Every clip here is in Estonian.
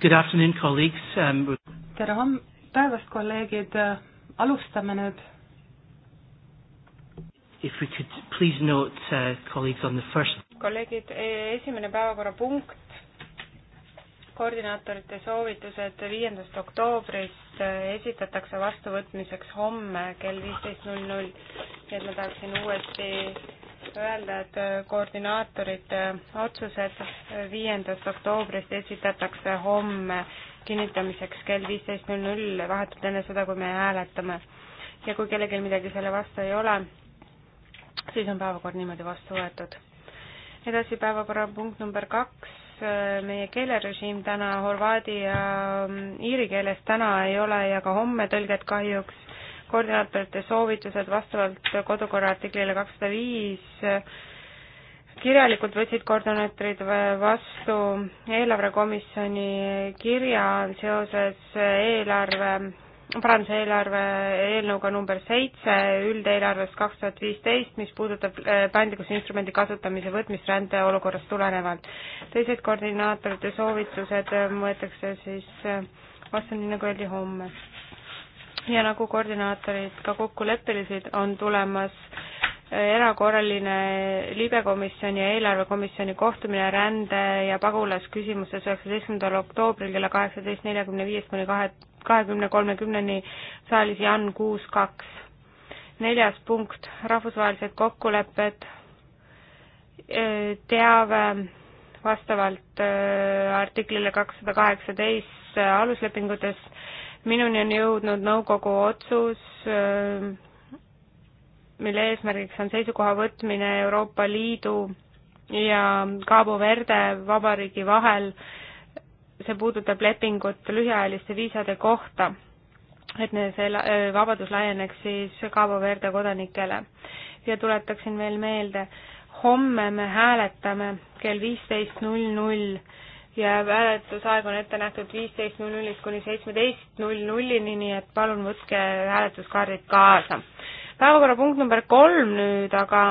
Good afternoon, colleagues. Um... tere homm-, päevast, kolleegid, alustame nüüd. If we could please note uh, colleagues on the first. kolleegid, e, esimene päevakorrapunkt, koordinaatorite soovitused viiendast oktoobrist e, esitatakse vastuvõtmiseks homme kell viisteist null null. nii et ma tahaksin uuesti öelda, et äh, koordinaatorite otsused äh, viiendast oktoobrist esitatakse homme kinnitamiseks kell viisteist null null, vahetult enne seda, kui me hääletame. ja kui kellelgi midagi selle vastu ei ole, siis on päevakord niimoodi vastu võetud. edasi päevakorrapunkt number kaks, äh, meie keelerežiim täna horvaadi ja mm, iiri keeles täna ei ole ja ka homme tõlget kahjuks koordinaatorite soovitused vastavalt kodukorra artiklile kakssada viis kirjalikult võtsid koordinaatorid vastu eelarvekomisjoni kirja seoses eelarve, paranduse eelarve eelnõuga number seitse üldeelarvest kaks tuhat viisteist, mis puudutab äh, paindlikkusinstrumendi kasutamise võtmist rändeolukorrast tulenevalt. teised koordinaatorite soovitused äh, võetakse siis äh, vastu, nii nagu öeldi, homme ja nagu koordinaatorid ka kokku leppisid, on tulemas erakorraline libekomisjoni ja eelarvekomisjoni kohtumine rände ja pagulasküsimuses üheksateistkümnendal oktoobril kella kaheksateist neljakümne viiest kuni kahe, kahekümne kolmekümneni saalis Jan kuus kaks. neljas punkt, rahvusvahelised kokkulepped, teave vastavalt artiklile kakssada kaheksateist aluslepingutes minuni on jõudnud nõukogu otsus, äh, mille eesmärgiks on seisukoha võtmine Euroopa Liidu ja Cabo Verde vabariigi vahel. see puudutab lepingut lühiajaliste viisade kohta, et see äh, vabadus laieneks siis Cabo Verde kodanikele. ja tuletaksin veel meelde, homme me hääletame kell viisteist null null ja hääletusaeg on ette nähtud viisteist null nullist kuni seitsmeteist null nullini, nii et palun võtke hääletuskaardid kaasa. päevakorrapunkt number kolm nüüd aga,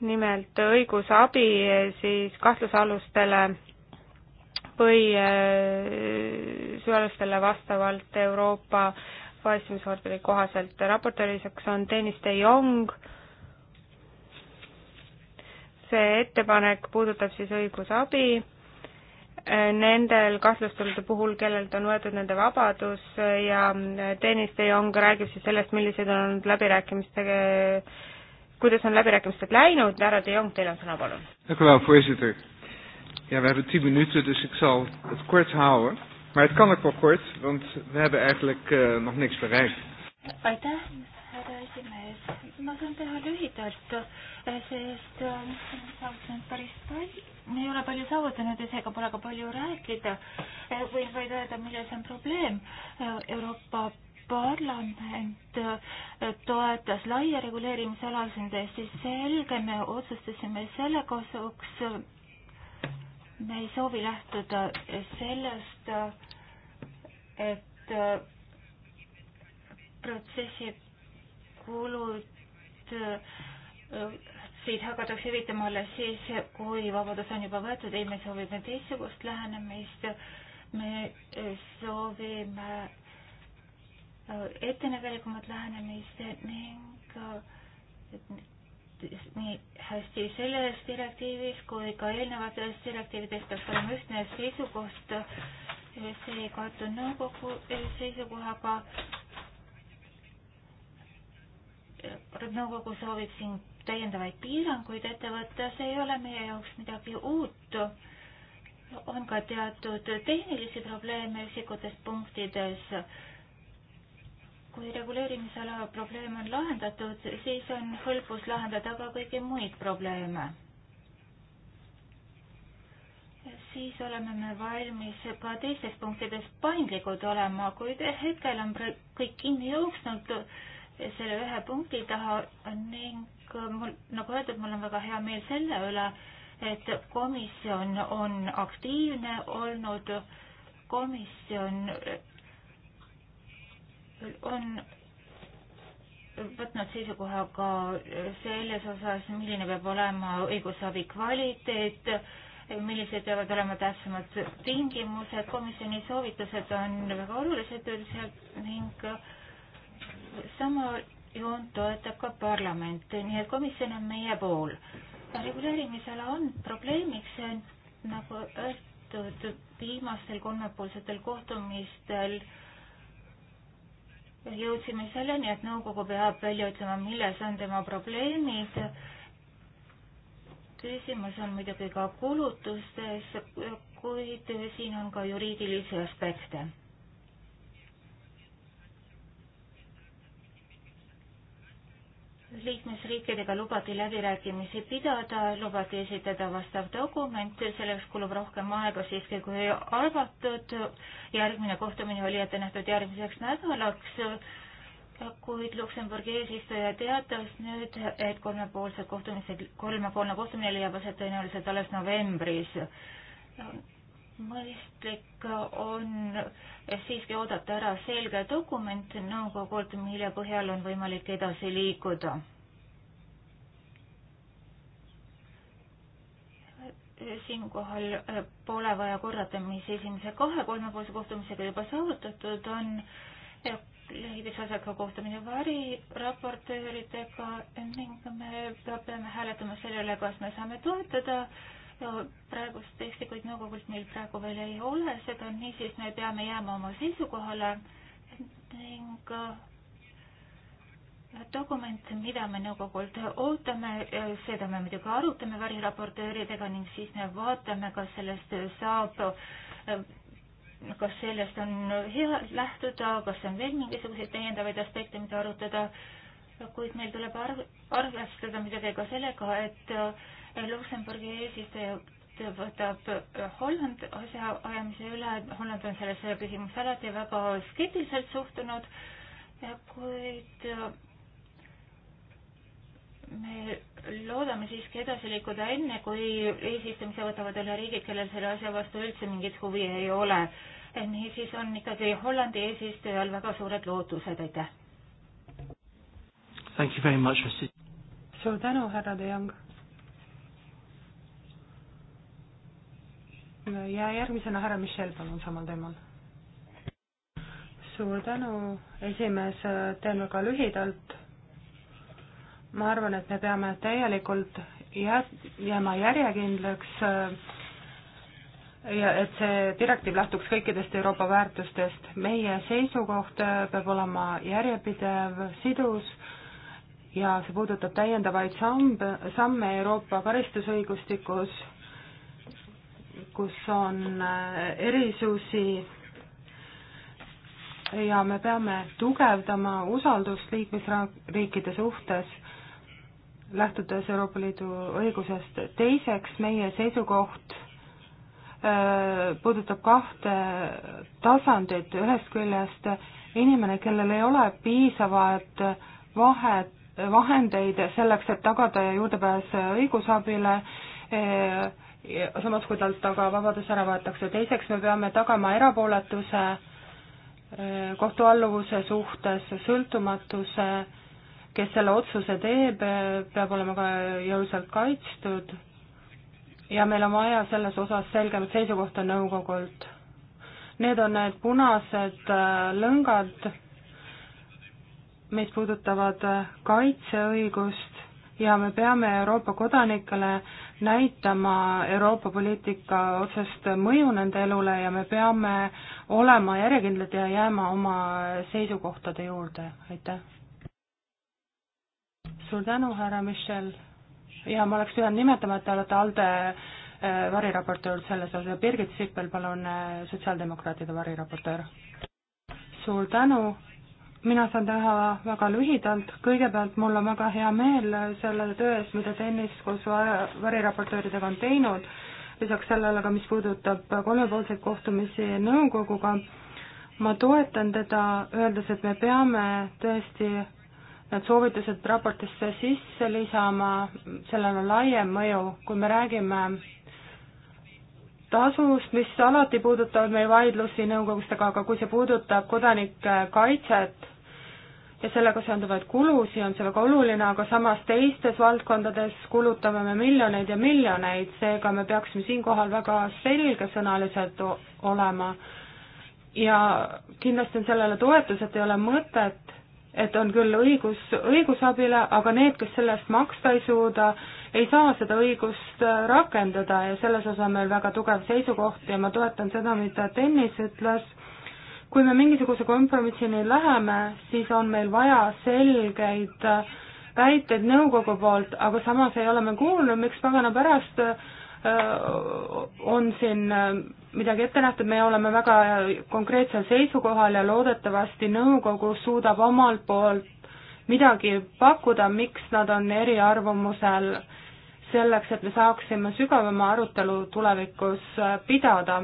nimelt õigusabi siis kahtlusalustele või äh, süvalustele vastavalt Euroopa vaestamisordenit kohaselt. raportööriseks on Tõnis de Jong, see ettepanek puudutab siis õigusabi äh, nendel kahtlustatute puhul, kellelt on võetud nende vabadus ja Deniss äh, de Jong räägib siis sellest, millised on olnud läbirääkimistega, äh, kuidas on läbirääkimised läinud, härra de Jong, teil on sõna, palun. Ja, we hebben tien minuten, dus ik zal het kort houden. Maar het kan ook wel kort, want we hebben eigenlijk uh, nog niks bereikt. Aitäh, härra esimees. Ma saan teha lühidalt sest äh, saavutanud päris palju, ei ole palju saavutanud ja seega pole ka palju rääkida. Äh, võin vaid öelda, milles on probleem. Äh, Euroopa parlament toetas laia reguleerimise ala, see on täiesti selge, me otsustasime selle kasuks. me ei soovi lähtuda sellest, et protsessi kulud teid hakatakse hüvitama alles siis, kui vabadus on juba võetud, ei, me soovime teistsugust lähenemist, me äh, soovime äh, ettenägelikumat lähenemist ning äh, nii hästi selles direktiivis kui ka eelnevates direktiivides peaks olema ühtne seisukoht, see ei kattu nõukogu seisukohaga. nõukogu soovib siin täiendavaid piiranguid ette võtta, see ei ole meie jaoks midagi uut. on ka teatud tehnilisi probleeme üksikutes punktides. kui reguleerimisala probleem on lahendatud, siis on hõlpus lahendada ka kõiki muid probleeme siis oleme me valmis ka teistes punktides paindlikud olema, kuid hetkel on kõik kinni jooksnud selle ühe punkti taha ning mul, nagu öeldud, mul on väga hea meel selle üle, et komisjon on aktiivne olnud, komisjon on võtnud seisukoha ka selles osas, milline peab olema õigusabi kvaliteet, millised peavad olema täpsemad tingimused, komisjoni soovitused on väga olulised üldse ning sama joont toetab ka parlament, nii et komisjon on meie pool. reguleerimisala on probleemiks, nagu öeldud viimastel kolmepoolsetel kohtumistel jõudsime selleni, et nõukogu peab välja ütlema, milles on tema probleemid. küsimus on muidugi ka kulutustes, kuid siin on ka juriidilisi aspekte liikmesriikidega lubati läbirääkimisi pidada, lubati esitada vastav dokument, selleks kulub rohkem aega siiski kui arvatud. järgmine kohtumine oli ette nähtud järgmiseks nädalaks, kuid Luksemburgi eesistuja teatas nüüd, et kolmepoolsed kohtumised, kolmepoolne kohtumine leiab aset tõenäoliselt alles novembris mõistlik on siiski oodata ära selge dokument nõukogult, mille põhjal on võimalik edasi liikuda. siinkohal pole vaja korrata, mis esimese kahe kolmepoolse kohtumisega juba saavutatud on. leidis aset ka kohtumine variraportööridega ning me peame hääletama selle üle, kas me saame toetada äh, praegust teksti, kuid nõukogult meil praegu veel ei ole, seda niisiis me peame jääma oma seisukohale ning äh, dokument, mida me nõukogult ootame, äh, seda me muidugi arutame variraportööridega ning siis me vaatame, kas sellest saab, äh, kas sellest on hea lähtuda, kas on veel mingisuguseid täiendavaid aspekte, mida arutada, kuid meil tuleb arv-, arvestada muidugi ka sellega, et Eh, Luksemburgi eesistuja võtab Holland asjaajamise üle, Holland on sellesse küsimusse alati väga skeptiliselt suhtunud, kuid äh, me loodame siiski edasi liikuda enne, kui eesistumise võtavad üle riigid, kellel selle asja vastu üldse mingit huvi ei ole. Eh, niisiis on ikkagi Hollandi eesistujal väga suured lootused, aitäh! suur tänu, härra De Jong! ja järgmisena härra Michel, palun, samal teemal. suur tänu, esimees, teen väga lühidalt. ma arvan, et me peame täielikult jää-, jääma järjekindlaks ja et see direktiiv lähtuks kõikidest Euroopa väärtustest. meie seisukoht peab olema järjepidev, sidus ja see puudutab täiendavaid samme, samme Euroopa karistusõigustikus kus on äh, erisusi ja me peame tugevdama usaldust liikmesriikide suhtes, lähtudes Euroopa Liidu õigusest. teiseks, meie seisukoht äh, puudutab kahte tasandit, ühest küljest inimene, kellel ei ole piisavat vahet, vahendeid selleks, et tagada juurdepääs õigusabile, äh, samas kui talt aga vabadus ära võetakse. teiseks me peame tagama erapooletuse eh, kohtualluvuse suhtes, sõltumatuse, kes selle otsuse teeb, eh, peab olema ka jõuliselt kaitstud ja meil on vaja selles osas selgemat seisukohta nõukogult. Need on need punased eh, lõngad, mis puudutavad kaitseõigust ja me peame Euroopa kodanikele näitama Euroopa poliitika otsest mõju nende elule ja me peame olema järjekindlad ja jääma oma seisukohtade juurde, aitäh. suur tänu, härra Michel. ja ma oleks pidanud nimetama, et te olete ALDE äh, variraportöör selles osas ja Birgit Sippel, palun, äh, sotsiaaldemokraatide variraportöör. suur tänu mina saan teha väga lühidalt, kõigepealt mul on väga hea meel selle töö eest, mida tennis koos variraportööridega on teinud, lisaks sellele ka, mis puudutab kolmepoolseid kohtumisi nõukoguga, ma toetan teda, öeldes, et me peame tõesti need soovitused raportisse sisse lisama, sellel on laiem mõju, kui me räägime tasust, mis alati puudutavad meie vaidlusi nõukogustega, aga kui see puudutab kodanike kaitset, ja sellega seonduvaid kulusid on see väga oluline, aga samas teistes valdkondades kulutame me miljoneid ja miljoneid, seega me peaksime siinkohal väga selgesõnalised olema. ja kindlasti on sellele toetus, et ei ole mõtet, et on küll õigus õigusabile, aga need, kes selle eest maksta ei suuda, ei saa seda õigust äh, rakendada ja selles osas on meil väga tugev seisukoht ja ma toetan seda, mida Tõnis ütles kui me mingisuguse kompromissini läheme, siis on meil vaja selgeid äh, väiteid nõukogu poolt, aga samas ei ole me kuulnud, miks pagana pärast äh, on siin äh, midagi ette nähtud, me oleme väga konkreetsel seisukohal ja loodetavasti nõukogu suudab omalt poolt midagi pakkuda, miks nad on eriarvamusel, selleks et me saaksime sügavama arutelu tulevikus pidada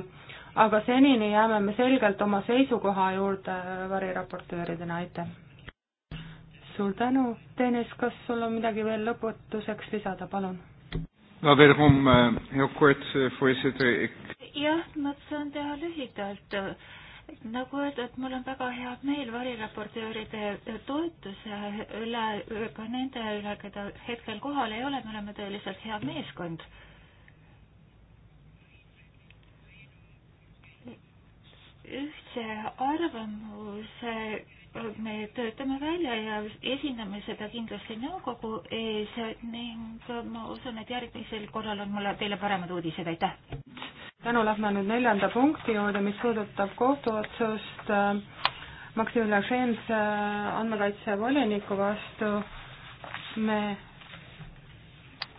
aga senini jääme me selgelt oma seisukoha juurde äh, variraportööridena, aitäh! suur tänu, Tõnis, kas sul on midagi veel lõpetuseks lisada, palun? no Verhom, äh, hea kord, voorzitter, äh, ik jah, ma saan teha lühidalt. nagu öeldud, mul on väga hea meel variraportööride toetuse üle, ka nende üle, keda hetkel kohal ei ole, me oleme tõeliselt hea meeskond ühtse arvamuse äh, me töötame välja ja esindame seda kindlasti nõukogu ees ning ma usun, et järgmisel korral on mul teile paremad uudised, aitäh! tänu, lähme nüüd neljanda punkti juurde, mis puudutab kohtuotsust äh, Maxim Lagense äh, andmekaitsevoliniku vastu. me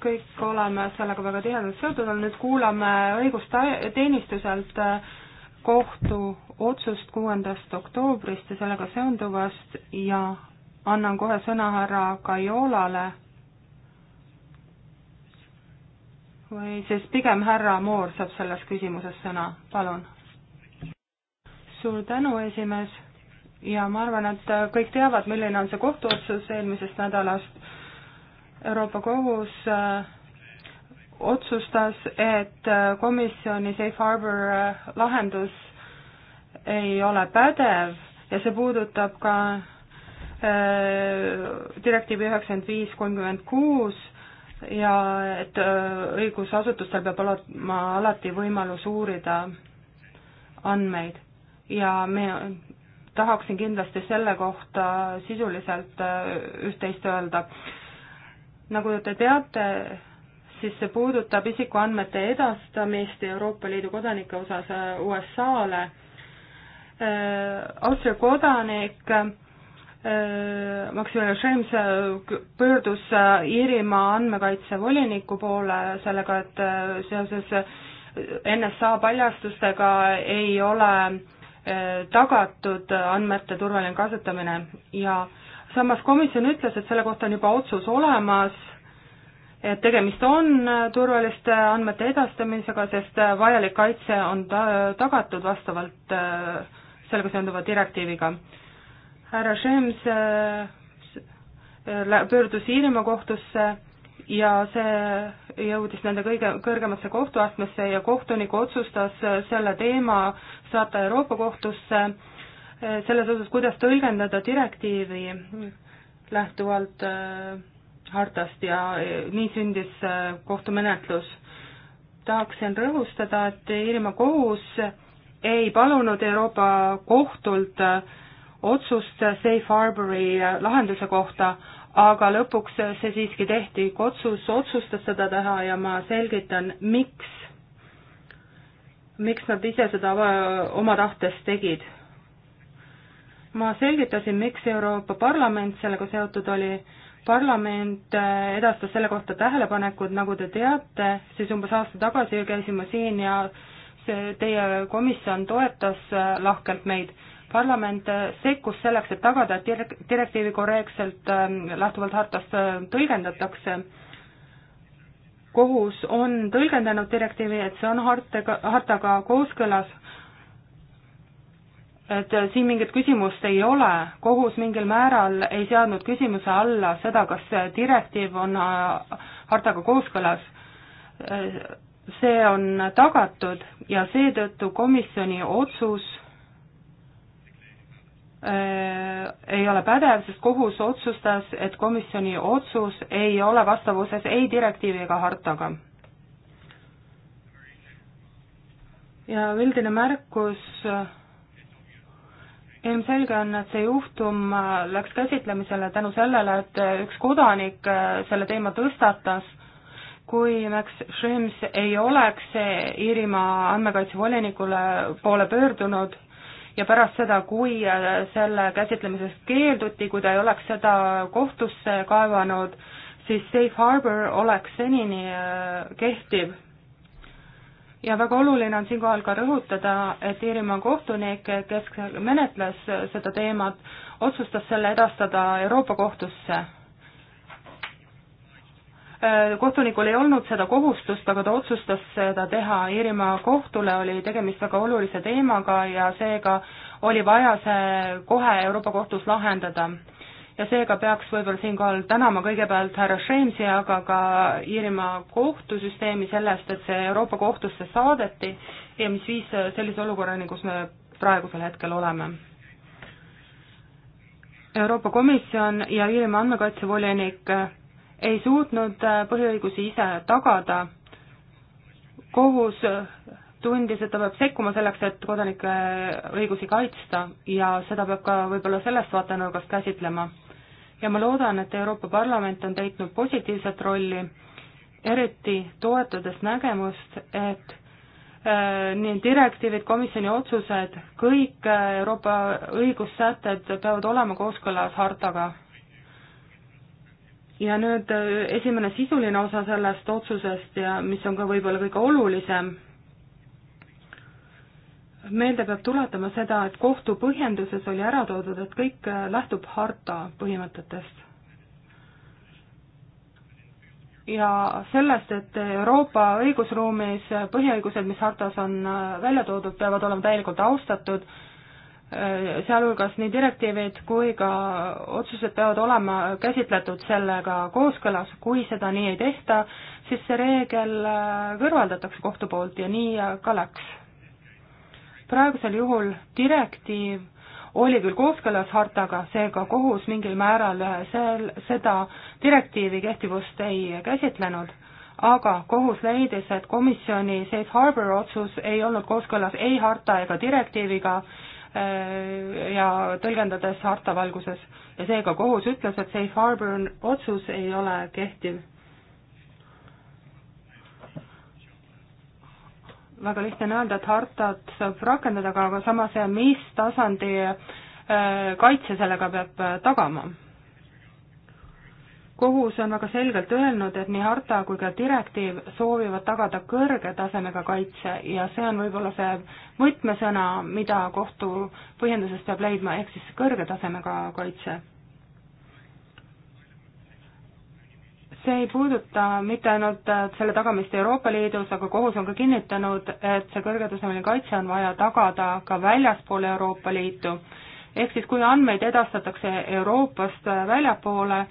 kõik oleme sellega väga tihedalt seotud olnud, nüüd kuulame õigusteenistuselt äh, kohtuotsust kuuendast oktoobrist ja sellega seonduvast ja annan kohe sõna härra Kajolale või siis pigem härra Moor saab selles küsimuses sõna, palun. suur tänu, esimees, ja ma arvan, et kõik teavad, milline on see kohtuotsus eelmisest nädalast. Euroopa Kohus äh, otsustas, et äh, komisjoni safe harbor äh, lahendus ei ole pädev ja see puudutab ka äh, direktiivi üheksakümmend viis kolmkümmend kuus ja et õigusasutustel peab olema alati võimalus uurida andmeid ja me tahaksin kindlasti selle kohta sisuliselt üht-teist öelda. nagu te teate, siis see puudutab isikuandmete edastamist Euroopa Liidu kodanike osas äh, USA-le. Äh, Austria kodanik äh, Maximilian Schrems pöördus Iirimaa andmekaitsevoliniku poole sellega, et seoses NSA paljastustega ei ole tagatud andmete turvaline kasutamine ja samas komisjon ütles, et selle kohta on juba otsus olemas et tegemist on äh, turvaliste andmete edastamisega, sest äh, vajalik kaitse on ta-, tagatud vastavalt äh, sellega seonduva direktiiviga. härra Šems pöördus Iirimaa kohtusse ja see jõudis nende kõige, kõrgemasse kohtuastmesse ja kohtunik otsustas selle teema saata Euroopa kohtusse selles osas, kuidas tõlgendada direktiivi lähtuvalt äh, hartast ja e, nii sündis e, kohtumenetlus. tahaksin rõhustada, et Iirimaa kohus ei palunud Euroopa kohtult e, otsust Safe Harbori lahenduse kohta, aga lõpuks see siiski tehti, otsus otsustas seda teha ja ma selgitan, miks, miks nad ise seda oma tahtest tegid. ma selgitasin, miks Euroopa Parlament sellega seotud oli parlament äh, edastas selle kohta tähelepanekud, nagu te teate, siis umbes aasta tagasi käisin ma siin ja see teie komisjon toetas äh, lahkelt meid. parlament äh, sekkus selleks, et tagada, et direktiivi korrektselt ähm, lähtuvalt hartast tõlgendatakse. kohus on tõlgendanud direktiivi, et see on hartega, hartaga kooskõlas et äh, siin mingit küsimust ei ole, kohus mingil määral ei seadnud küsimuse alla seda, kas see direktiiv on äh, hartaga kooskõlas. Äh, see on tagatud ja seetõttu komisjoni otsus ei ole pädev, sest kohus otsustas, et komisjoni otsus ei ole vastavuses ei direktiivi ega hartaga. ja üldine märkus ilmselge on, et see juhtum läks käsitlemisele tänu sellele, et üks kodanik äh, selle teema tõstatas, kui Max Schrems ei oleks Iirimaa andmekaitsevolinikule poole pöördunud ja pärast seda, kui äh, selle käsitlemisest keelduti, kui ta ei oleks seda kohtusse kaevanud, siis safe harbor oleks senini äh, kehtiv ja väga oluline on siinkohal ka rõhutada, et Iirimaa kohtunik, kes menetles seda teemat, otsustas selle edastada Euroopa Kohtusse. Äh, kohtunikul ei olnud seda kohustust, aga ta otsustas seda teha, Iirimaa kohtule oli tegemist väga olulise teemaga ja seega oli vaja see kohe Euroopa Kohtus lahendada ja seega peaks võib-olla siinkohal tänama kõigepealt härra Shamesi, aga ka Iirimaa kohtusüsteemi sellest, et see Euroopa kohtusse saadeti ja mis viis sellise olukorrani, kus me praegusel hetkel oleme. Euroopa Komisjon ja Iirimaa andmekaitsevolinik ei suutnud põhiõigusi ise tagada, kohus tundis, et ta peab sekkuma selleks, et kodanike õigusi kaitsta ja seda peab ka võib-olla sellest vaatenurgast käsitlema ja ma loodan, et Euroopa Parlament on täitnud positiivset rolli, eriti toetades nägemust, et äh, nii direktiivid, komisjoni otsused, kõik äh, Euroopa õigussätted peavad olema kooskõlas hartaga. ja nüüd äh, esimene sisuline osa sellest otsusest ja mis on ka võib-olla kõige olulisem, meelde peab tuletama seda, et kohtu põhjenduses oli ära toodud, et kõik äh, lähtub harta põhimõtetest. ja sellest, et Euroopa õigusruumis äh, põhiõigused, mis hartas on äh, välja toodud, peavad olema täielikult austatud, sealhulgas nii direktiivid kui ka otsused peavad olema käsitletud sellega kooskõlas, kui seda nii ei tehta, siis see reegel kõrvaldatakse kohtu poolt ja nii ka läks praegusel juhul direktiiv oli küll kooskõlas hartaga, seega kohus mingil määral äh, sel, seda direktiivi kehtivust ei käsitlenud, aga kohus leidis, et komisjoni safe harbor otsus ei olnud kooskõlas ei harta ega direktiiviga äh, ja tõlgendades harta valguses. ja seega kohus ütles, et safe harbor otsus ei ole kehtiv väga lihtne on öelda, et hartat saab rakendada, aga, aga samas mis tasandi äh, kaitse sellega peab äh, tagama? kohus on väga selgelt öelnud, et nii harta kui ka direktiiv soovivad tagada kõrge tasemega kaitse ja see on võib-olla see võtmesõna, mida kohtu põhjenduses peab leidma, ehk siis kõrge tasemega kaitse see ei puuduta mitte ainult äh, selle tagamist Euroopa Liidus, aga kohus on ka kinnitanud, et see kõrgetasemeline kaitse on vaja tagada ka väljaspool Euroopa Liitu. ehk siis, kui andmeid edastatakse Euroopast äh, väljapoole,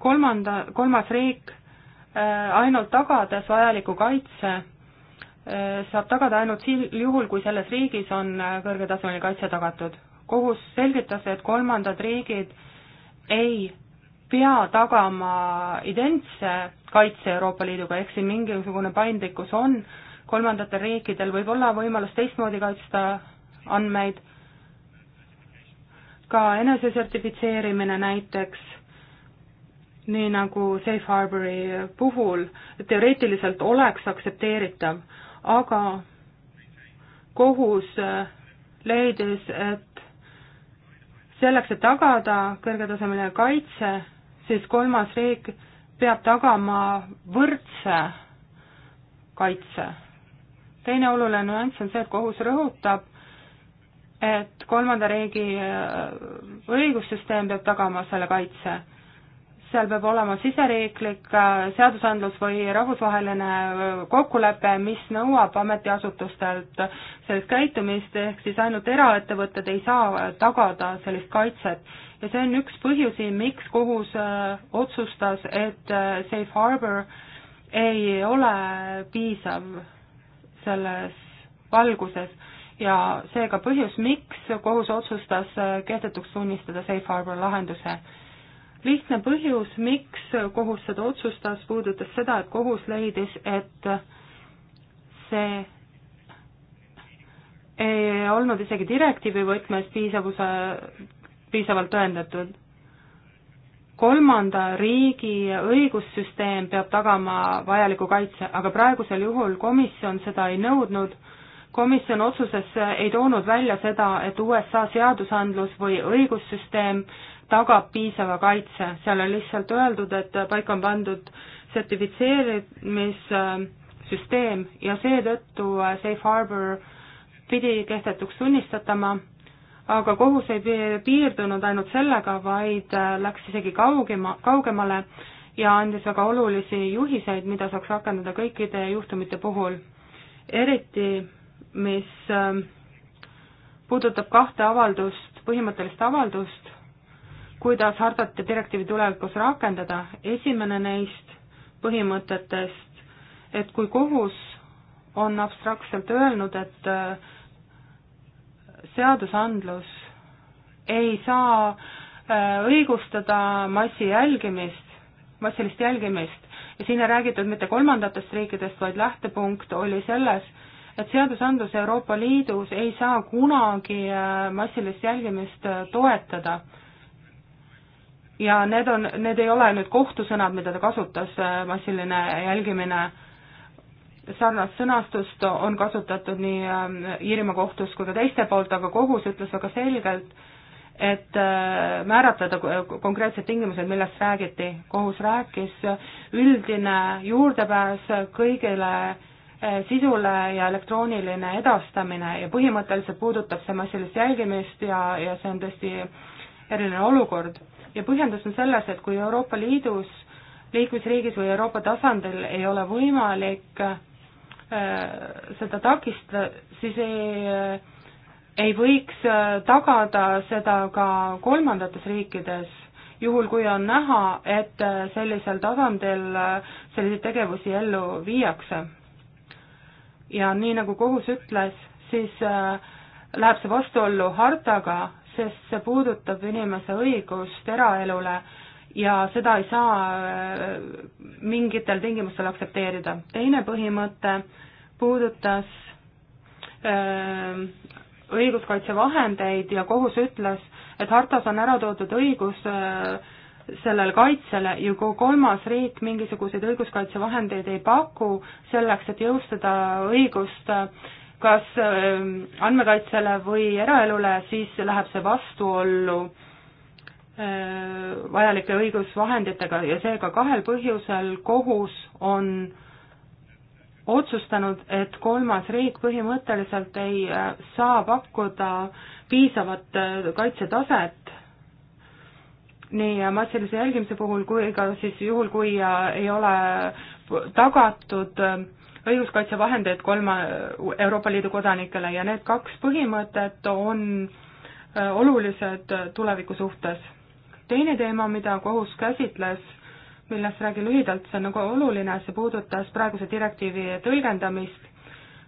kolmanda, kolmas riik äh, ainult tagades vajaliku kaitse, saab tagada ainult sil-, juhul, kui selles riigis on kõrgetasemeline kaitse tagatud. kohus selgitas, et kolmandad riigid ei pea tagama identse kaitse Euroopa Liiduga, ehk siin mingisugune paindlikkus on, kolmandatel riikidel võib olla võimalus teistmoodi kaitsta andmeid, ka enesesertifitseerimine näiteks, nii nagu Safe Harbori puhul, teoreetiliselt oleks aktsepteeritav, aga kohus äh, leidis, et selleks, et tagada kõrgetasemeline kaitse, siis kolmas riik peab tagama võrdse kaitse. teine oluline nüanss on see, et kohus rõhutab, et kolmanda riigi äh, õigussüsteem peab tagama selle kaitse seal peab olema siseriiklik äh, seadusandlus või rahvusvaheline äh, kokkulepe, mis nõuab ametiasutustelt sellist käitumist, ehk siis ainult eraettevõtted ei saa äh, tagada sellist kaitset. ja see on üks põhjusi, miks kohus otsustas, et safe harbor ei ole piisav selles valguses ja seega põhjus, miks kohus otsustas kehtetuks tunnistada safe harbor lahenduse lihtne põhjus, miks kohus seda otsustas, puudutas seda, et kohus leidis, et see ei olnud isegi direktiivi võtmes piisavuse, piisavalt tõendatud. kolmanda riigi õigussüsteem peab tagama vajaliku kaitse, aga praegusel juhul komisjon seda ei nõudnud, komisjon otsuses ei toonud välja seda, et USA seadusandlus või õigussüsteem tagab piisava kaitse, seal on lihtsalt öeldud, et paika on pandud sertifitseerimissüsteem ja seetõttu Safe Harbor pidi kehtetuks tunnistatama, aga kohus ei piirdunud ainult sellega, vaid äh, läks isegi kaugema, kaugemale ja andis väga olulisi juhiseid, mida saaks rakendada kõikide juhtumite puhul. eriti, mis äh, puudutab kahte avaldust, põhimõttelist avaldust, kuidas hardat ja direktiivi tulevikus rakendada. esimene neist põhimõtetest, et kui kohus on abstraktselt öelnud, et äh, seadusandlus ei saa äh, õigustada massi jälgimist, massilist jälgimist ja siin ei räägitud mitte kolmandatest riikidest, vaid lähtepunkt oli selles, et seadusandlus Euroopa Liidus ei saa kunagi äh, massilist jälgimist toetada ja need on, need ei ole nüüd kohtusõnad, mida ta kasutas, äh, massiline jälgimine, sarnast sõnastust on kasutatud nii äh, Iirimaa kohtus kui ka teiste poolt, aga kohus ütles väga selgelt, et äh, määratleda konkreetsed tingimused, millest räägiti. kohus rääkis üldine juurdepääs kõigile sisule ja elektrooniline edastamine ja põhimõtteliselt puudutab see massilist jälgimist ja, ja see on tõesti eriline olukord ja põhjendus on selles, et kui Euroopa Liidus, liikmesriigis või Euroopa tasandil ei ole võimalik äh, seda takistada, siis ei, äh, ei võiks äh, tagada seda ka kolmandates riikides, juhul kui on näha, et sellisel tasandil selliseid tegevusi ellu viiakse. ja nii, nagu kohus ütles, siis läheb see vastuollu hartaga sest see puudutab inimese õigust eraelule ja seda ei saa äh, mingitel tingimustel aktsepteerida. teine põhimõte puudutas äh, õiguskaitsevahendeid ja kohus ütles, et hartas on ära toodud õigus äh, sellele kaitsele ja kui kolmas riik mingisuguseid õiguskaitsevahendeid ei paku selleks, et jõustada õigust kas ähm, andmekaitsele või eraelule, siis läheb see vastuollu äh, vajalike õigusvahenditega ja seega kahel põhjusel kohus on otsustanud, et kolmas riik põhimõtteliselt ei äh, saa pakkuda piisavat äh, kaitsetaset nii massilise jälgimise puhul kui ka siis juhul, kui ei ole tagatud õiguskaitsevahendeid kolma Euroopa Liidu kodanikele ja need kaks põhimõtet on äh, olulised äh, tuleviku suhtes. teine teema, mida kohus käsitles, millest räägin lühidalt, see on nagu oluline, see puudutas praeguse direktiivi tõlgendamist.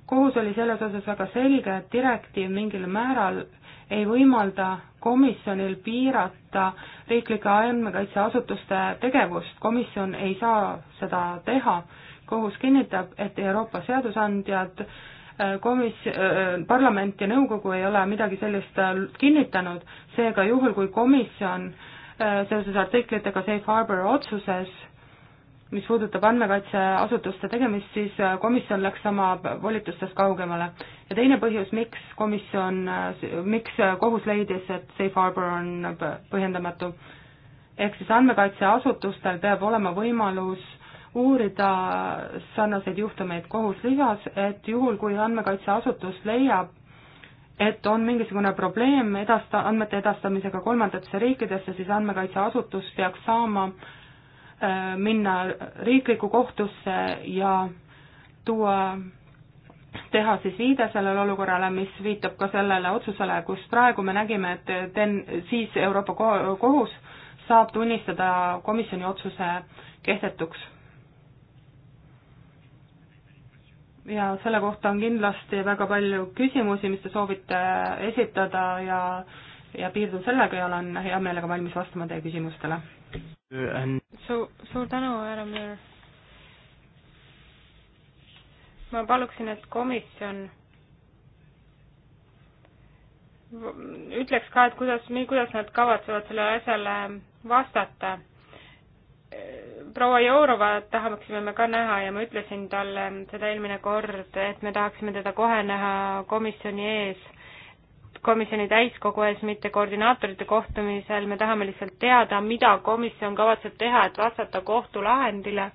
kohus oli selles osas väga selge, et direktiiv mingil määral ei võimalda komisjonil piirata riiklike andmekaitseasutuste tegevust, komisjon ei saa seda teha kohus kinnitab, et Euroopa seadusandjad äh, komis-, äh, parlament ja nõukogu ei ole midagi sellist äh, kinnitanud, seega juhul, kui komisjon seoses artiklitega Safe Harbor otsuses, mis puudutab andmekaitseasutuste tegemist, siis komisjon läks oma volitustest kaugemale. ja teine põhjus, miks komisjon, miks kohus leidis, et Safe Harbor on põhjendamatu, ehk siis andmekaitseasutustel peab olema võimalus uurida sarnaseid juhtumeid. kohus lisas, et juhul, kui andmekaitseasutus leiab, et on mingisugune probleem edasta, andmete edastamisega kolmandatesse riikidesse, siis andmekaitseasutus peaks saama äh, minna riiklikku kohtusse ja tuua, teha siis viide sellele olukorrale, mis viitab ka sellele otsusele, kus praegu me nägime, et ten-, siis Euroopa Kohus saab tunnistada komisjoni otsuse kehtetuks. ja selle kohta on kindlasti väga palju küsimusi, mis te soovite esitada ja, ja piirdun sellega ja olen hea meelega valmis vastama teie küsimustele. Su-, suur tänu, härra Müür. ma paluksin, et komisjon ütleks ka, et kuidas, kuidas nad kavatsevad sellele asjale vastata proua Jourova tahaksime me ka näha ja ma ütlesin talle seda eelmine kord, et me tahaksime teda kohe näha komisjoni ees, komisjoni täiskogu ees, mitte koordinaatorite kohtumisel, me tahame lihtsalt teada, mida komisjon kavatseb teha, et vastata kohtulahendile.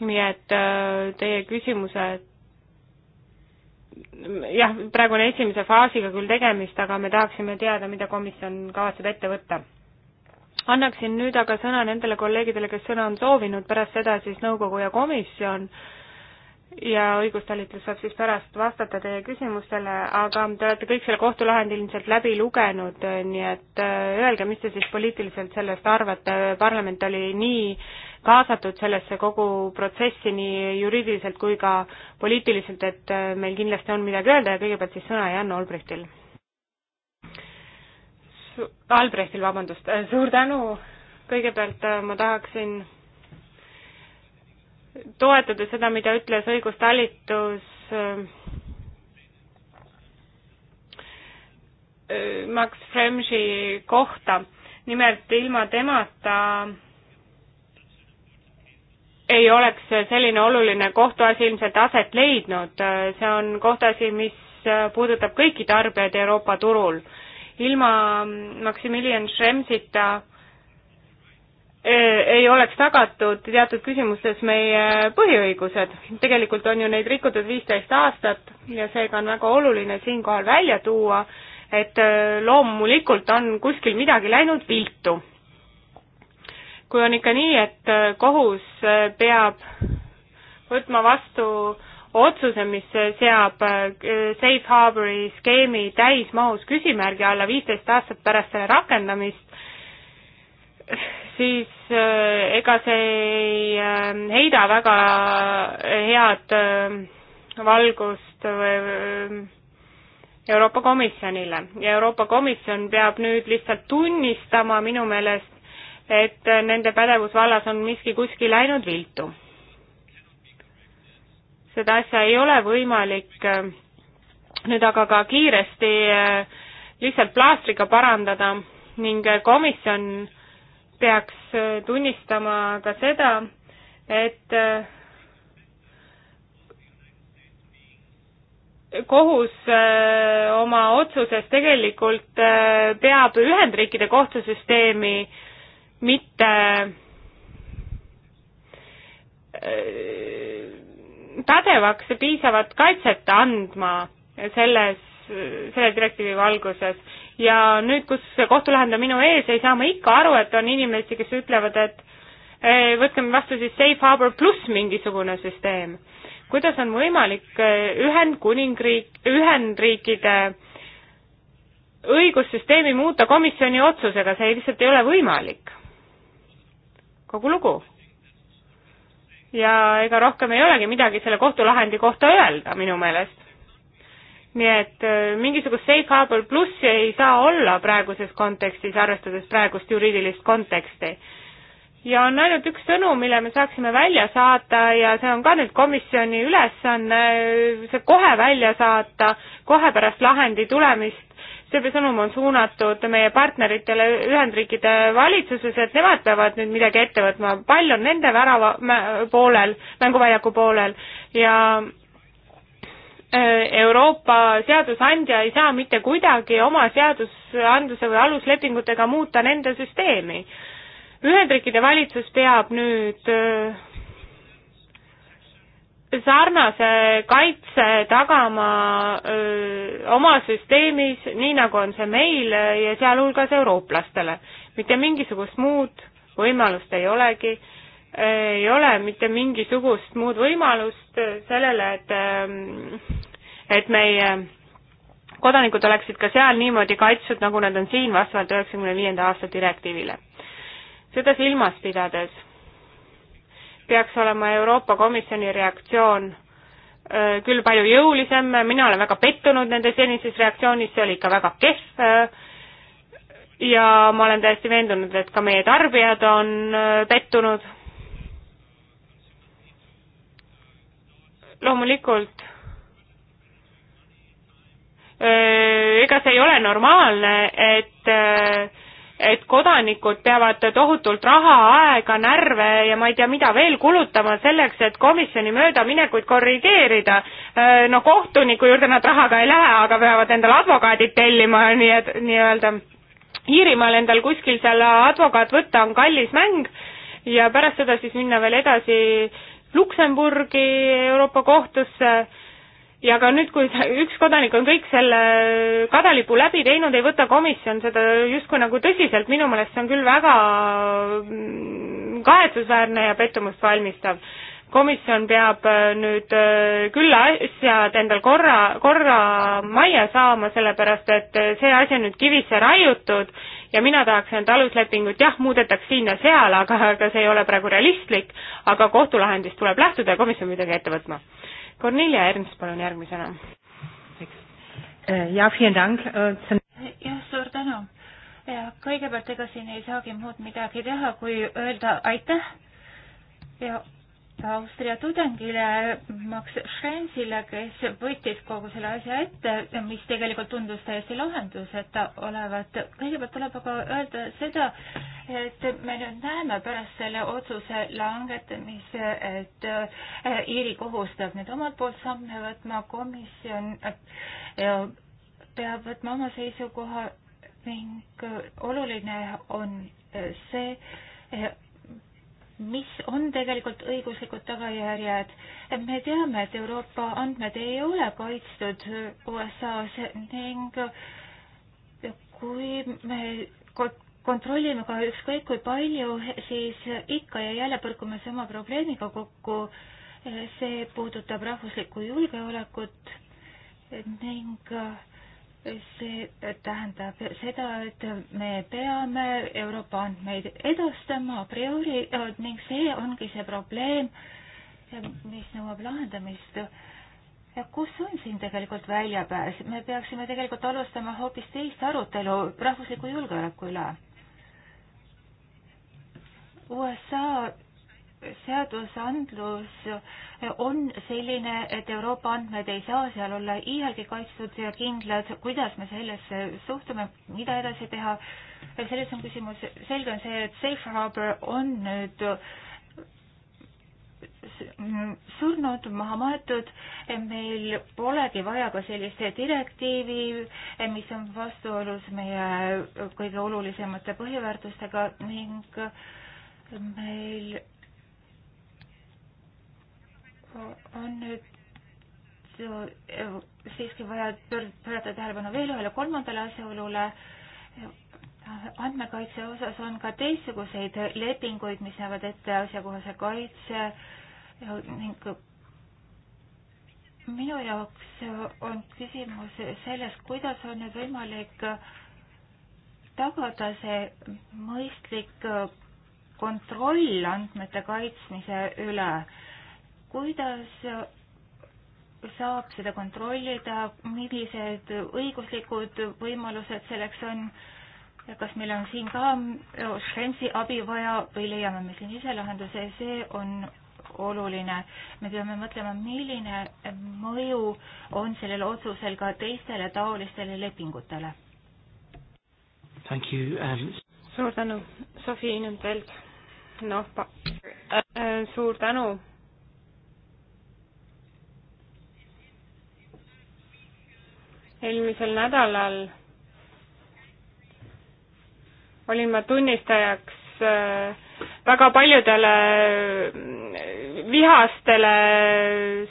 nii et äh, teie küsimused jah, praegu on esimese faasiga küll tegemist, aga me tahaksime teada, mida komisjon kavatseb ette võtta annaksin nüüd aga sõna nendele kolleegidele, kes sõna on soovinud, pärast seda siis nõukogu ja komisjon ja õigustalitlus saab siis pärast vastata teie küsimustele, aga te olete kõik selle kohtulahendi ilmselt läbi lugenud, nii et äh, öelge, mis te siis poliitiliselt sellest arvate, parlament oli nii kaasatud sellesse kogu protsessi nii juriidiliselt kui ka poliitiliselt, et äh, meil kindlasti on midagi öelda ja kõigepealt siis sõna Jan Olbrichtil Albrechtil, vabandust, äh, suur tänu. kõigepealt äh, ma tahaksin toetada seda, mida ütles õigustalitus. Äh, Max Fremsi kohta, nimelt ilma temata ei oleks selline oluline kohtuasi ilmselt aset leidnud, see on kohtuasi, mis puudutab kõiki tarbijaid Euroopa turul ilma Maximilian Schremsita eh, ei oleks tagatud teatud küsimustes meie põhiõigused. tegelikult on ju neid rikutud viisteist aastat ja seega on väga oluline siinkohal välja tuua, et eh, loomulikult on kuskil midagi läinud viltu. kui on ikka nii, et eh, kohus peab võtma vastu otsuse, mis seab äh, safe harbori skeemi täismahus küsimärgi alla viisteist aastat pärast selle rakendamist, siis äh, ega see ei äh, heida väga head valgust Euroopa Komisjonile ja Euroopa Komisjon peab nüüd lihtsalt tunnistama minu meelest, et nende pädevusvallas on miski kuskil läinud viltu seda asja ei ole võimalik äh, nüüd aga ka kiiresti äh, lihtsalt plaastriga parandada ning äh, komisjon peaks tunnistama ka seda, et kohus oma otsuses tegelikult peab Ühendriikide kohtusüsteemi mitte pädevaks piisavat kaitset andma selles, selle direktiivi valguses. ja nüüd, kus kohtulahend on minu ees, ei saa ma ikka aru, et on inimesi, kes ütlevad, et eh, võtkem vastu siis safe harbor pluss mingisugune süsteem. kuidas on võimalik eh, Ühendkuningriik, Ühendriikide õigussüsteemi muuta komisjoni otsusega, see lihtsalt ei ole võimalik. kogu lugu ja ega rohkem ei olegi midagi selle kohtulahendi kohta öelda minu meelest. nii et äh, mingisugust safe harbor plussi ei saa olla praeguses kontekstis, arvestades praegust juriidilist konteksti. ja on ainult üks sõnum, mille me saaksime välja saata ja see on ka nüüd komisjoni ülesanne, äh, see kohe välja saata, kohe pärast lahendi tulemist, Serbia sõnum on suunatud meie partneritele Ühendriikide valitsuses, et nemad peavad nüüd midagi ette võtma, pall on nende värava poolel, mänguväljaku poolel ja äh, Euroopa seadusandja ei saa mitte kuidagi oma seadusandluse või aluslepingutega muuta nende süsteemi. Ühendriikide valitsus peab nüüd äh, sarnase kaitse tagama öö, oma süsteemis, nii nagu on see meil ja sealhulgas eurooplastele. mitte mingisugust muud võimalust ei olegi, ei ole mitte mingisugust muud võimalust sellele, et, et meie kodanikud oleksid ka seal niimoodi kaitstud, nagu nad on siin vastavalt üheksakümne viienda aasta direktiivile. seda silmas pidades peaks olema Euroopa Komisjoni reaktsioon äh, küll palju jõulisem, mina olen väga pettunud nende senises reaktsioonis, see oli ikka väga kehv ja ma olen täiesti veendunud, et ka meie tarbijad on äh, pettunud. loomulikult äh, ega see ei ole normaalne, et et kodanikud peavad tohutult raha, aega, närve ja ma ei tea, mida veel kulutama selleks, et komisjoni möödaminekuid korrigeerida. Äh, no kohtuniku juurde nad rahaga ei lähe, aga peavad endale advokaadid tellima, nii et nii-öelda Iirimaal endal kuskil seal advokaat võtta on kallis mäng ja pärast seda siis minna veel edasi Luksemburgi Euroopa kohtusse ja ka nüüd, kui üks kodanik on kõik selle kadalipu läbi teinud, ei võta komisjon seda justkui nagu tõsiselt, minu meelest see on küll väga mm, kahetsusväärne ja pettumust valmistav. komisjon peab äh, nüüd äh, küll asjad endal korra, korra majja saama, sellepärast et äh, see asi on nüüd kivisse raiutud ja mina tahaks ainult aluslepingut, jah, muudetakse siin-seal, aga, aga see ei ole praegu realistlik, aga kohtulahendist tuleb lähtuda ja komisjon midagi ette võtma Kornelia Ernst, palun järgmisena. ja, äh, jah, suur tänu. kõigepealt, ega siin ei saagi muud midagi teha, kui öelda aitäh ja Austria tudengile Max Schrenzile, kes võttis kogu selle asja ette, mis tegelikult tundus täiesti lahenduseta olevat. kõigepealt tuleb aga öelda seda, et me nüüd näeme pärast selle otsuse langetamist, et eh, Iiri kohus peab nüüd omalt poolt samme võtma, komisjon eh, peab võtma oma seisukoha ning eh, oluline on see, mis on tegelikult õiguslikud tagajärjed. me teame, et Euroopa andmed ei ole kaitstud USA-s ning kui me kontrollime ka ükskõik kui palju, siis ikka ja jälle põrkume sama probleemiga kokku. see puudutab rahvuslikku julgeolekut ning see tähendab seda, et me peame Euroopa andmeid edastama a priori ning see ongi see probleem, mis nõuab lahendamist. ja kus on siin tegelikult väljapääs, me peaksime tegelikult alustama hoopis teist arutelu rahvusliku julgeoleku üle. USA seadusandlus on selline, et Euroopa andmed ei saa seal olla iialgi kaitstud ja kindlad, kuidas me sellesse suhtume, mida edasi teha. selles on küsimus, selge on see, et safe harbor on nüüd surnud, maha maetud, meil polegi vaja ka sellist direktiivi, mis on vastuolus meie kõige olulisemate põhiväärtustega ning meil on nüüd eh, siiski vaja pöörata tähelepanu veel ühele kolmandale asjaolule. andmekaitse osas on ka teistsuguseid lepinguid, mis näevad ette asjakohase kaitse ning minu jaoks on küsimus selles, kuidas on nüüd võimalik tagada see mõistlik kontroll andmete kaitsmise üle kuidas saab seda kontrollida, millised õiguslikud võimalused selleks on, kas meil on siin ka äh, Schensi abi vaja või leiame me siin ise lahenduse, see on oluline. me peame mõtlema, milline mõju on sellel otsusel ka teistele taolistele lepingutele. Um... suur tänu, Sofi Inenfeld. noh, äh, suur tänu eelmisel nädalal olin ma tunnistajaks äh, väga paljudele äh, vihastele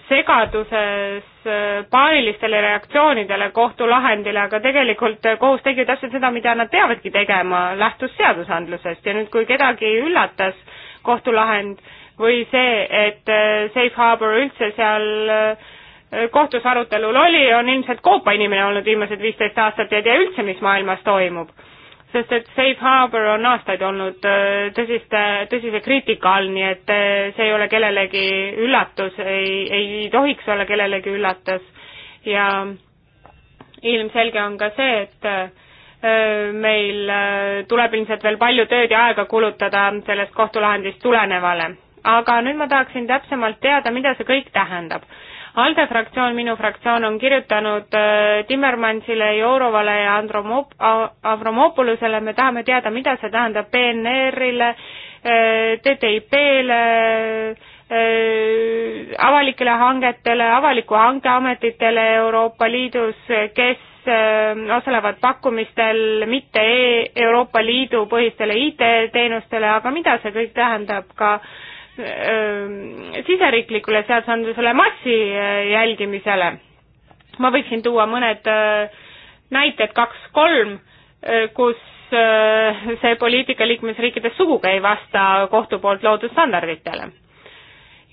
segaduses äh, paanilistele reaktsioonidele kohtulahendile, aga tegelikult kohus tegi täpselt seda, mida nad peavadki tegema, lähtus seadusandlusest ja nüüd, kui kedagi üllatas kohtulahend või see, et safe harbor üldse seal äh, kohtus arutelul oli, on ilmselt koopainimene olnud viimased viisteist aastat ja ei tea üldse, mis maailmas toimub. sest et safe harbor on aastaid olnud äh, tõsiste, tõsise kriitika all, nii et äh, see ei ole kellelegi üllatus, ei, ei tohiks olla kellelegi üllatus ja ilmselge on ka see, et äh, meil tuleb ilmselt veel palju tööd ja aega kulutada sellest kohtulahendist tulenevale. aga nüüd ma tahaksin täpsemalt teada, mida see kõik tähendab. ALDE fraktsioon, minu fraktsioon on kirjutanud äh, Timmermansile, Jourovale ja Andromop-, Avramopolusele, me tahame teada, mida see tähendab PNR-ile, äh, TTIP-le, äh, avalikele hangetele, avaliku hanke ametitele Euroopa Liidus, kes osalevad pakkumistel mitte e Euroopa Liidu põhistele IT-teenustele, aga mida see kõik tähendab ka äh, Ähm, siseriiklikule seadusandlusele massi äh, jälgimisele. ma võiksin tuua mõned äh, näited, kaks-kolm, äh, kus see poliitika liikmesriikides sugugi ei vasta kohtu poolt loodud standarditele.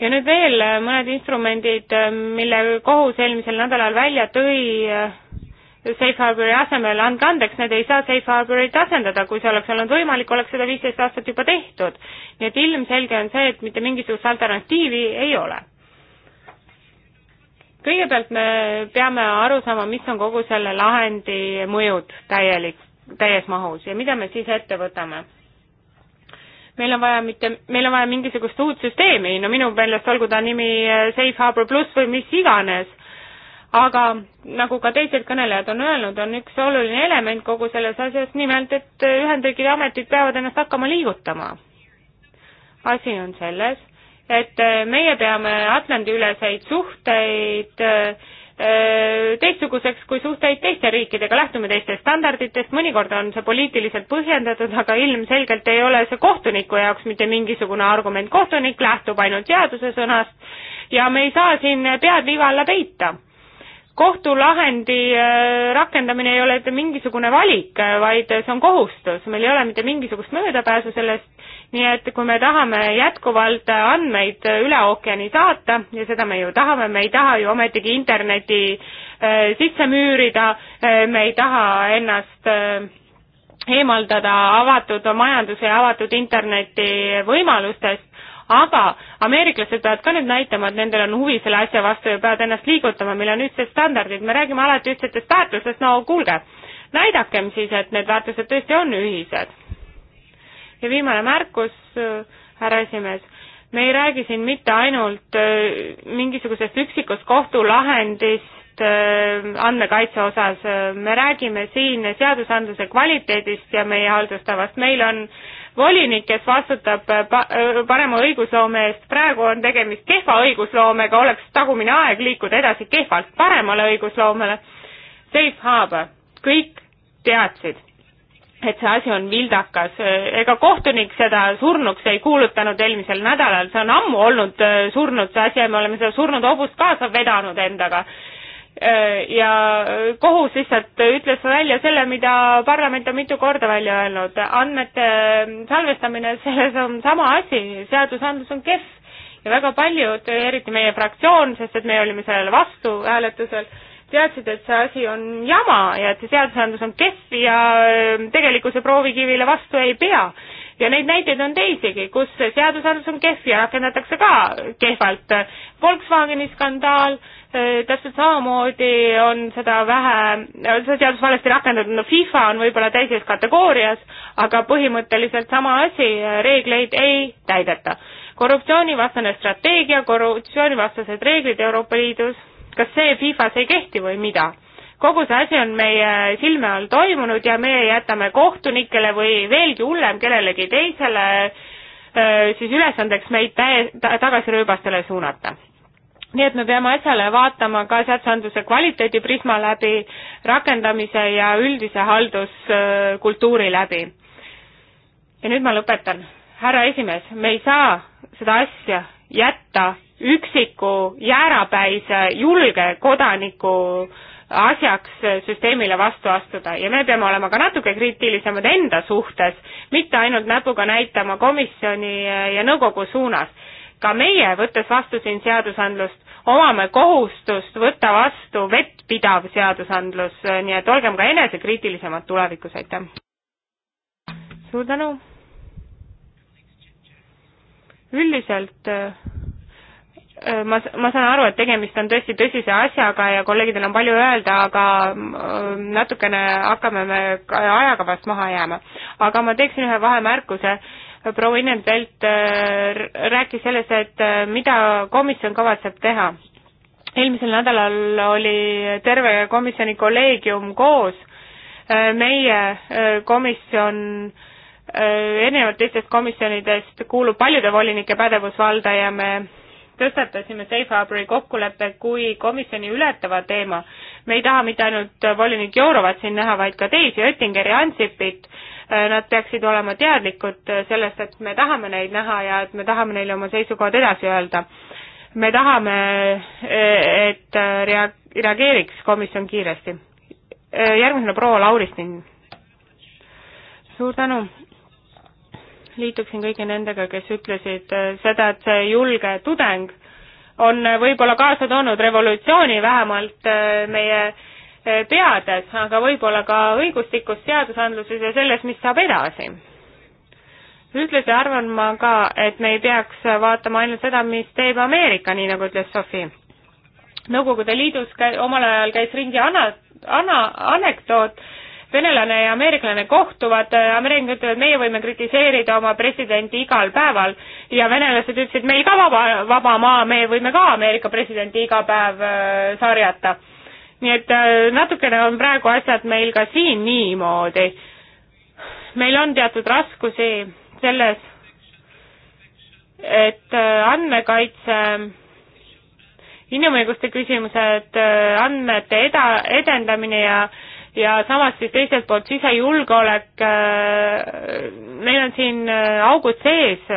ja nüüd veel mõned instrumendid, mille kohus eelmisel nädalal välja tõi safe harbori asemel, andke andeks, need ei saa safe harborit asendada, kui see oleks olnud võimalik, oleks seda viisteist aastat juba tehtud. nii et ilmselge on see, et mitte mingisugust alternatiivi ei ole. kõigepealt me peame aru saama, mis on kogu selle lahendi mõjud täielik, täies mahus ja mida me siis ette võtame meil on vaja mitte, meil on vaja mingisugust uut süsteemi, no minu meelest olgu ta nimi eh, Safe Harbor pluss või mis iganes, aga nagu ka teised kõnelejad on öelnud, on üks oluline element kogu selles asjas, nimelt et Ühendriikide ametid peavad ennast hakkama liigutama. asi on selles, et meie peame Atlandi-üleseid suhteid äh, teistsuguseks kui suhteid teiste riikidega, lähtume teistest standarditest, mõnikord on see poliitiliselt põhjendatud, aga ilmselgelt ei ole see kohtuniku jaoks mitte mingisugune argument, kohtunik lähtub ainult seaduse sõnast ja me ei saa siin pead liiva alla peita kohtulahendi äh, rakendamine ei ole mitte mingisugune valik, äh, vaid äh, see on kohustus, meil ei ole mitte mingisugust möödapääsu sellest, nii et kui me tahame jätkuvalt andmeid üle ookeani saata ja seda me ju tahame, me ei taha ju ometigi interneti äh, sisse müürida äh,, me ei taha ennast äh, eemaldada avatud majanduse ja avatud interneti võimalustest, aga ameeriklased peavad ka nüüd näitama, et nendel on huvi selle asja vastu ja peavad ennast liigutama, meil on ühtsed standardid, me räägime alati ühtsetest väärtustest, no kuulge, näidakem siis, et need väärtused tõesti on ühised. ja viimane märkus, härra esimees, me ei räägi siin mitte ainult äh, mingisugusest üksikust kohtulahendist, äh, andmekaitse osas, me räägime siin seadusandluse kvaliteedist ja meie haldustavast, meil on äh, volinik, kes vastutab äh, äh, parema õigusloome eest, praegu on tegemist kehva õigusloomega, oleks tagumine aeg liikuda edasi kehvalt paremale õigusloomele. Safe Harbor, kõik teadsid, et see asi on vildakas, ega kohtunik seda surnuks ei kuulutanud eelmisel nädalal, see on ammu olnud äh, surnud see asi ja me oleme seda surnud hobust kaasa vedanud endaga Äh, ja kohus lihtsalt ütles välja selle, mida parlament on mitu korda välja öelnud, andmete äh, salvestamine, selles on sama asi, seadusandlus on kehv ja väga paljud, eriti meie fraktsioon, sest et me olime sellele vastu hääletusel, teadsid, et see asi on jama ja et see seadusandlus on kehv ja äh, tegelikkuse proovikivile vastu ei pea. ja neid näiteid on teisigi, kus seadusandlus on kehv ja rakendatakse ka kehvalt. Volkswageni skandaal äh,, Äh, täpselt samamoodi on seda vähe, seda seadust valesti rakendatud, no FIFA on võib-olla teises kategoorias, aga põhimõtteliselt sama asi, äh, reegleid ei täideta. korruptsioonivastane strateegia, korruptsioonivastased reeglid Euroopa Liidus, kas see FIFA-s ei kehti või mida? kogu see asi on meie silme all toimunud ja meie jätame kohtunikele või veelgi hullem, kellelegi teisele äh, siis ülesandeks meid täie, tagasi rööbastele suunata nii et me peame asjale vaatama ka seadusandluse kvaliteedi prisma läbi, rakendamise ja üldise halduskultuuri läbi. ja nüüd ma lõpetan. härra esimees, me ei saa seda asja jätta üksiku jäärapäise julge kodaniku asjaks süsteemile vastu astuda ja me peame olema ka natuke kriitilisemad enda suhtes, mitte ainult näpuga näitama komisjoni ja nõukogu suunas ka meie, võttes vastu siin seadusandlust, omame kohustust võtta vastu vettpidav seadusandlus, nii et olgem ka enesekriitilisemad tulevikus, aitäh! suur tänu! üldiselt äh, ma, ma saan aru, et tegemist on tõesti tõsise asjaga ja kolleegidel on palju öelda, aga äh, natukene hakkame me ajakavast maha jääma. aga ma teeksin ühe vahemärkuse, proua Inendelt äh, rääkis sellest, et äh, mida komisjon kavatseb teha. eelmisel nädalal oli terve komisjoni kolleegium koos, äh, meie komisjon erinevalt teistest komisjonidest kuulub paljude volinike pädevusvalda ja me tõstatasime Safe Harbori kokkuleppe kui komisjoni ületava teema. me ei taha mitte ainult volinik Jourovat siin näha, vaid ka teisi, Oettingeri, Ansipit, Äh, nad peaksid olema teadlikud äh, sellest, et me tahame neid näha ja et me tahame neile oma seisukohad edasi öelda. me tahame, äh, et rea-, reageeriks komisjon kiiresti. järgmisena proua Lauristin. suur tänu! liituksin kõigi nendega, kes ütlesid seda, et see julge tudeng on võib-olla kaasa toonud revolutsiooni vähemalt meie äh, teades, aga võib-olla ka õigustikus, seadusandluses ja selles, mis saab edasi. ühtlasi arvan ma ka, et me ei peaks vaatama ainult seda, mis teeb Ameerika, nii nagu ütles Sofi. Nõukogude Liidus käi-, omal ajal käis ringi ana-, ana-, anekdoot, venelane ja ameeriklane kohtuvad, ameeriklased ütlevad, meie võime kritiseerida oma presidenti igal päeval ja venelased ütlesid, meil ka vaba, vaba maa, me võime ka Ameerika presidenti iga päev äh, sarjata nii et äh, natukene on praegu asjad meil ka siin niimoodi. meil on teatud raskusi selles, et äh, andmekaitse, inimõiguste küsimused, äh, andmete eda-, edendamine ja ja samas siis teiselt poolt sisejulgeolek, meil on siin augud sees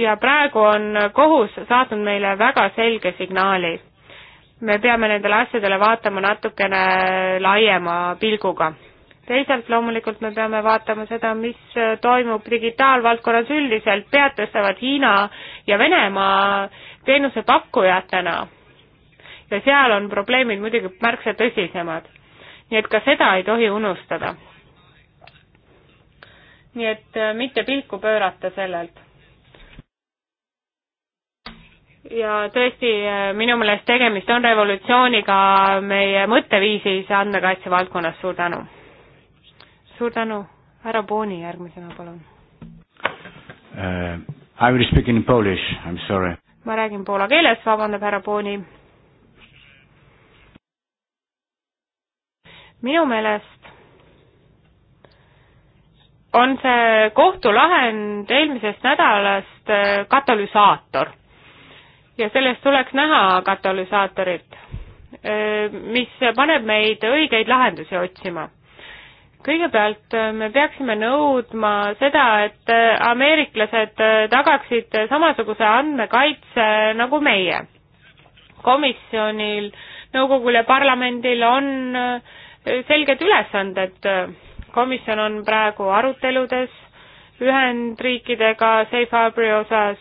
ja praegu on kohus saatnud meile väga selge signaali me peame nendele asjadele vaatama natukene laiema pilguga. teisalt loomulikult me peame vaatama seda, mis toimub digitaalvaldkonnas üldiselt, pead tõstavad Hiina ja Venemaa teenusepakkujatena. ja seal on probleemid muidugi märksa tõsisemad. nii et ka seda ei tohi unustada. nii et äh, mitte pilku pöörata sellelt ja tõesti, minu meelest tegemist on revolutsiooniga meie mõtteviisis andmekaitse valdkonnas, suur tänu! suur tänu, härra Booni järgmisena, palun uh,! I will speak in polish, I am sorry. ma räägin poola keeles, vabandab härra Booni. minu meelest on see kohtulahend eelmisest nädalast eh, katalüsaator ja sellest tuleks näha katalüsaatorit, mis paneb meid õigeid lahendusi otsima. kõigepealt me peaksime nõudma seda, et ameeriklased tagaksid samasuguse andmekaitse nagu meie. komisjonil, nõukogul ja parlamendil on selged ülesanded, komisjon on praegu aruteludes Ühendriikidega Safe Harbori osas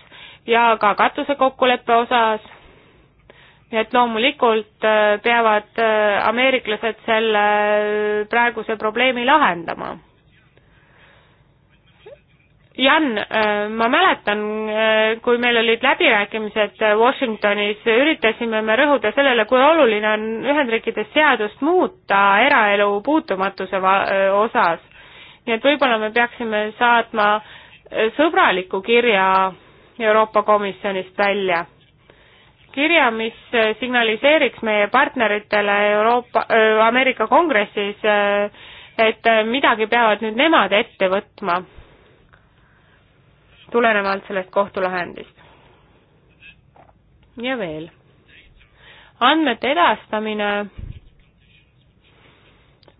ja ka katusekokkuleppe osas. nii et loomulikult äh, peavad äh, ameeriklased selle äh, praeguse probleemi lahendama. Jan, ma mäletan, kui meil olid läbirääkimised Washingtonis, üritasime me rõhuda sellele, kui oluline on Ühendriikides seadust muuta eraelu puutumatuse osas. nii et võib-olla me peaksime saatma sõbraliku kirja Euroopa Komisjonist välja. kirja, mis signaliseeriks meie partneritele Euroopa, Ameerika Kongressis, et midagi peavad nüüd nemad ette võtma tulenevalt sellest kohtulahendist. ja veel. andmete edastamine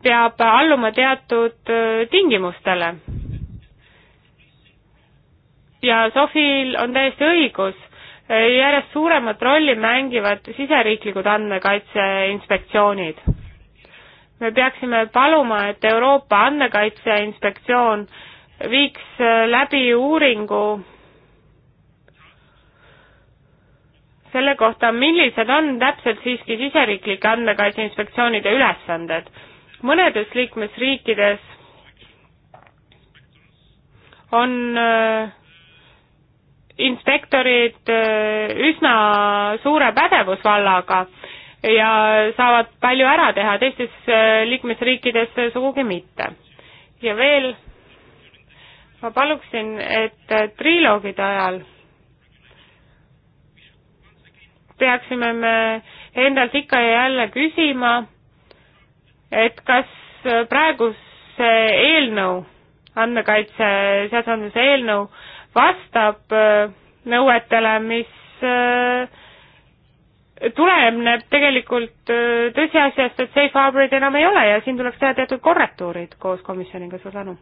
peab alluma teatud tingimustele ja Sofil on täiesti õigus, järjest suuremat rolli mängivad siseriiklikud andmekaitseinspektsioonid. me peaksime paluma, et Euroopa Andmekaitseinspektsioon viiks läbi uuringu selle kohta, millised on täpselt siiski siseriiklike andmekaitseinspektsioonide ülesanded. mõnedes liikmesriikides on äh, inspektorid äh, üsna suure pädevusvallaga ja saavad palju ära teha, teistes äh, liikmesriikides sugugi mitte. ja veel ma paluksin, et äh, triloogide ajal peaksime me endalt ikka ja jälle küsima, et kas praeguse eelnõu, andmekaitse seadusandluse eelnõu äh, vastab äh, nõuetele, mis äh, tuleneb tegelikult äh, tõsiasjast, et safe harbor'id enam ei ole ja siin tuleks teha teatud korrektuurid koos komisjoniga, suur tänu.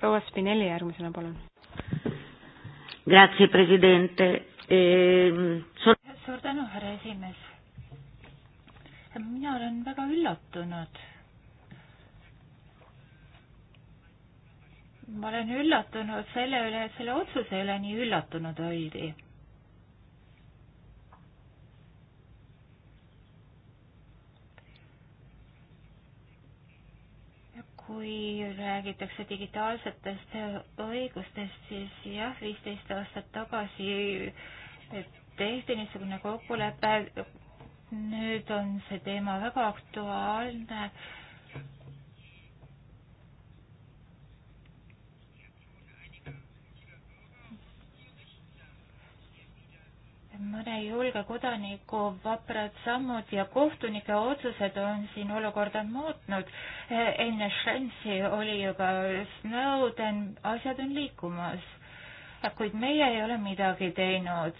proua Spinelli järgmisena, palun. Grazie, president ehm,. Suur... suur tänu, härra esimees. mina olen väga üllatunud ma olen üllatunud selle üle, et selle otsuse üle nii üllatunud oldi. kui räägitakse digitaalsetest õigustest, siis jah, viisteist aastat tagasi tehti niisugune kokkulepe, nüüd on see teema väga aktuaalne mõne julge kodaniku vaprad sammud ja kohtunike otsused on siin olukorda muutnud. enne Šrensi oli juba Snowden, asjad on liikumas, kuid meie ei ole midagi teinud.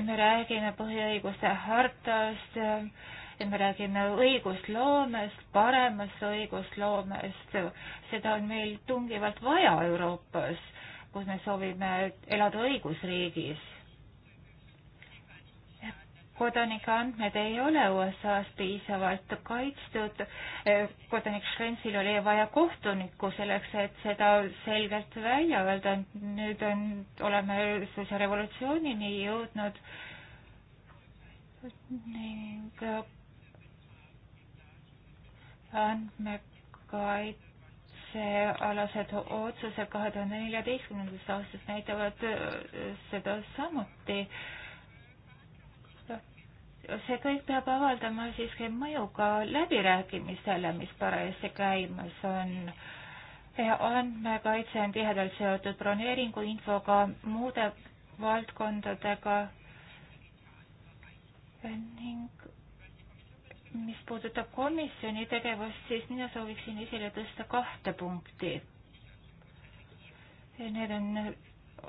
me räägime põhiõiguste hartast, me räägime õigusloomest, paremast õigusloomest, seda on meil tungivalt vaja Euroopas, kus me soovime elada õigusriigis kodanike andmed ei ole USA-s piisavalt kaitstud. Eh, kodanik Šrensil oli vaja kohtunikku selleks, et seda selgelt välja öelda. nüüd on, oleme suisa revolutsioonini jõudnud ning äh, andmekaitsealased otsused kahe tuhande neljateistkümnendast aastast näitavad äh, seda samuti see kõik peab avaldama siiski mõju ka läbirääkimistele, mis parajasti käimas on. andmekaitse on tihedalt seotud broneeringu infoga, muude valdkondadega ning mis puudutab komisjoni tegevust, siis mina sooviksin esile tõsta kahte punkti. Need on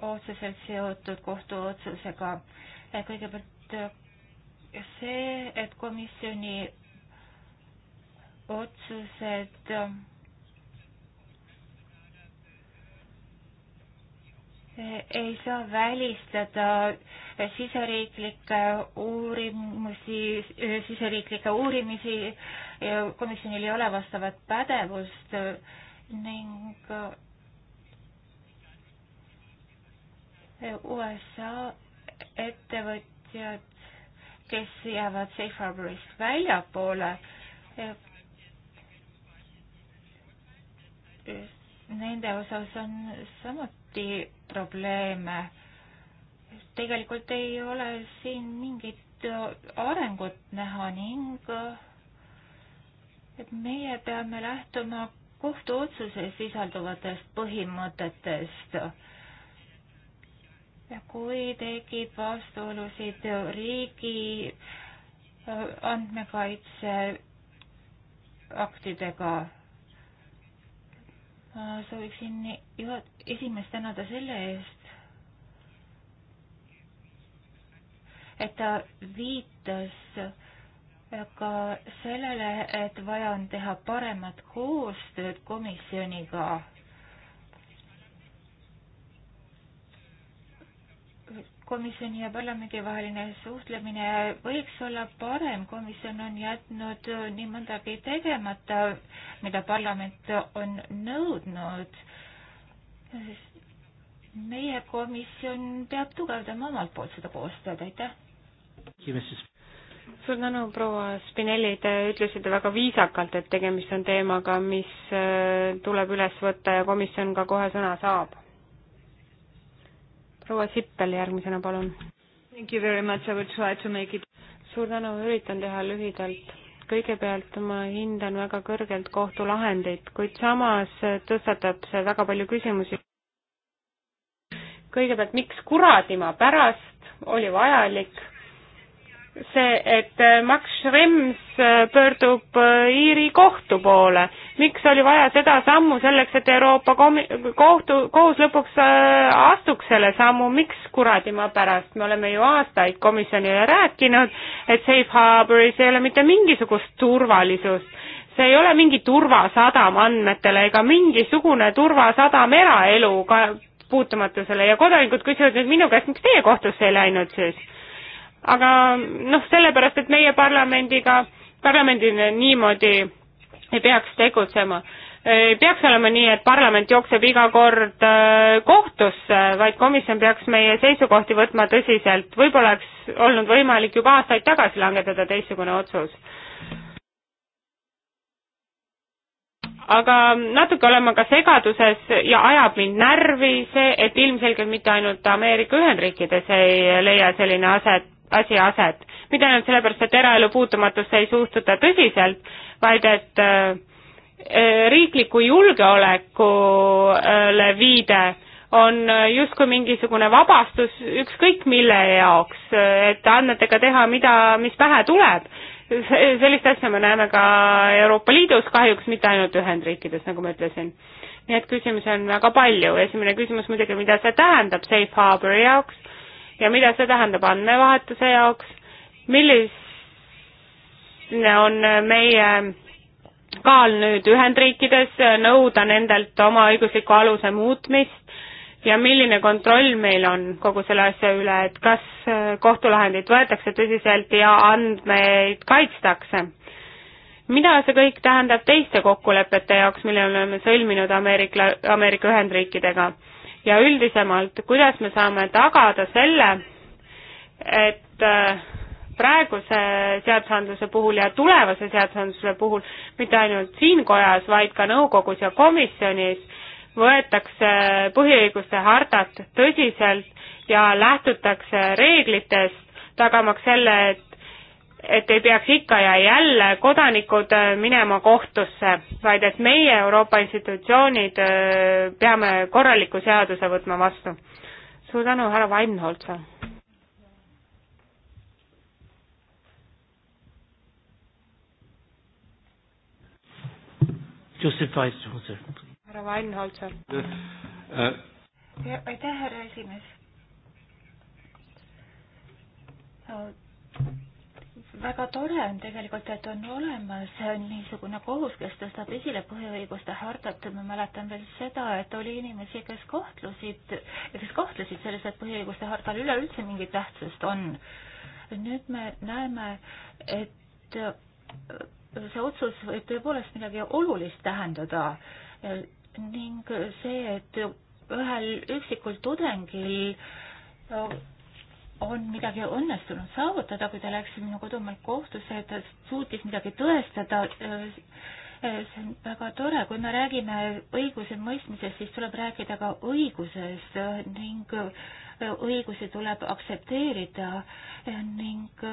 otseselt seotud kohtuotsusega. kõigepealt see, et komisjoni otsused eh, ei saa välistada siseriiklikke uurimusi, eh, siseriiklikke uurimisi, komisjonil ei ole vastavat pädevust ning eh, USA ettevõtjad kes jäävad safe harborist väljapoole. Nende osas on samuti probleeme. tegelikult ei ole siin mingit arengut näha ning et meie peame lähtuma kohtuotsuses sisalduvatest põhimõtetest kui tekib vastuolusid riigi äh, andmekaitse aktidega. ma sooviksin juhat-, esimest tänada selle eest, et ta viitas ka sellele, et vaja on teha paremat koostööd komisjoniga komisjoni ja parlamendi vaheline suhtlemine võiks olla parem, komisjon on jätnud nii mõndagi tegemata, mida parlament on nõudnud. meie komisjon peab tugevdama omalt poolt seda koostööd, aitäh. suur tänu, proua Spinelli, te ütlesite väga viisakalt, et tegemist on teemaga, mis äh, tuleb üles võtta ja komisjon ka kohe sõna saab proua Sippel järgmisena, palun. Thank you very much, I will try to make it. suur tänu, üritan teha lühidalt. kõigepealt ma hindan väga kõrgelt kohtulahendeid, kuid samas tõstatab see väga palju küsimusi. kõigepealt, miks kuradima pärast oli vajalik see, et äh, Max Schrems äh, pöördub äh, Iiri kohtu poole. miks oli vaja seda sammu selleks, et Euroopa komi-, kohtu, kohus lõpuks astuks selle sammu, miks kuradima pärast, me oleme ju aastaid komisjonile rääkinud, et safe harboris ei ole mitte mingisugust turvalisust see ei ole mingi turvasadam andmetele ega mingisugune turvasadam eraelu puutumatusele ja kodanikud küsivad nüüd minu käest, miks teie kohtusse ei läinud siis aga noh, sellepärast, et meie parlamendiga, parlamendina niimoodi ei peaks tegutsema. ei peaks olema nii, et parlament jookseb iga kord äh, kohtusse, vaid komisjon peaks meie seisukohti võtma tõsiselt. võib-olla oleks olnud võimalik juba aastaid tagasi langetada teistsugune otsus. aga natuke olen ma ka segaduses ja ajab mind närvi see, et ilmselgelt mitte ainult Ameerika Ühendriikides ei leia selline aset, asi aset. mitte ainult sellepärast, et eraelu puutumatusse ei suhtuta tõsiselt, vaid et äh, äh, riikliku julgeolekule viide on äh, justkui mingisugune vabastus ükskõik mille jaoks, et andmetega teha mida, mis pähe tuleb. sellist asja me näeme ka Euroopa Liidus kahjuks, mitte ainult Ühendriikides, nagu ma ütlesin. nii et küsimusi on väga palju, esimene küsimus muidugi, mida see tähendab safe harbori jaoks ja mida see tähendab andmevahetuse jaoks, milline on meie kaal nüüd Ühendriikides nõuda nendelt oma õigusliku aluse muutmist ja milline kontroll meil on kogu selle asja üle, et kas kohtulahendit võetakse tõsiselt ja andmeid kaitstakse. mida see kõik tähendab teiste kokkulepete jaoks, mille oleme sõlminud Ameerika, Ameerika Ühendriikidega? ja üldisemalt, kuidas me saame tagada selle, et äh, praeguse seadusandluse puhul ja tulevase seadusandluse puhul, mitte ainult siin kojas, vaid ka nõukogus ja komisjonis, võetakse põhiõiguste hartat tõsiselt ja lähtutakse reeglitest, tagamaks selle, et et ei peaks ikka ja jälle kodanikud äh, minema kohtusse, vaid et meie, Euroopa institutsioonid, äh, peame korraliku seaduse võtma vastu. suur tänu, härra Weinholz. härra Weinholz. Uh, uh, aitäh, härra esimees väga tore on tegelikult, et on olemas niisugune kohus, kes tõstab esile põhiõiguste hartat. ma mäletan veel seda, et oli inimesi, kes kahtlesid, kes kahtlesid selles, et põhiõiguste hartal üleüldse mingit tähtsust on. nüüd me näeme, et see otsus võib tõepoolest midagi olulist tähendada ning see, et ühel üksikul tudengil on midagi õnnestunud saavutada, kui ta läks minu kodumaalt kohtusse, et ta suutis midagi tõestada. Äh, äh, see on väga tore, kui me räägime õigusemõistmisest, siis tuleb rääkida ka õigusest ning äh, õigusi tuleb aktsepteerida ning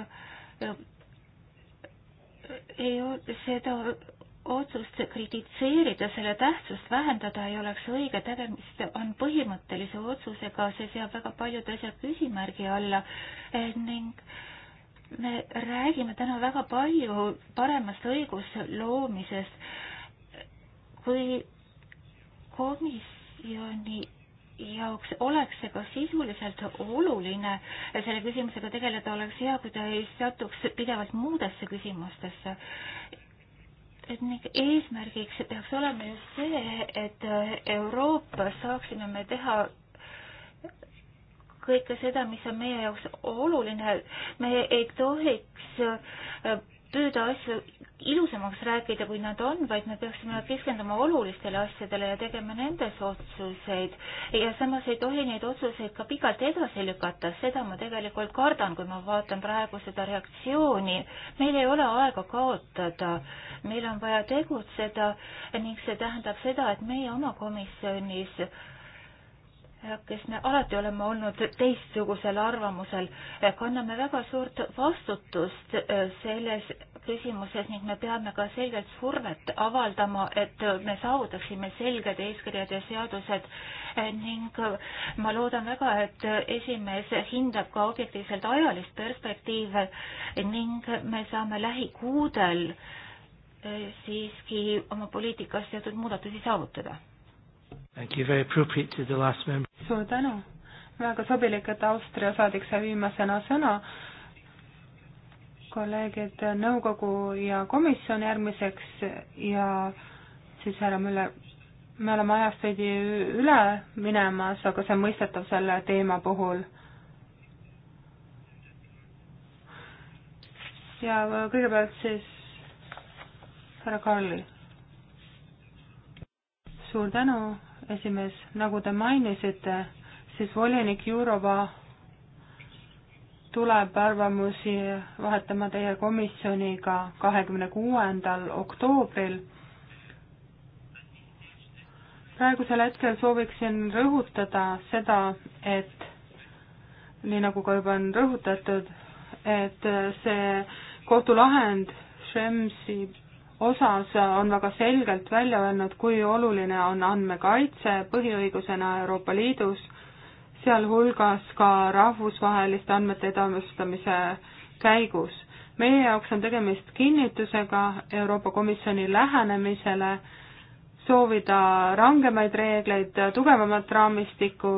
ei, seda otsust kritiseerida, selle tähtsust vähendada ei oleks õige, tegemist on põhimõttelise otsusega, see seab väga paljud asjad küsimärgi alla eh, ning me räägime täna väga palju paremast õigusloomisest, kui komisjoni jaoks oleks see ka sisuliselt oluline ja eh, selle küsimusega tegeleda oleks hea, kui ta ei satuks pidevalt muudesse küsimustesse et ning eesmärgiks peaks olema just see, et Euroopas saaksime me teha kõike seda, mis on meie jaoks oluline. me ei tohiks püüda asju ilusamaks rääkida, kui nad on, vaid me peaksime keskenduma olulistele asjadele ja tegema nendes otsuseid. ja samas ei tohi neid otsuseid ka pikalt edasi lükata, seda ma tegelikult kardan, kui ma vaatan praegu seda reaktsiooni. meil ei ole aega kaotada, meil on vaja tegutseda ning see tähendab seda, et meie oma komisjonis kes me alati oleme olnud teistsugusel arvamusel, kanname väga suurt vastutust eh, selles küsimuses ning me peame ka selgelt survet avaldama, et me saavutaksime selged eeskirjad ja seadused eh, ning eh, ma loodan väga, et esimees hindab ka objektiivselt ajalist perspektiive ning me saame lähikuudel siiski oma poliitikas teatud muudatusi saavutada. Thank you. Very appropriate to the last member suur tänu. väga sobilik, et Austria saadik sai viimasena sõna. kolleegid, nõukogu ja komisjon järgmiseks ja siis härra Müller, me oleme ajast veidi üle minemas, aga see on mõistetav selle teema puhul ja kõigepealt siis härra Karli. suur tänu, esimees, nagu te mainisite, siis volinik Jurova tuleb arvamusi vahetama teie komisjoniga kahekümne kuuendal oktoobril. praegusel hetkel sooviksin rõhutada seda, et nii nagu ka juba on rõhutatud, et see kohtulahend Šemsi osas on väga selgelt välja öelnud, kui oluline on andmekaitse põhiõigusena Euroopa Liidus, sealhulgas ka rahvusvaheliste andmete edastamise käigus. meie jaoks on tegemist kinnitusega Euroopa Komisjoni lähenemisele soovida rangemaid reegleid, tugevamat raamistikku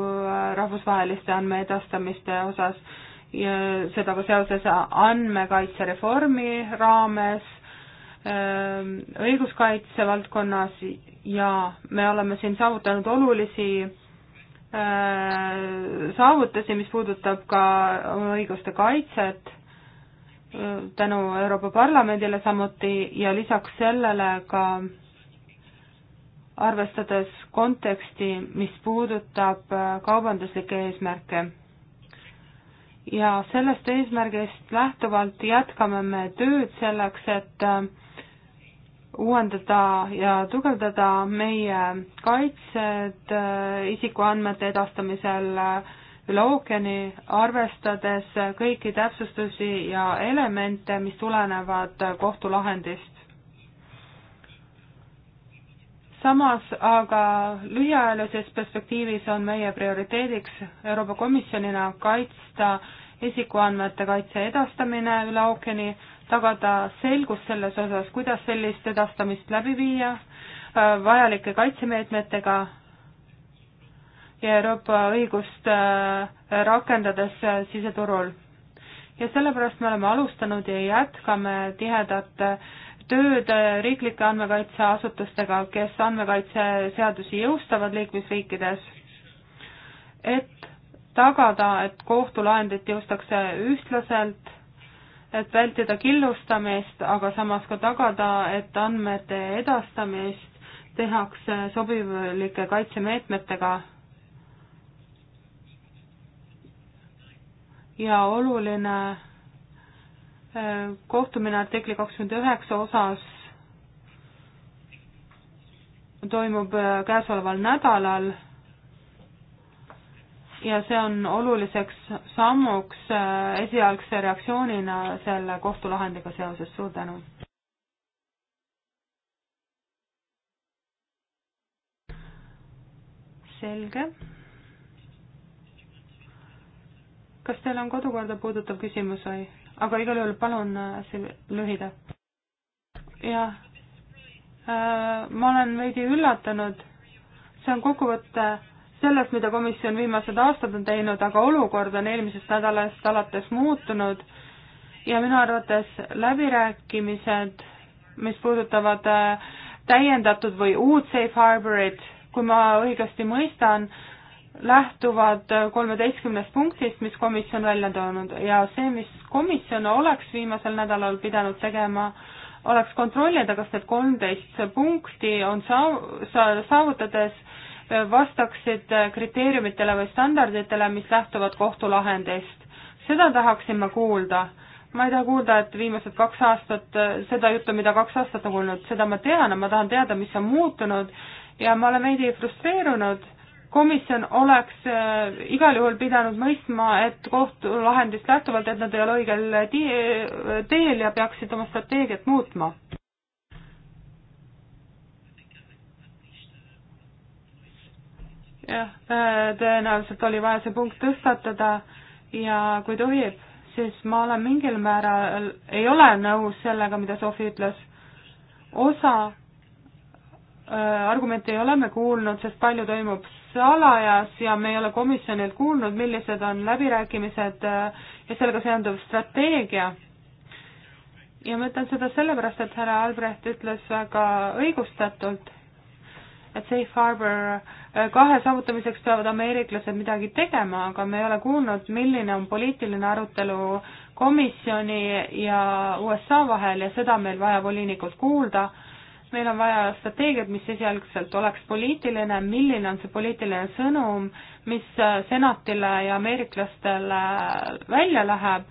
rahvusvaheliste andmeedastamiste osas ja seda ka seoses andmekaitsereformi raames Ähm, õiguskaitse valdkonnas ja me oleme siin saavutanud olulisi äh, saavutusi, mis puudutab ka õiguste kaitset äh, tänu Euroopa Parlamendile samuti ja lisaks sellele ka arvestades konteksti, mis puudutab äh, kaubanduslikke eesmärke. ja sellest eesmärgist lähtuvalt jätkame me tööd selleks, et äh, uuendada ja tugevdada meie kaitset äh, isikuandmete edastamisel äh, üle ookeani, arvestades kõiki täpsustusi ja elemente, mis tulenevad äh, kohtulahendist. samas aga lühiajalises perspektiivis on meie prioriteediks Euroopa Komisjonina kaitsta isikuandmete kaitse edastamine üle ookeani tagada selgus selles osas, kuidas sellist edastamist läbi viia äh, vajalike kaitsemeetmetega ja Euroopa õigust äh, rakendades äh, siseturul. ja sellepärast me oleme alustanud ja jätkame tihedat tööd riiklike andmekaitseasutustega, kes andmekaitseseadusi jõustavad liikmesriikides, et tagada, et kohtulahendit jõustakse ühtlaselt et vältida killustamist, aga samas ka tagada, et andmete edastamist tehakse sobivalike kaitsemeetmetega. ja oluline äh, kohtumine artikli kakskümmend üheksa osas toimub äh, käesoleval nädalal ja see on oluliseks sammuks äh, esialgse reaktsioonina selle kohtulahendiga seoses, suur tänu. selge. kas teil on kodukorda puudutav küsimus või? aga igal juhul palun äh, see lühida. jah, äh, ma olen veidi üllatunud, see on kokkuvõte sellest, mida komisjon viimased aastad on teinud, aga olukord on eelmisest nädalast alates muutunud ja minu arvates läbirääkimised, mis puudutavad äh, täiendatud või uut safe harborit, kui ma õigesti mõistan, lähtuvad äh, kolmeteistkümnest punktist, mis komisjon välja toonud ja see, mis komisjon oleks viimasel nädalal pidanud tegema, oleks kontrollida, kas need kolmteist punkti on saav-, saavutades vastaksid kriteeriumitele või standarditele, mis lähtuvad kohtulahendist. seda tahaksin ma kuulda. ma ei taha kuulda, et viimased kaks aastat, seda juttu, mida kaks aastat on kuulnud, seda ma tean, aga ma tahan teada, mis on muutunud ja ma olen veidi frustreerunud komisjon oleks äh, igal juhul pidanud mõistma, et kohtulahendist lähtuvalt, et nad ei ole õigel teel ja peaksid oma strateegiat muutma. jah, äh, tõenäoliselt oli vaja see punkt tõstatada ja kui tohib, siis ma olen mingil määral, ei ole nõus sellega, mida Sofi ütles. osa äh, argumente ei ole me kuulnud, sest palju toimub salajas ja me ei ole komisjonilt kuulnud, millised on läbirääkimised äh, ja sellega seonduv strateegia. ja ma ütlen seda sellepärast, et härra Albrecht ütles väga õigustatult, et safe harbor äh, kahe saavutamiseks peavad ameeriklased midagi tegema, aga me ei ole kuulnud, milline on poliitiline arutelu komisjoni ja USA vahel ja seda on meil vaja volinikult kuulda. meil on vaja strateegiat, mis esialgselt oleks poliitiline, milline on see poliitiline sõnum, mis senatile ja ameeriklastele välja läheb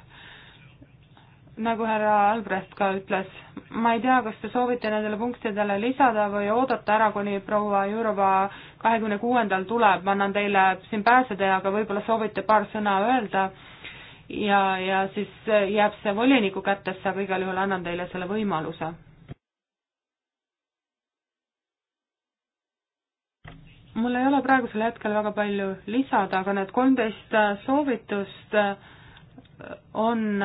nagu härra Albrecht ka ütles, ma ei tea, kas te soovite nendele punktidele lisada või oodata ära, kuni proua Jurova kahekümne kuuendal tuleb, ma annan teile siin pääseda, aga võib-olla soovite paar sõna öelda ja, ja siis jääb see voliniku kätesse, aga igal juhul annan teile selle võimaluse. mul ei ole praegusel hetkel väga palju lisada, aga need kolmteist soovitust on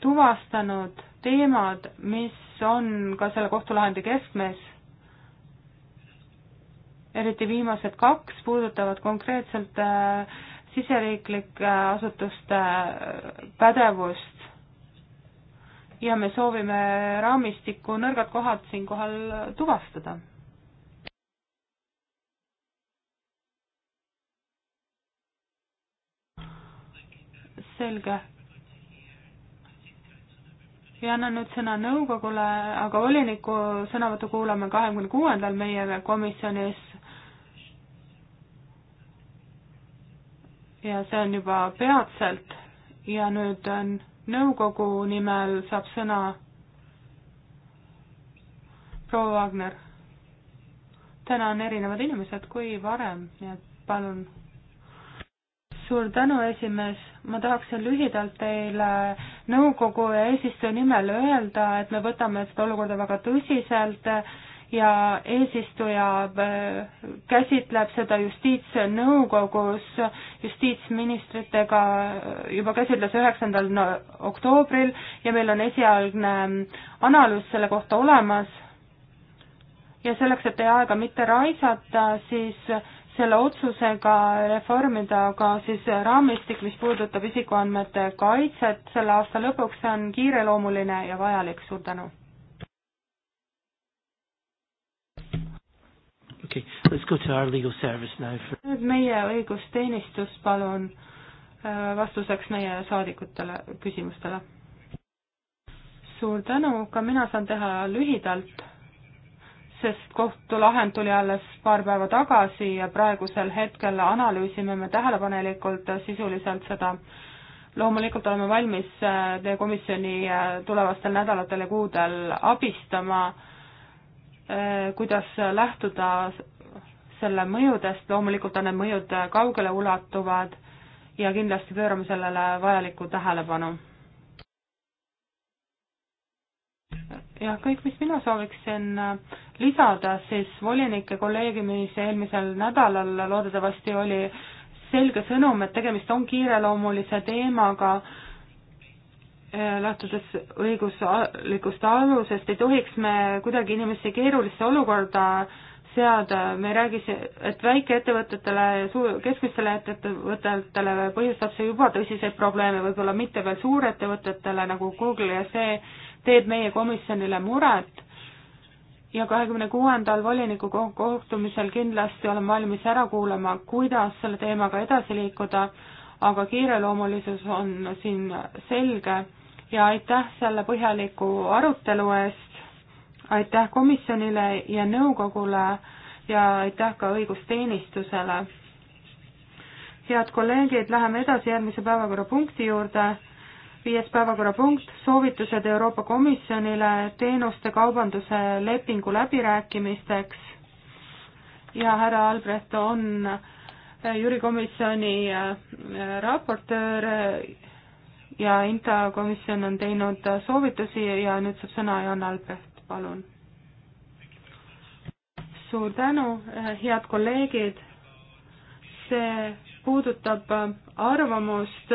tuvastanud teemad, mis on ka selle kohtulahendi keskmes, eriti viimased kaks puudutavad konkreetselt äh, siseriiklike äh, asutuste äh, pädevust ja me soovime raamistiku nõrgad kohad siinkohal tuvastada. selge ja annan nüüd sõna nõukogule, aga voliniku sõnavõttu kuulame kahekümne kuuendal meie komisjonis. ja see on juba peatselt ja nüüd on nõukogu nimel saab sõna proua Wagner. täna on erinevad inimesed kui varem, nii et palun suur tänu, esimees, ma tahaksin lühidalt teile nõukogu ja eesistuja nimel öelda, et me võtame seda olukorda väga tõsiselt ja eesistuja äh, käsitleb seda justiitsnõukogus justiitsministritega, äh, juba käsitles üheksandal oktoobril ja meil on esialgne mm, analüüs selle kohta olemas. ja selleks, et teie aega mitte raisata, siis selle otsusega reformida ka siis raamistik, mis puudutab isikuandmete kaitset selle aasta lõpuks, see on kiireloomuline ja vajalik, suur tänu. Okay, let's go to our legal service now. For... nüüd meie õigusteenistus, palun äh, vastuseks meie saadikutele küsimustele. suur tänu, ka mina saan teha lühidalt sest kohtulahend tuli alles paar päeva tagasi ja praegusel hetkel analüüsime me tähelepanelikult sisuliselt seda. loomulikult oleme valmis äh, teie komisjoni äh, tulevastel nädalatel ja kuudel abistama, äh, kuidas lähtuda selle mõjudest, loomulikult on need mõjud kaugeleulatuvad ja kindlasti pöörame sellele vajalikku tähelepanu jah, kõik, mis mina sooviksin äh, lisada, siis volinike kolleegiumis eelmisel nädalal loodetavasti oli selge sõnum, et tegemist on kiireloomulise teemaga, äh, lähtudes õiguslikust alusest, ei tohiks me kuidagi inimesi keerulisse olukorda seada, me ei räägi, et väikeettevõtetele ja suur, keskmistele ettevõtetele põhjustab see juba tõsiseid probleeme, võib-olla mitte veel suurettevõtetele nagu Google ja see, teeb meie komisjonile muret ja kahekümne kuuendal voliniku kohtumisel kindlasti olen valmis ära kuulama, kuidas selle teemaga edasi liikuda, aga kiireloomulisus on siin selge ja aitäh selle põhjaliku arutelu eest, aitäh komisjonile ja nõukogule ja aitäh ka õigusteenistusele. head kolleegid, läheme edasi järgmise päevakorrapunkti juurde viies päevakorrapunkt, soovitused Euroopa Komisjonile teenuste kaubanduse lepingu läbirääkimisteks ja härra Albrecht on äh, Jüri komisjoni äh, raportöör äh, ja INTA komisjon on teinud soovitusi ja nüüd saab sõna Jan Albrecht, palun. suur tänu, head kolleegid, see puudutab arvamust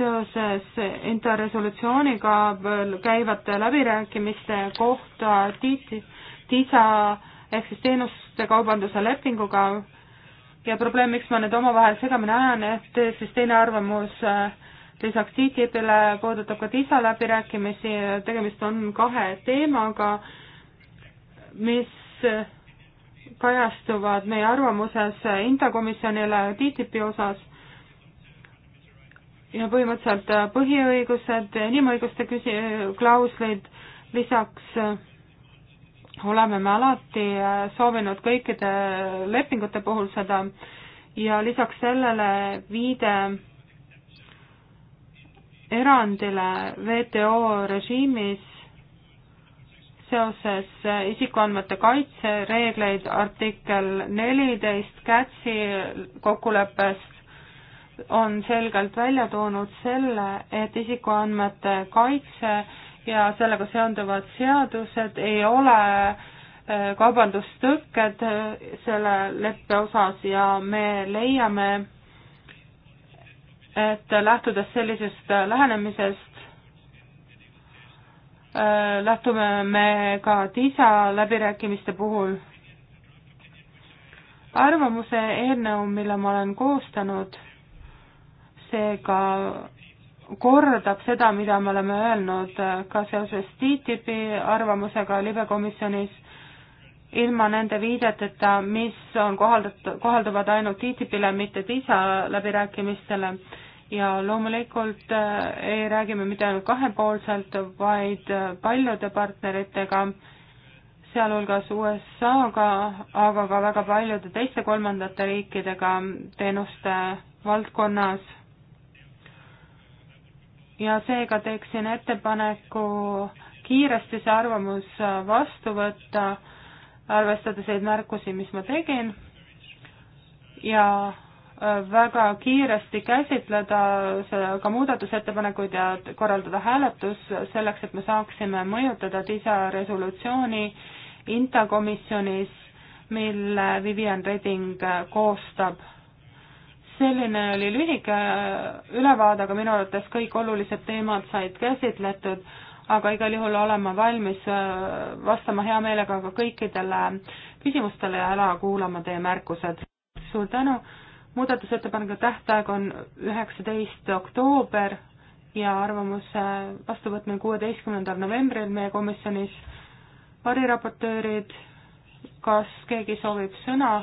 seoses enda resolutsiooniga käivate läbirääkimiste kohta TISA ehk siis teenuste kaubanduse lepinguga ja probleem, miks ma need omavahel segamini ajan, et siis teine arvamus äh, lisaks TTIP-ile puudutab ka TISA läbirääkimisi, tegemist on kahe teemaga, mis äh, kajastuvad meie arvamuses hindakomisjonile TTIP-i osas ja põhimõtteliselt äh, põhiõigused, äh, inimõiguste küsi-, klauslid, lisaks äh, oleme me alati soovinud kõikide lepingute puhul seda ja lisaks sellele viide erandile WTO režiimis seoses isikuandmete kaitse reegleid artikkel neliteist Kätsi kokkuleppest on selgelt välja toonud selle, et isikuandmete kaitse ja sellega seonduvad seadused ei ole äh, kaubandustõkked äh, selle leppe osas ja me leiame, et lähtudes sellisest lähenemisest, äh, lähtume me ka TISA läbirääkimiste puhul arvamuse eelnõu, mille ma olen koostanud seega kordab seda, mida me oleme öelnud äh, ka seoses TTIP-i arvamusega libekomisjonis, ilma nende viideteta, mis on kohaldatud, kohalduvad ainult TTIP-ile, mitte TISA läbirääkimistele ja loomulikult äh, ei räägi me mitte ainult kahepoolselt, vaid äh, paljude partneritega, sealhulgas USA-ga, aga ka väga paljude teiste kolmandate riikidega teenuste valdkonnas ja seega teeksin ettepaneku kiiresti see arvamus äh, vastu võtta, arvestades neid märkusi, mis ma tegin, ja äh, väga kiiresti käsitleda ka muudatusettepanekuid ja korraldada hääletus selleks, et me saaksime mõjutada TISA resolutsiooni INTA komisjonis, mille Vivian Reding äh, koostab selline oli lühike äh, ülevaade, aga minu arvates kõik olulised teemad said käsitletud, aga igal juhul olen ma valmis äh, vastama hea meelega ka kõikidele küsimustele ja ära kuulama teie märkused. suur tänu, muudatusettepaneku tähtaeg on üheksateist oktoober ja arvamuse vastuvõtmine kuueteistkümnendal novembril meie komisjonis. variraportöörid, kas keegi soovib sõna?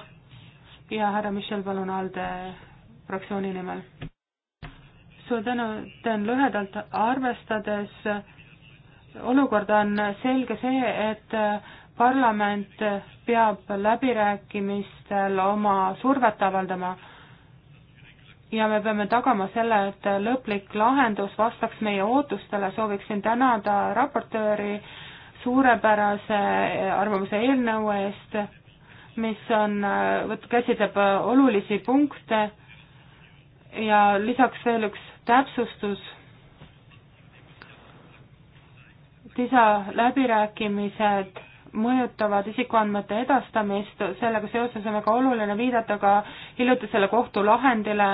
ja härra Michel, palun ALDE fraktsiooni nimel. suur tänu, teen lühedalt, arvestades olukorda on selge see, et parlament peab läbirääkimistel oma survet avaldama ja me peame tagama selle, et lõplik lahendus vastaks meie ootustele, sooviksin tänada raportööri suurepärase arvamuse eelnõu eest, mis on, käsitleb olulisi punkte ja lisaks veel üks täpsustus. TISA läbirääkimised mõjutavad isikuandmete edastamist, sellega seoses on väga oluline viidata ka hiljutisele kohtulahendile,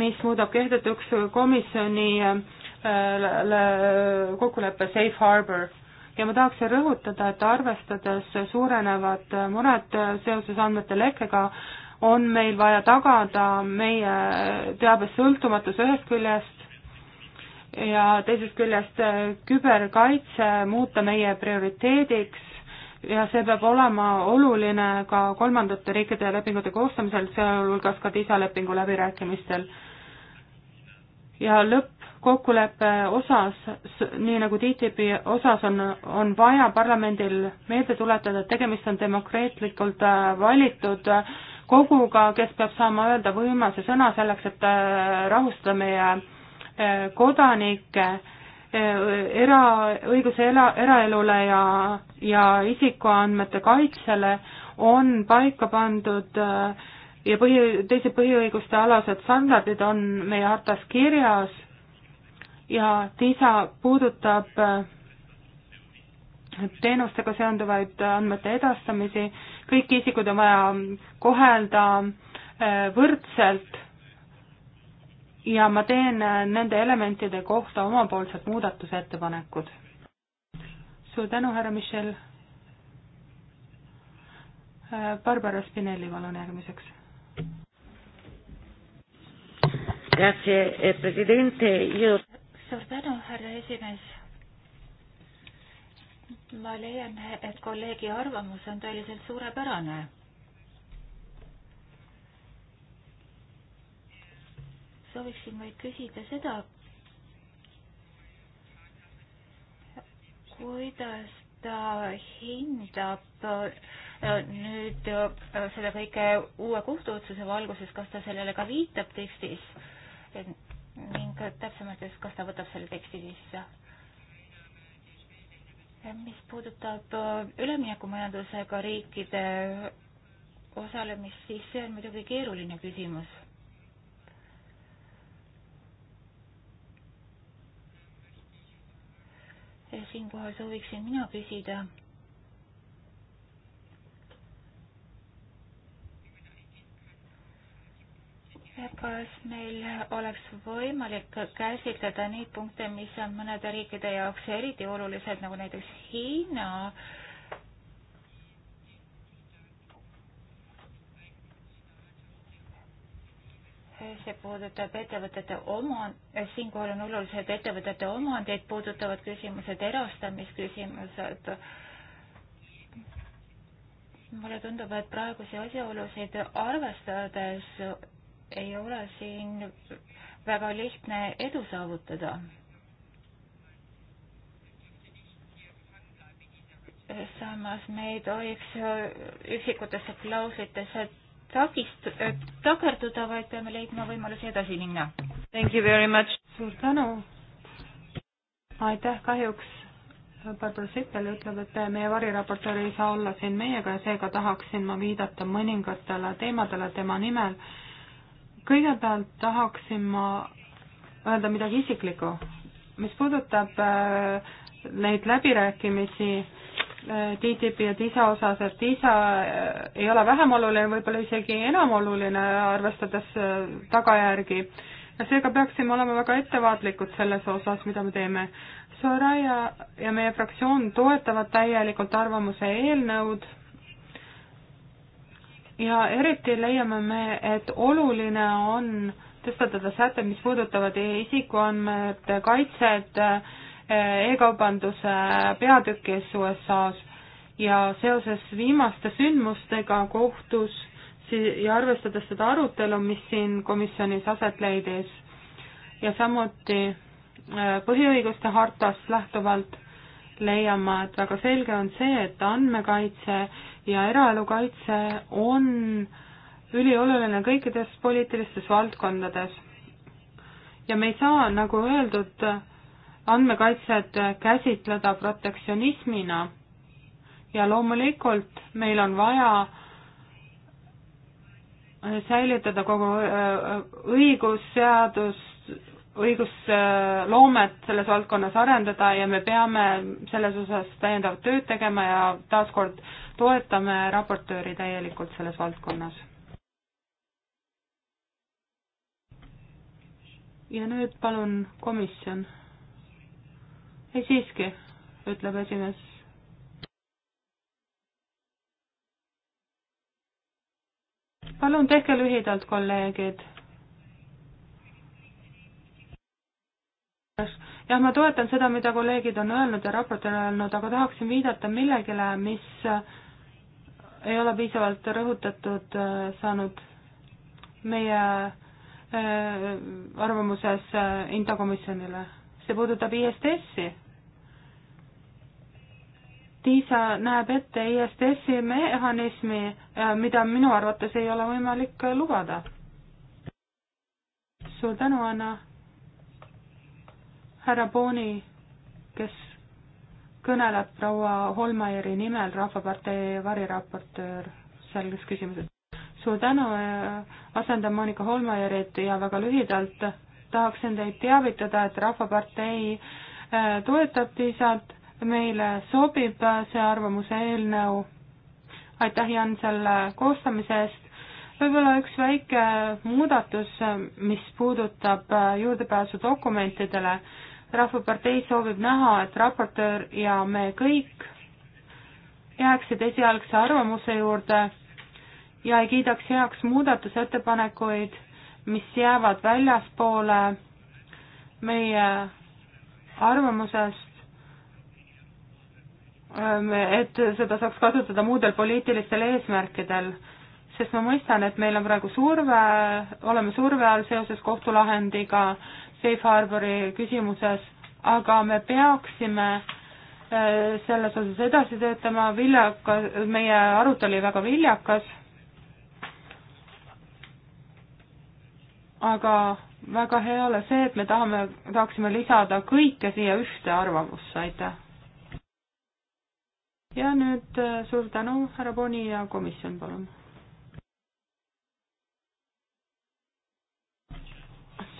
mis muudab kehtetuks komisjoni äh, äh, kokkuleppe Safe Harbor. ja ma tahaksin rõhutada, et arvestades suurenevat muret seoses andmete lekkega, on meil vaja tagada meie teabes sõltumatus ühest küljest ja teisest küljest äh, küberkaitse muuta meie prioriteediks ja see peab olema oluline ka kolmandate riikide lepingute koostamisel, sealhulgas ka TISA lepingu läbirääkimistel. ja lõppkokkuleppe osas, nii nagu TTIP-i osas on, on vaja parlamendil meelde tuletada, et tegemist on demokraatlikult äh, valitud äh, koguga, kes peab saama öelda võimase sõna selleks, et äh, rahustada meie äh, kodanikke äh, era, õiguse era, eraelule ja, ja isikuandmete kaitsele on paika pandud ja põhi, teised põhiõiguste alased standardid on meie hartas kirjas ja TISA puudutab äh, teenustega seonduvaid andmete edastamisi, kõiki isikuid on vaja kohelda äh, võrdselt ja ma teen äh, nende elementide kohta omapoolsed muudatusettepanekud. suur tänu, härra Michel. Äh, Barbara Spinelli, palun järgmiseks. Eh, suur tänu, härra esimees ma leian, et kolleegi arvamus on tõeliselt suurepärane. sooviksin vaid küsida seda, kuidas ta hindab äh, nüüd äh, selle kõige uue kohtuotsuse valguses, kas ta sellele ka viitab tekstis ning täpsemalt, kas ta võtab selle teksti sisse mis puudutab äh, üleminekumajandusega riikide osalemist, siis see on muidugi keeruline küsimus. siinkohal sooviksin mina küsida kas meil oleks võimalik käsitleda neid punkte, mis on mõnede riikide jaoks eriti olulised, nagu näiteks Hiina, see puudutab ettevõtete omand, siinkohal on olulised ettevõtete omandeid puudutavad küsimused, erastamisküsimused. mulle tundub, et praegusi asjaolusid arvestades ei ole siin väga lihtne edu saavutada. samas me ei tohiks üksikutesse klauslitesse takist-, takerduda, vaid peame leidma võimalusi edasi minna. Thank you very much. suur tänu. aitäh, kahjuks Barbara Sippel ütleb, et meie variraportöör ei saa olla siin meiega ja seega tahaksin ma viidata mõningatele teemadele tema nimel kõigepealt tahaksin ma öelda midagi isiklikku. mis puudutab äh, neid läbirääkimisi äh, TTIP ja TISA osas, et TISA äh, ei ole vähem oluline, võib-olla isegi enam oluline, arvestades tagajärgi. ja seega peaksime olema väga ettevaatlikud selles osas, mida me teeme. Soraya ja meie fraktsioon toetavad täielikult arvamuse eelnõud ja eriti leiame me, et oluline on tõstatada sätted, mis puudutavad isikuandmete kaitset e-kaubanduse peatükis USA-s ja seoses viimaste sündmustega kohtus ja arvestades seda arutelu, mis siin komisjonis aset leidis ja samuti äh, põhiõiguste hartast lähtuvalt leian ma, et väga selge on see, et andmekaitse ja eraelu kaitse on ülioluline kõikides poliitilistes valdkondades. ja me ei saa, nagu öeldud, andmekaitset käsitleda protektsionismina ja loomulikult meil on vaja säilitada kogu äh, õigusseadust, õigusloomet selles valdkonnas arendada ja me peame selles osas täiendavat tööd tegema ja taaskord toetame raportööri täielikult selles valdkonnas. ja nüüd palun komisjon. ei siiski, ütleb esimees. palun tehke lühidalt, kolleegid jah, ma toetan seda, mida kolleegid on öelnud ja raportöör öelnud, aga tahaksin viidata millegile, mis ei ole piisavalt rõhutatud äh, saanud meie äh, arvamuses äh, intokomisjonile. see puudutab ISTS-i. TISA näeb ette ISTS-i mehhanismi, mida minu arvates ei ole võimalik lubada. suur tänu, Anna. härra Booni, kes kõneleb proua Holmaieri nimel Rahvapartei variraportöör selles küsimuses. suur tänu, äh, asendan Monika Holmairit ja väga lühidalt tahaksin teid teavitada, et Rahvapartei äh, toetab PISA-t, meile sobib äh, see arvamuse eelnõu. aitäh, Jan, selle koostamise eest. võib-olla üks väike muudatus, mis puudutab juurdepääsu dokumentidele rahvapartei soovib näha, et raportöör ja me kõik jääksid esialgse arvamuse juurde ja ei kiidaks heaks muudatusettepanekuid, mis jäävad väljaspoole meie arvamusest, ähm, et seda saaks kasutada muudel poliitilistel eesmärkidel, sest ma mõistan, et meil on praegu surve, oleme surve all seoses kohtulahendiga äh, safe harbori küsimuses, aga me peaksime äh, selles osas edasi töötama, viljakas, meie arutelu oli väga viljakas, aga väga hea ole see, et me tahame, tahaksime lisada kõike siia ühte arvamusse, aitäh! ja nüüd äh, suur tänu, härra Boni ja komisjon, palun!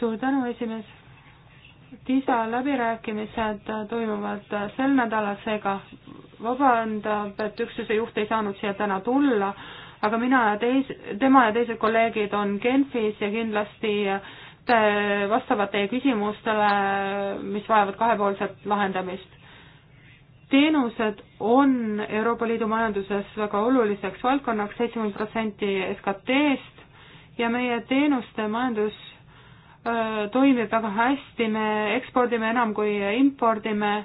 suur tänu, esimees. TISA läbirääkimised toimuvad sel nädalal, seega vabandab, et üksuse juht ei saanud siia täna tulla, aga mina ja teis-, tema ja teised kolleegid on Genfis ja kindlasti te vastavad teie küsimustele, mis vajavad kahepoolset lahendamist teenused on Euroopa Liidu majanduses väga oluliseks valdkonnaks, seitsekümmend protsenti SKT-st ja meie teenuste majandus toimib väga hästi, me ekspordime enam kui impordime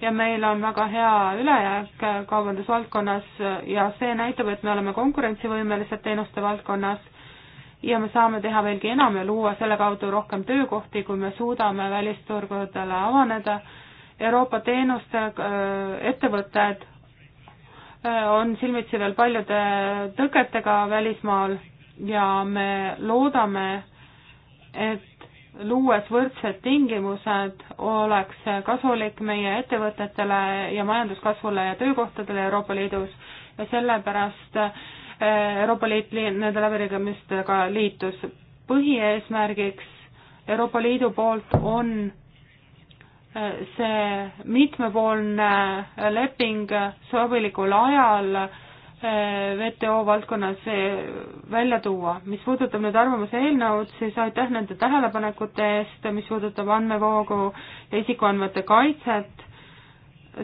ja meil on väga hea ülejääk äh, kaubandusvaldkonnas ja see näitab, et me oleme konkurentsivõimelised teenuste valdkonnas ja me saame teha veelgi enam ja luua selle kaudu rohkem töökohti, kui me suudame välisturgudele avaneda. Euroopa teenuste äh, ettevõtted äh, on silmitsi veel paljude tõketega välismaal ja me loodame et luues võrdsed tingimused oleks kasulik meie ettevõtetele ja majanduskasvule ja töökohtadele Euroopa Liidus ja sellepärast eh, Euroopa Liit nende läbirääkimistega liitus. põhieesmärgiks Euroopa Liidu poolt on eh, see mitmepoolne leping sobilikul ajal Äh, WTO valdkonnas äh, välja tuua. mis puudutab nüüd arvamuse eelnõud, siis aitäh nende tähelepanekute eest, mis puudutab andmevoogu ja isikuandmete kaitset,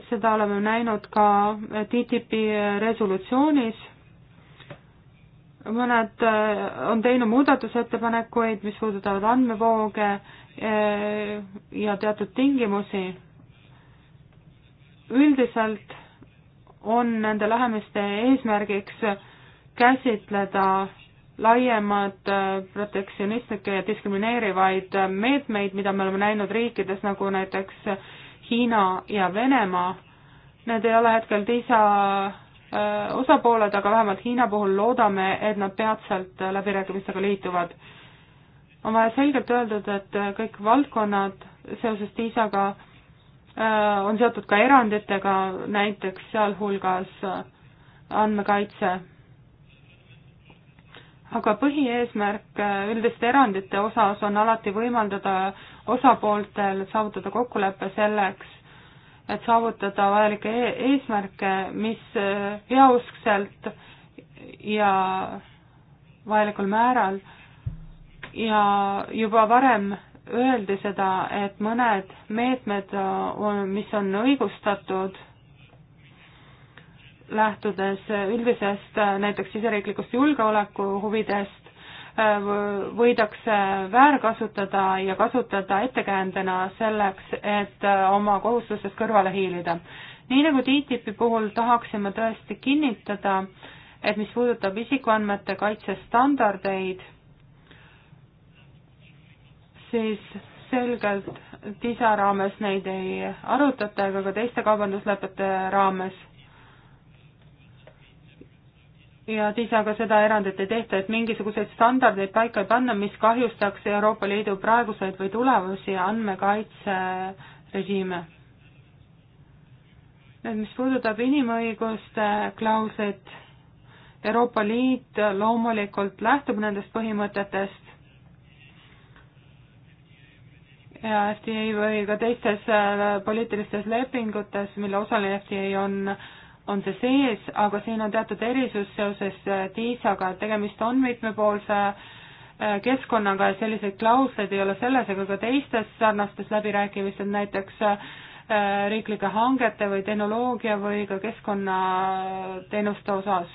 seda oleme näinud ka TTIP-i resolutsioonis, mõned äh, on teinud muudatusettepanekuid, mis puudutavad andmevooge ja teatud tingimusi, üldiselt on nende lähemiste eesmärgiks käsitleda laiemad äh, protektsionistlikke ja diskrimineerivaid äh, meetmeid, mida me oleme näinud riikides nagu näiteks Hiina ja Venemaa. Need ei ole hetkel TISA äh, osapooled, aga vähemalt Hiina puhul loodame, et nad peatselt läbirääkimistega liituvad. on vaja selgelt öeldud, et kõik valdkonnad seoses TISA-ga Äh, on seotud ka eranditega, näiteks sealhulgas äh, andmekaitse. aga põhieesmärk äh, üldiste erandite osas on alati võimaldada osapooltel saavutada kokkulepe selleks, et saavutada vajalikke e-, eesmärke, mis heauskselt ja vajalikul määral ja juba varem öeldi seda, et mõned meetmed, äh, mis on õigustatud, lähtudes äh, üldisest äh, näiteks siseriiklikust julgeolekuhuvidest, võidakse väärkasutada ja kasutada ettekäändena selleks, et oma kohustusest kõrvale hiilida. nii nagu TTIP-i puhul tahaksime tõesti kinnitada, et mis puudutab isikuandmete kaitse standardeid siis selgelt TISA raames neid ei arutata ega ka teiste kaubanduslepete raames. ja TISA-ga seda erandit ei tehta, et mingisuguseid standardeid paika ei panna, mis kahjustaks Euroopa Liidu praeguseid või tulevasi andmekaitserežiime. nüüd, mis puudutab inimõiguste klauslit, Euroopa Liit loomulikult lähtub nendest põhimõtetest, ja FTA või ka teistes äh, poliitilistes lepingutes, mille osaline FTA on, on see sees, aga siin on teatud erisus seoses äh, TISAga, et tegemist on mitmepoolse äh, keskkonnaga ja selliseid klausleid ei ole selles ega ka teistes sarnastes läbirääkimistes, näiteks riiklike hangete või tehnoloogia või ka keskkonnateenuste osas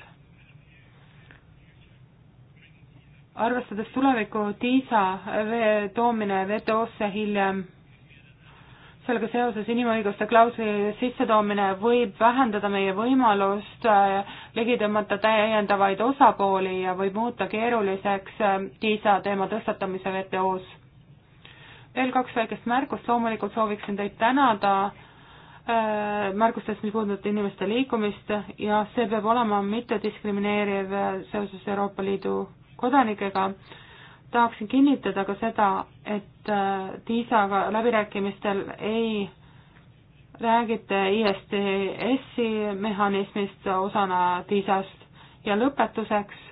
arvestades tuleviku TISA toomine WTO-sse hiljem, sellega seoses inimõiguste klausli sissetoomine võib vähendada meie võimalust äh, ligi tõmmata täiendavaid osapooli ja võib muuta keeruliseks äh, TISA teema tõstatamise WTO-s. veel kaks väikest märkust, loomulikult sooviksin teid tänada äh, märkustest, mis puudutab inimeste liikumist ja see peab olema mittediskrimineeriv seoses Euroopa Liidu kodanikega, tahaksin kinnitada ka seda, et äh, TISA-ga läbirääkimistel ei räägite ISTS-i mehhanismist osana TISA-st ja lõpetuseks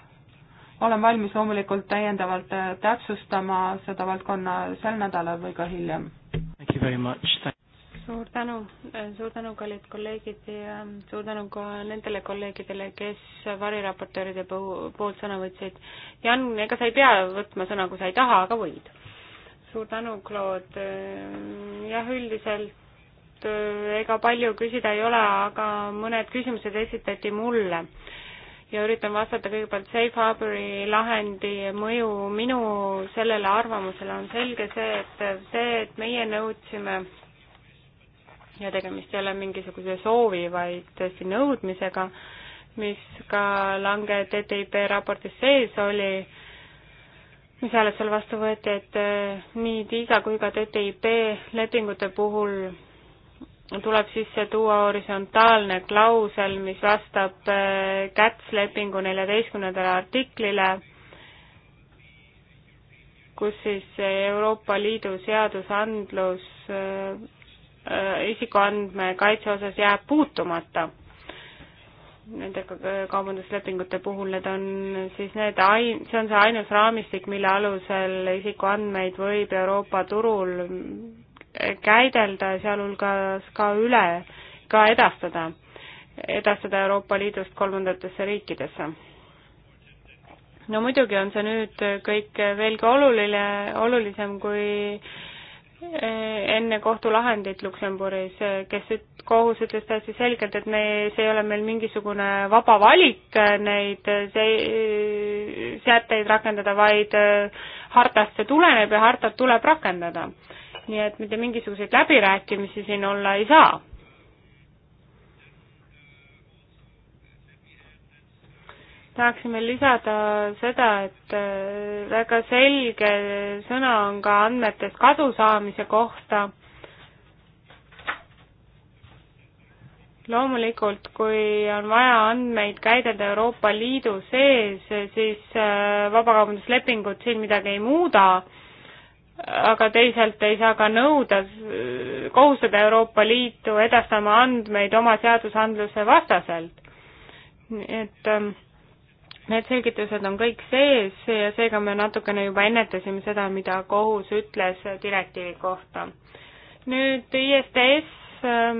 olen valmis loomulikult täiendavalt äh, täpsustama seda valdkonna sel nädalal või ka hiljem suur tänu, suur tänu, kallid kolleegid ja suur tänu ka nendele kolleegidele, kes variraportööride poolt sõna võtsid. Jan, ega sa ei pea võtma sõna, kui sa ei taha, aga võid. suur tänu, Claude. jah, üldiselt ega palju küsida ei ole, aga mõned küsimused esitati mulle ja üritan vastata kõigepealt Safe Harbori lahendi mõju minu sellele arvamusele on selge see, et see, et meie nõudsime ja tegemist ei ole mingisuguse soovi, vaid tõesti nõudmisega, mis ka lange TTIP raportis sees oli, mis hääletusel vastu võeti, et äh, nii TISA kui ka TTIP lepingute puhul tuleb sisse tuua horisontaalne klausel, mis vastab CATS äh, lepingu neljateistkümnendale artiklile, kus siis Euroopa Liidu seadusandlus äh, Äh, isikuandmekaitse osas jääb puutumata. Nende kaubanduslepingute puhul need on siis need ain-, see on see ainus raamistik, mille alusel isikuandmeid võib Euroopa turul käidelda, sealhulgas ka üle, ka edastada, edastada Euroopa Liidust kolmandatesse riikidesse. no muidugi on see nüüd kõik veelgi oluline, olulisem, kui Eh, enne kohtulahendit Luksemburis, eh, kes kohus ütles täiesti selgelt, et me, see ei ole meil mingisugune vaba valik eh, neid see, sätteid rakendada, vaid hartast see tuleneb ja hartat tuleb rakendada. nii et mitte mingisuguseid läbirääkimisi siin olla ei saa tahaksime lisada seda, et äh, väga selge sõna on ka andmetest kadusaamise kohta. loomulikult, kui on vaja andmeid käidelda Euroopa Liidu sees, siis äh, vabakaubanduslepingud siin midagi ei muuda, aga teisalt ei saa ka nõuda, äh, kohustada Euroopa Liitu edastama andmeid oma seadusandluse vastaselt. et ähm, Need selgitused on kõik sees ja seega me natukene juba ennetasime seda, mida kohus ütles direktiivi kohta. nüüd ISTS ähm,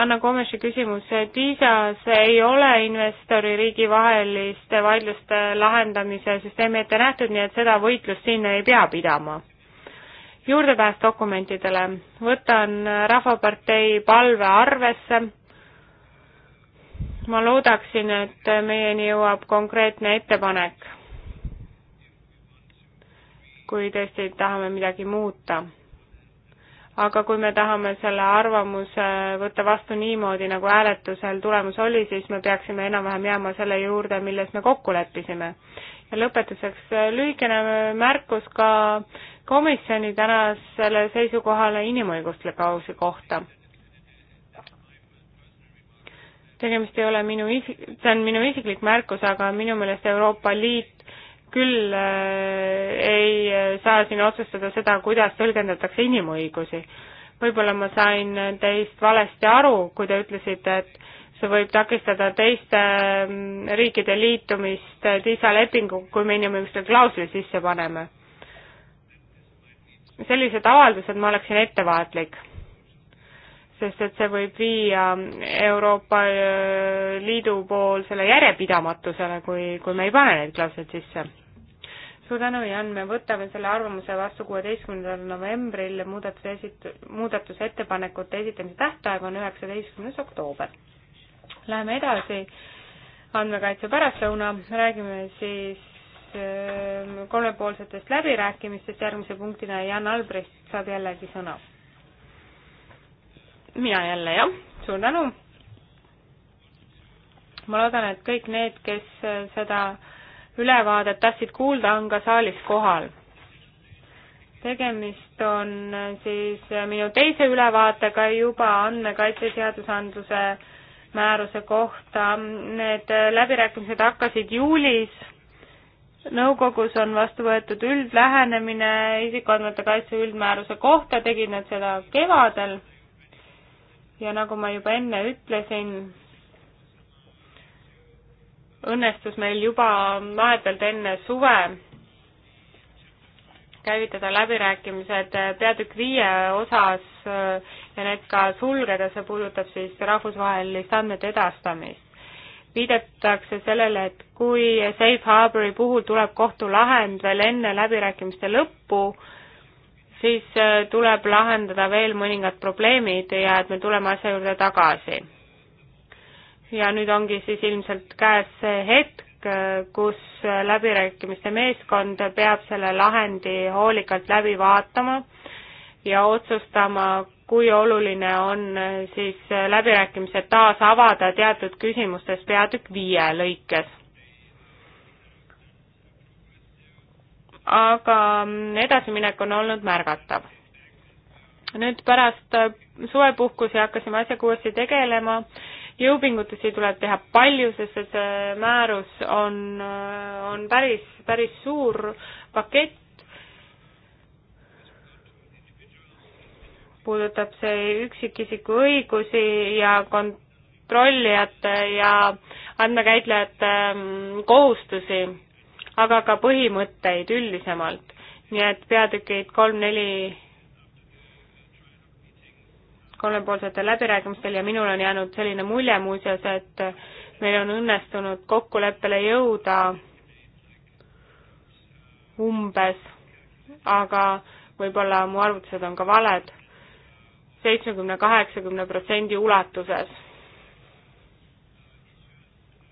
Anna Komeši küsimus, TISA-s ei ole investori riigi vaheliste vaidluste lahendamise süsteemi ette nähtud, nii et seda võitlust siin ei pea pidama. juurdepääs dokumentidele, võtan Rahvapartei palve arvesse ma loodaksin, et meieni jõuab konkreetne ettepanek, kui tõesti tahame midagi muuta. aga kui me tahame selle arvamuse võtta vastu niimoodi, nagu hääletusel tulemus oli, siis me peaksime enam-vähem jääma selle juurde, milles me kokku leppisime. ja lõpetuseks lühikene märkus ka komisjoni tänasele seisukohale inimõiguste kausi kohta tegemist ei ole minu isi-, see on minu isiklik märkus, aga minu meelest Euroopa Liit küll äh, ei äh, saa siin otsustada seda, kuidas tõlgendatakse inimõigusi. võib-olla ma sain teist valesti aru, kui te ütlesite, et see võib takistada teiste mm, riikide liitumist äh, TISA lepinguga, kui me inimõiguste klausli sisse paneme. sellised avaldused ma oleksin ettevaatlik sest et see võib viia Euroopa äh, Liidu poolsele järjepidamatusele, kui, kui me ei pane neid klausleid sisse. suur tänu, Jan, me võtame selle arvamuse vastu kuueteistkümnendal novembril, muudatuse esit-, muudatusettepanekute esitamise tähtaeg on üheksateistkümnes oktoober. Läheme edasi, andmekaitse pärastlõuna, räägime siis äh, kolmepoolsetest läbirääkimistest järgmise punktina ja Jan Albrecht saab jällegi sõna mina jälle, jah, suur tänu. ma loodan, et kõik need, kes seda ülevaadet tahtsid kuulda, on ka saalis kohal. tegemist on siis minu teise ülevaatega juba andmekaitseseadusandluse määruse kohta. Need läbirääkimised hakkasid juulis nõukogus on vastu võetud üldlähenemine isikuandmete kaitse üldmääruse kohta, tegid nad seda kevadel ja nagu ma juba enne ütlesin, õnnestus meil juba vahetult enne suve käivitada läbirääkimised peatükk viie osas ja need ka sulgeda, see puudutab siis rahvusvahelist andmete edastamist. viidatakse sellele, et kui Safe Harbori puhul tuleb kohtulahend veel enne läbirääkimiste lõppu, siis äh, tuleb lahendada veel mõningad probleemid ja et me tuleme asja juurde tagasi. ja nüüd ongi siis ilmselt käes see hetk, äh, kus äh, läbirääkimiste meeskond peab selle lahendi hoolikalt läbi vaatama ja otsustama, kui oluline on siis läbirääkimised taas avada teatud küsimustes peatükk viie lõikes aga edasiminek on olnud märgatav. nüüd pärast suvepuhkusi hakkasime asjaga uuesti tegelema, jõupingutusi tuleb teha palju, sest et see määrus on, on päris, päris suur pakett, puudutab see üksikisiku õigusi ja kontrollijate ja andmekäitlejate mm, kohustusi aga ka põhimõtteid üldisemalt. nii et peatükid kolm-neli kolmepoolsetel läbirääkimistel ja minul on jäänud selline mulje muuseas, et meil on õnnestunud kokkuleppele jõuda umbes, aga võib-olla mu arvutused on ka valed, seitsmekümne, kaheksakümne protsendi ulatuses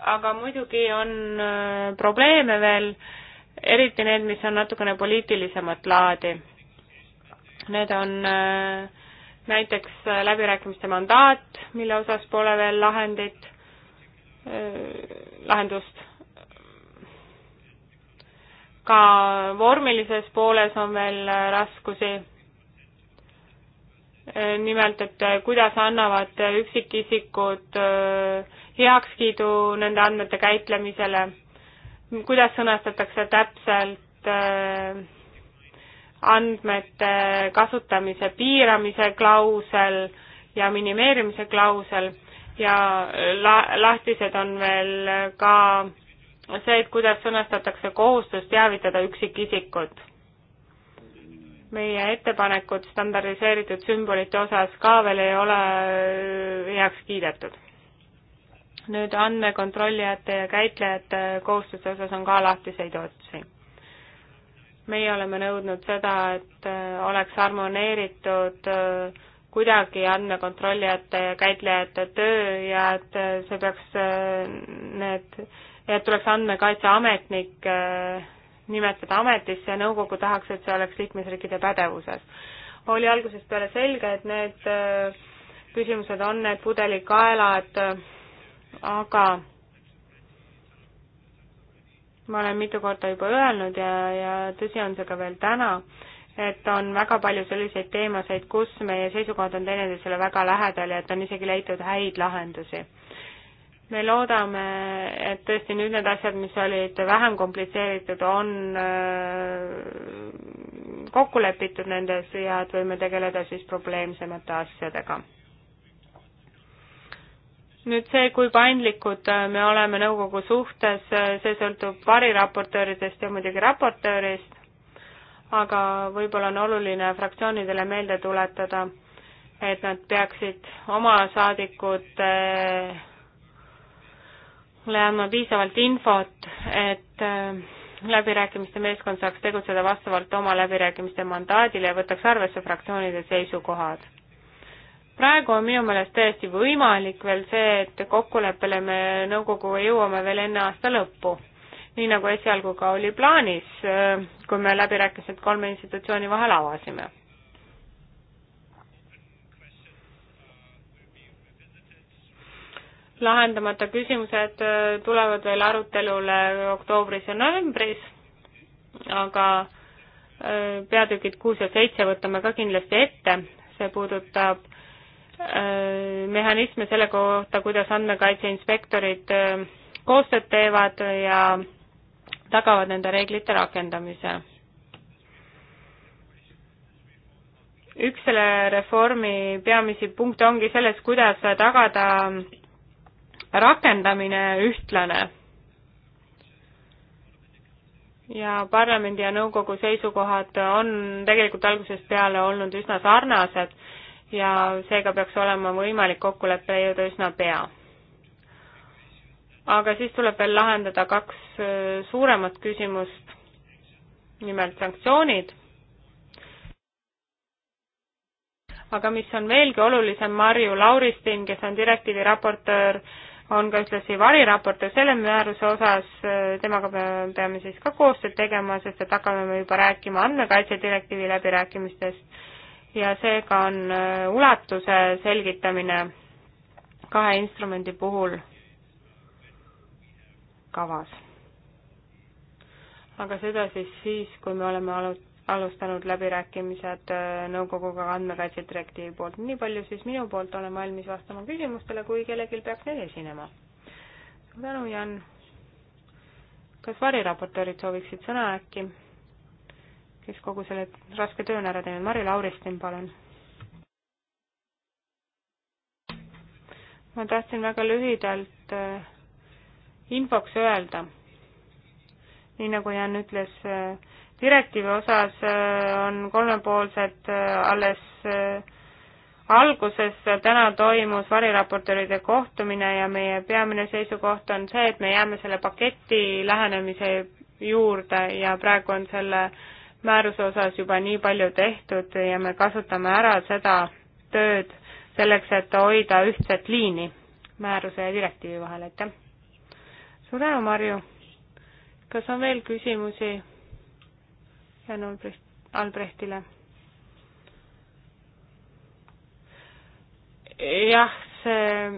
aga muidugi on äh, probleeme veel, eriti need, mis on natukene poliitilisemat laadi. Need on äh, näiteks äh, läbirääkimiste mandaat, mille osas pole veel lahendit, lahendust. ka vormilises pooles on veel raskusi nimelt, et kuidas annavad üksikisikud äh, heakskiidu nende andmete käitlemisele, kuidas sõnastatakse täpselt äh, andmete kasutamise piiramise klausel ja minimeerimise klausel ja la-, lahtised on veel ka see, et kuidas sõnastatakse kohustus teavitada üksikisikut. meie ettepanekud standardiseeritud sümbolite osas ka veel ei ole heaks kiidetud nüüd andmekontrollijate ja käitlejate kohustuste osas on ka lahtiseid otsi. meie oleme nõudnud seda, et äh, oleks harmoneeritud äh, kuidagi andmekontrollijate ja käitlejate töö ja et äh, see peaks need, et tuleks andmekaitseametnik nimetada ametisse ja nõukogu tahaks, et see oleks liikmesriikide pädevuses. oli algusest peale selge, et need küsimused on need pudelikaelad, aga ma olen mitu korda juba öelnud ja, ja tõsi on see ka veel täna, et on väga palju selliseid teemasid, kus meie seisukohad on teineteisele väga lähedal ja et on isegi leitud häid lahendusi. me loodame, et tõesti nüüd need asjad, mis olid vähem komplitseeritud, on äh, kokku lepitud nendes ja et võime tegeleda siis probleemsemate asjadega nüüd see, kui paindlikud äh, me oleme nõukogu suhtes, äh, see sõltub variraportööridest ja muidugi raportöörist, aga võib-olla on oluline fraktsioonidele meelde tuletada, et nad peaksid oma saadikutele äh, andma piisavalt infot, et läbirääkimiste meeskond saaks tegutseda vastavalt oma läbirääkimiste mandaadile ja võtaks arvesse fraktsioonide seisukohad praegu on minu meelest täiesti võimalik veel see, et kokkuleppele me nõukoguga jõuame veel enne aasta lõppu. nii nagu esialgu ka oli plaanis, äh, kui me läbirääkimised kolme institutsiooni vahel avasime. lahendamata küsimused äh, tulevad veel arutelule oktoobris ja novembris, aga äh, peatükid kuus ja seitse võtame ka kindlasti ette, see puudutab mehhanisme selle kohta, kuidas andmekaitse inspektorid äh, koostööd teevad ja tagavad nende reeglite rakendamise. üks selle reformi peamisi punkte ongi selles, kuidas tagada rakendamine ühtlane. ja parlamendi ja nõukogu seisukohad on tegelikult algusest peale olnud üsna sarnased ja seega peaks olema võimalik kokkuleppele jõuda üsna pea. aga siis tuleb veel lahendada kaks äh, suuremat küsimust, nimelt sanktsioonid, aga mis on veelgi olulisem, Marju Lauristin, kes on direktiivi raportöör, on ka ühtlasi variraportöör selle määruse osas, äh, temaga me peame siis ka koostööd tegema, sest et hakkame me juba rääkima andmekaitse direktiivi läbirääkimistest ja seega on äh, ulatuse selgitamine kahe instrumendi puhul kavas. aga seda siis siis, kui me oleme alustanud läbirääkimised äh, nõukoguga andmekaitse direktiivi poolt. nii palju siis minu poolt, olen valmis vastama küsimustele, kui kellelgi peaks neid esinema. suur tänu, Jan. kas variraportöörid sooviksid sõna äkki? kes kogu selle raske töö on ära teinud. Mari Lauristin, palun. ma tahtsin väga lühidalt äh, infoks öelda, nii nagu Jan ütles, äh, direktiivi osas äh, on kolmepoolsed alles alguses täna toimus variraportööride kohtumine ja meie peamine seisukoht on see, et me jääme selle paketi lähenemise juurde ja praegu on selle äh, määruse osas juba nii palju tehtud ja me kasutame ära seda tööd selleks, et hoida ühtset liini määruse ja direktiivi vahel, aitäh! suur tänu, Marju! kas on veel küsimusi Jan Albrecht, Albrechtile? jah, see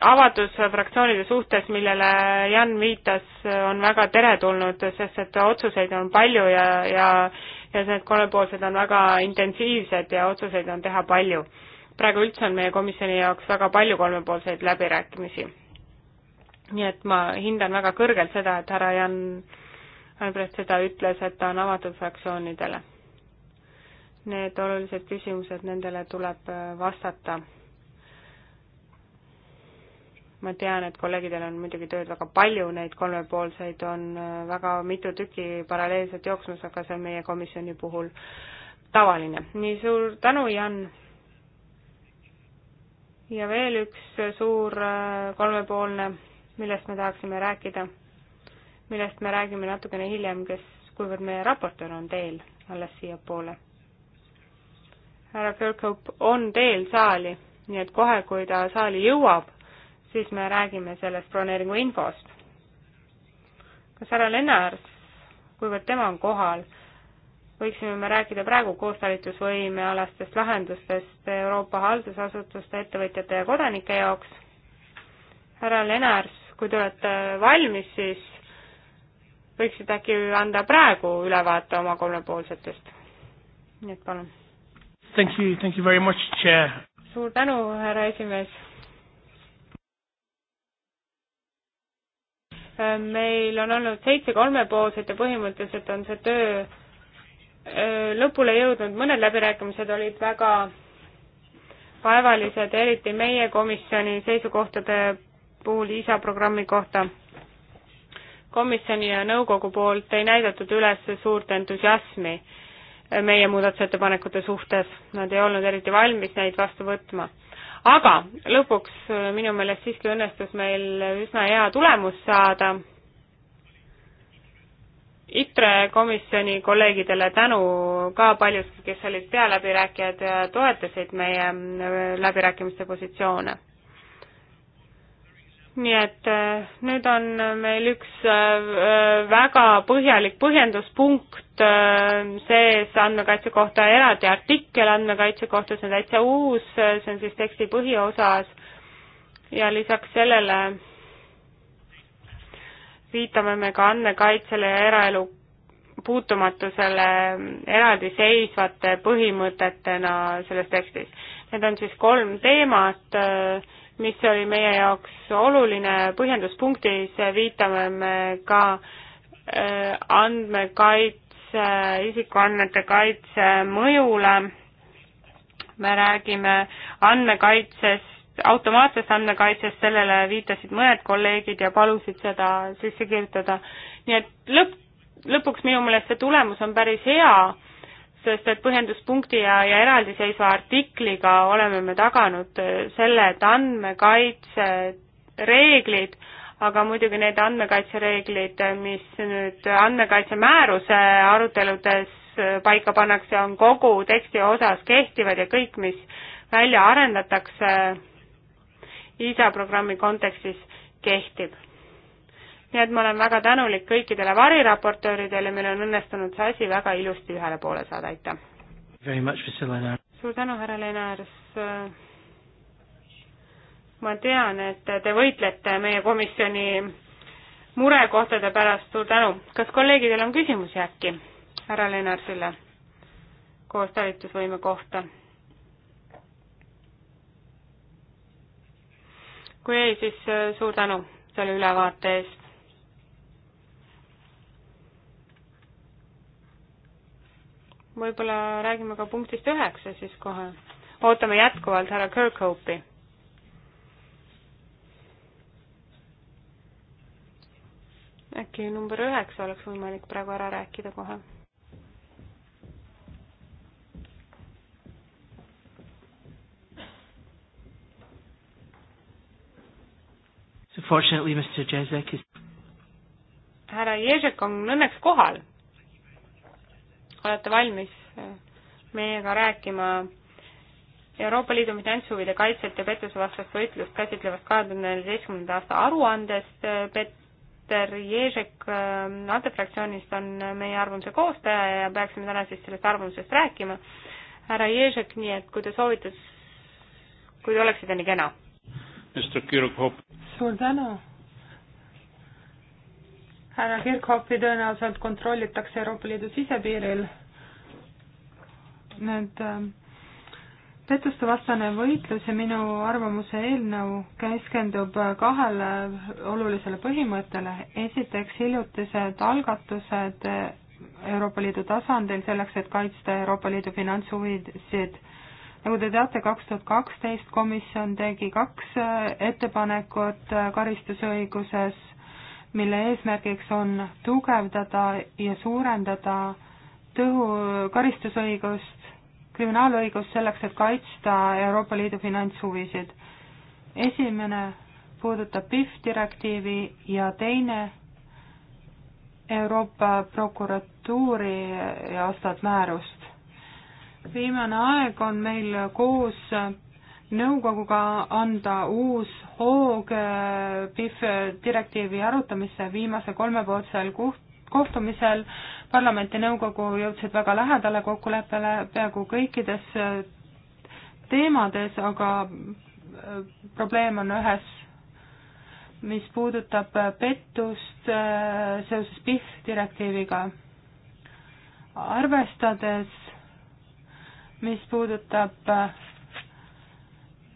avatus fraktsioonide suhtes, millele Jan viitas, on väga teretulnud, sest et otsuseid on palju ja, ja ja need kolmepoolsed on väga intensiivsed ja otsuseid on teha palju. praegu üldse on meie komisjoni jaoks väga palju kolmepoolseid läbirääkimisi. nii et ma hindan väga kõrgelt seda, et härra Jan Albrecht seda ütles, et ta on avatud fraktsioonidele. Need olulised küsimused, nendele tuleb vastata ma tean, et kolleegidel on muidugi tööd väga palju, neid kolmepoolseid on äh, väga mitu tükki paralleelselt jooksmas, aga see on meie komisjoni puhul tavaline. nii, suur tänu, Jan! ja veel üks äh, suur äh, kolmepoolne, millest me tahaksime rääkida, millest me räägime natukene hiljem, kes, kuivõrd meie raportöör on teel alles siiapoole. härra Kirkhope on teel saali, nii et kohe, kui ta saali jõuab, siis me räägime sellest broneeringu infost. kas härra Lennart, kuivõrd tema on kohal, võiksime me rääkida praegu koostalitusvõimealastest lahendustest Euroopa haldusasutuste, ettevõtjate ja kodanike jaoks. härra Lennart, kui te olete valmis, siis võiksid äkki anda praegu ülevaate oma kolmepoolsetest. nii et palun. Thank you, thank you very much, chair. suur tänu, härra esimees meil on olnud seitse kolmepoolset ja põhimõtteliselt on see töö äh, lõpule jõudnud, mõned läbirääkimised olid väga vaevalised, eriti meie komisjoni seisukohtade puhul ISA programmi kohta. komisjoni ja nõukogu poolt ei näidatud üles suurt entusiasmi meie muudatusettepanekute suhtes, nad ei olnud eriti valmis neid vastu võtma aga lõpuks äh, minu meelest siiski õnnestus meil üsna hea tulemus saada. ITRE komisjoni kolleegidele tänu ka paljuski, kes olid pealäbirääkijad ja toetasid meie äh, läbirääkimiste positsioone. nii et äh, nüüd on meil üks väga põhjalik põhjenduspunkt Äh, sees andmekaitse kohta eraldi artikkel andmekaitse kohta, see on täitsa uus, see on siis teksti põhiosas ja lisaks sellele viitame me ka andmekaitsele ja eraelu puutumatusele eraldiseisvate põhimõtetena selles tekstis. Need on siis kolm teemat, äh, mis oli meie jaoks oluline, põhjenduspunktis viitame me ka äh, andmekait-, kaitse, äh, isikuandmete kaitse mõjule, me räägime andmekaitsest, automaatsest andmekaitsest, sellele viitasid mõned kolleegid ja palusid seda sisse kirjutada. nii et lõpp, lõpuks minu meelest see tulemus on päris hea, sest et põhjenduspunkti ja, ja eraldiseisva artikliga oleme me taganud selle, et andmekaitse reeglid aga muidugi need andmekaitsereeglid, mis nüüd andmekaitsemääruse aruteludes paika pannakse, on kogu teksti osas kehtivad ja kõik, mis välja arendatakse ISA programmi kontekstis, kehtib. nii et ma olen väga tänulik kõikidele variraportööridele, meil on õnnestunud see asi väga ilusti ühele poole saada, aitäh! suur tänu, härra Lennart! ma tean, et te võitlete meie komisjoni murekohtade pärast, suur tänu. kas kolleegidel on küsimusi äkki härra Lennartile koos talitusvõime kohta? kui ei, siis äh, suur tänu selle ülevaate eest. võib-olla räägime ka punktist üheksa siis kohe. ootame jätkuvalt härra Kirkhope'i äkki number üheksa oleks võimalik praegu ära rääkida kohe Fortunately, Mr. Jezek is... härra Ježek on õnneks kohal. olete valmis äh, meiega rääkima Euroopa Liidu finantshuvide kaitset ja pettusevastast võitlust käsitlevast kahe tuhande neljateistkümnenda aasta aruandest äh, pet-, Peeter Ježek ähm, ALDE fraktsioonist on meie arvamuse koostaja ja peaksime täna siis sellest arvamusest rääkima. härra Ježek, nii et kui te soovitas, kui te oleksite nii kena. suur tänu. härra Kirchhoffi tõenäoliselt kontrollitakse Euroopa Liidu sisepiiril. Need äh, pettustevastane võitlus ja minu arvamuse eelnõu keskendub kahele olulisele põhimõttele. esiteks hiljutised algatused Euroopa Liidu tasandil selleks, et kaitsta Euroopa Liidu finantshuvisid. nagu te teate, kaks tuhat kaksteist komisjon tegi kaks ettepanekut karistusõiguses, mille eesmärgiks on tugevdada ja suurendada tõhu, karistusõigust kriminaalõigus selleks, et kaitsta Euroopa Liidu finantshuvisid. esimene puudutab PIF direktiivi ja teine Euroopa prokuratuuri ja ostat määrust. viimane aeg on meil koos nõukoguga anda uus hoog PIF direktiivi arutamisse viimase kolmepoolsel koht-, kohtumisel parlament ja nõukogu jõudsid väga lähedale kokkuleppele peaaegu kõikides äh, teemades, aga äh, probleem on ühes, mis puudutab äh, pettust seoses PIF direktiiviga. arvestades, mis puudutab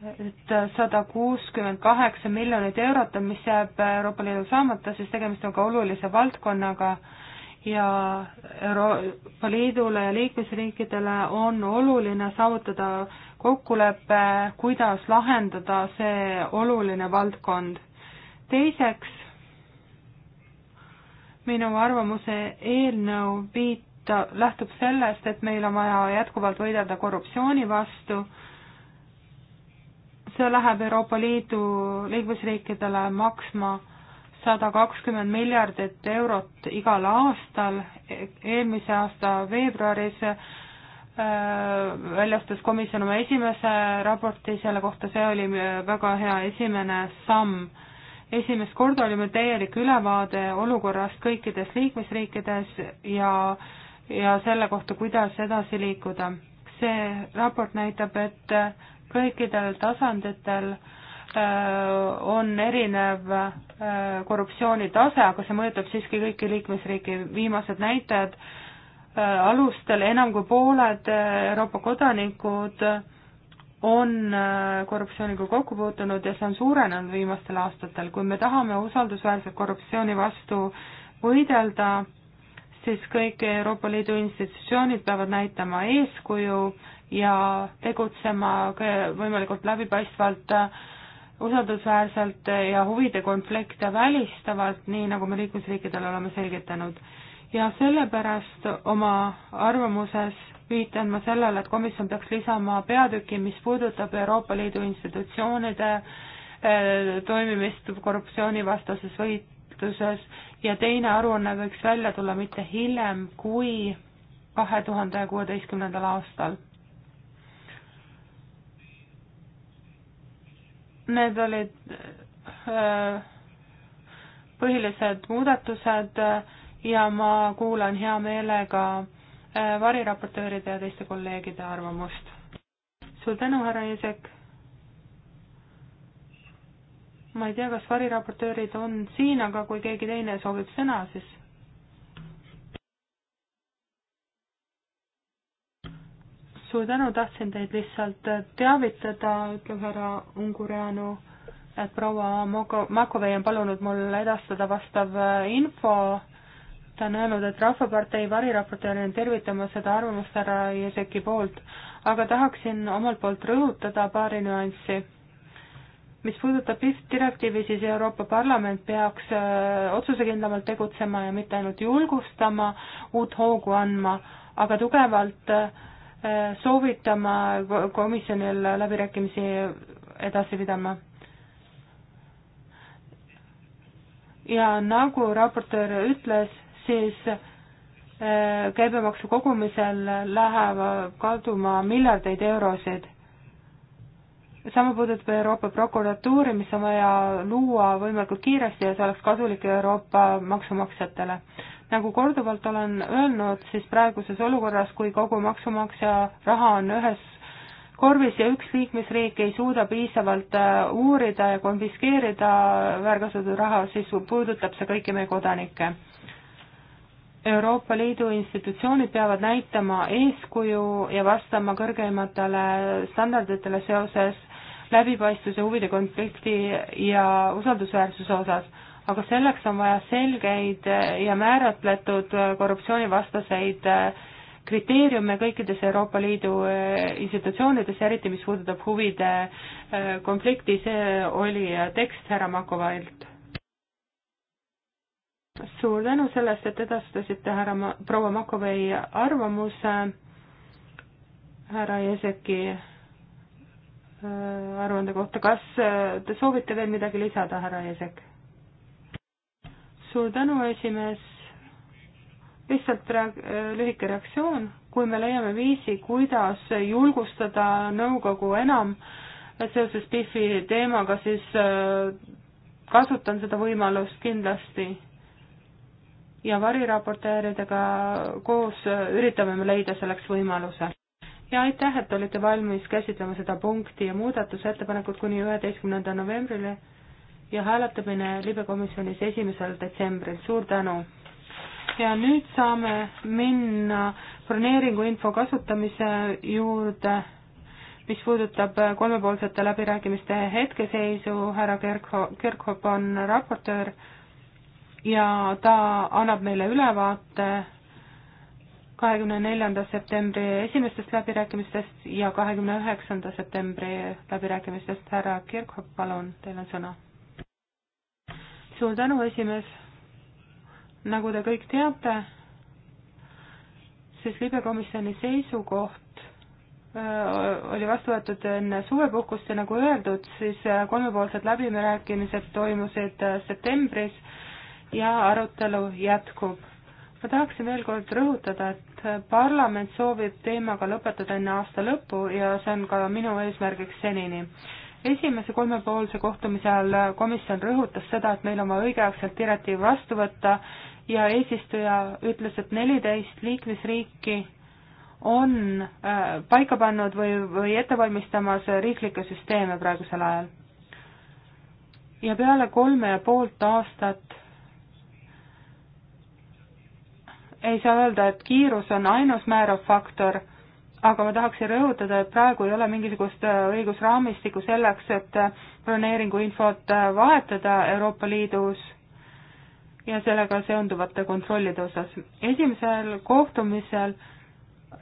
et sada kuuskümmend kaheksa miljonit eurot on, mis jääb Euroopa Liidu saamata, siis tegemist on ka olulise valdkonnaga ja Euroopa Liidule ja liikmesriikidele on oluline saavutada kokkulepe, kuidas lahendada see oluline valdkond. teiseks, minu arvamuse eelnõu viita, lähtub sellest, et meil on vaja jätkuvalt võidelda korruptsiooni vastu see läheb Euroopa Liidu liikmesriikidele maksma sada kakskümmend miljardit eurot igal aastal, eelmise aasta veebruaris äh, väljastas komisjon oma esimese raporti selle kohta, see oli äh, väga hea esimene samm. esimest korda oli meil täielik ülevaade olukorrast kõikides liikmesriikides ja, ja selle kohta, kuidas edasi liikuda. see raport näitab, et kõikidel tasanditel äh, Äh, on erinev äh, korruptsioonitase, aga see mõjutab siiski kõiki liikmesriike, viimased näitajad äh, alustel enam kui pooled Euroopa kodanikud on korruptsiooniga kokku puutunud ja see on suurenenud viimastel aastatel. kui me tahame usaldusväärselt korruptsiooni vastu võidelda, siis kõik Euroopa Liidu institutsioonid peavad näitama eeskuju ja tegutsema võimalikult läbipaistvalt usaldusväärselt ja huvide konflikte välistavad, nii nagu me liikmesriikidele oleme selgitanud. ja sellepärast oma arvamuses viitan ma sellele, et komisjon peaks lisama peatüki, mis puudutab Euroopa Liidu institutsioonide eh, toimimist korruptsioonivastases võitluses ja teine aruanne võiks välja tulla mitte hiljem kui kahe tuhande kuueteistkümnendal aastal Need olid äh, põhilised muudatused ja ma kuulan hea meelega äh, variraportööride ja teiste kolleegide arvamust. suur tänu, härra Iisek. ma ei tea, kas variraportöörid on siin, aga kui keegi teine soovib sõna, siis suur tänu, tahtsin teid lihtsalt teavitada, ütleb härra Ungureanu, et proua Mako-, Makovei on palunud mul edastada vastav äh, info. ta on öelnud, et Rahvapartei variraportööri on tervitama seda arvamust härra Jezeki poolt, aga tahaksin omalt poolt rõhutada paari nüanssi mis puudutab PIF direktiivi, siis Euroopa Parlament peaks äh, otsusekindlamalt tegutsema ja mitte ainult julgustama, uut hoogu andma, aga tugevalt äh, soovitama komisjonil läbirääkimisi edasi pidama. ja nagu raportöör ütles, siis äh, käibemaksu kogumisel lähevad kaduma miljardeid eurosid. sama puudutab Euroopa prokuratuuri, mis on vaja luua võimalikult kiiresti ja see oleks kasulik Euroopa maksumaksjatele nagu korduvalt olen öelnud, siis praeguses olukorras, kui kogu maksumaksja raha on ühes korvis ja üks liikmesriik ei suuda piisavalt äh, uurida ja konfiskeerida väärkasutatud raha, siis puudutab see kõiki meie kodanikke. Euroopa Liidu institutsioonid peavad näitama eeskuju ja vastama kõrgematele standarditele seoses läbipaistvuse, huvide konflikti ja usaldusväärsuse osas aga selleks on vaja selgeid ja määratletud korruptsioonivastaseid äh, kriteeriume kõikides Euroopa Liidu äh, institutsioonides, eriti mis puudutab huvide äh, konflikti, see oli tekst härra Makovailt. suur tänu sellest, et edastasite härra Ma-, proua Makovei arvamuse härra Jezeki aruande kohta, kas te soovite veel midagi lisada, härra Jezek? suur tänu, esimees. lihtsalt reak-, äh, lühike reaktsioon, kui me leiame viisi, kuidas julgustada nõukogu enam seoses PIFi teemaga, siis äh, kasutan seda võimalust kindlasti. ja variraportööridega koos äh, üritame me leida selleks võimaluse. ja aitäh, et olite valmis käsitlema seda punkti ja muudatusettepanekud kuni üheteistkümnenda novembrini ja hääletamine libekomisjonis esimesel detsembril, suur tänu! ja nüüd saame minna broneeringuinfo kasutamise juurde, mis puudutab kolmepoolsete läbirääkimiste hetkeseisu, härra Kerkho-, Kerkhoff on raportöör ja ta annab meile ülevaate kahekümne neljanda septembri esimestest läbirääkimistest ja kahekümne üheksanda septembri läbirääkimistest. härra Kirchhoff, palun, teil on sõna suur tänu, esimees. nagu te kõik teate, siis libekomisjoni seisukoht äh, oli vastu võetud enne suvepuhkust ja nagu öeldud, siis äh, kolmepoolsed läbirääkimised toimusid äh, septembris ja arutelu jätkub. ma tahaksin veel kord rõhutada, et parlament soovib teemaga lõpetada enne aasta lõppu ja see on ka minu eesmärgiks senini esimese kolmepoolse kohtumise ajal komisjon rõhutas seda, et meil on vaja õigeaegselt direktiiv vastu võtta ja eesistuja ütles, et neliteist liikmesriiki on äh, paika pannud või, või ette valmistamas riiklikke süsteeme praegusel ajal. ja peale kolme ja poolt aastat ei saa öelda, et kiirus on ainus määrav faktor aga ma tahaksin rõhutada, et praegu ei ole mingisugust äh, õigusraamistikku selleks, et äh, broneeringuinfot äh, vahetada Euroopa Liidus ja sellega seonduvate kontrollide osas. esimesel kohtumisel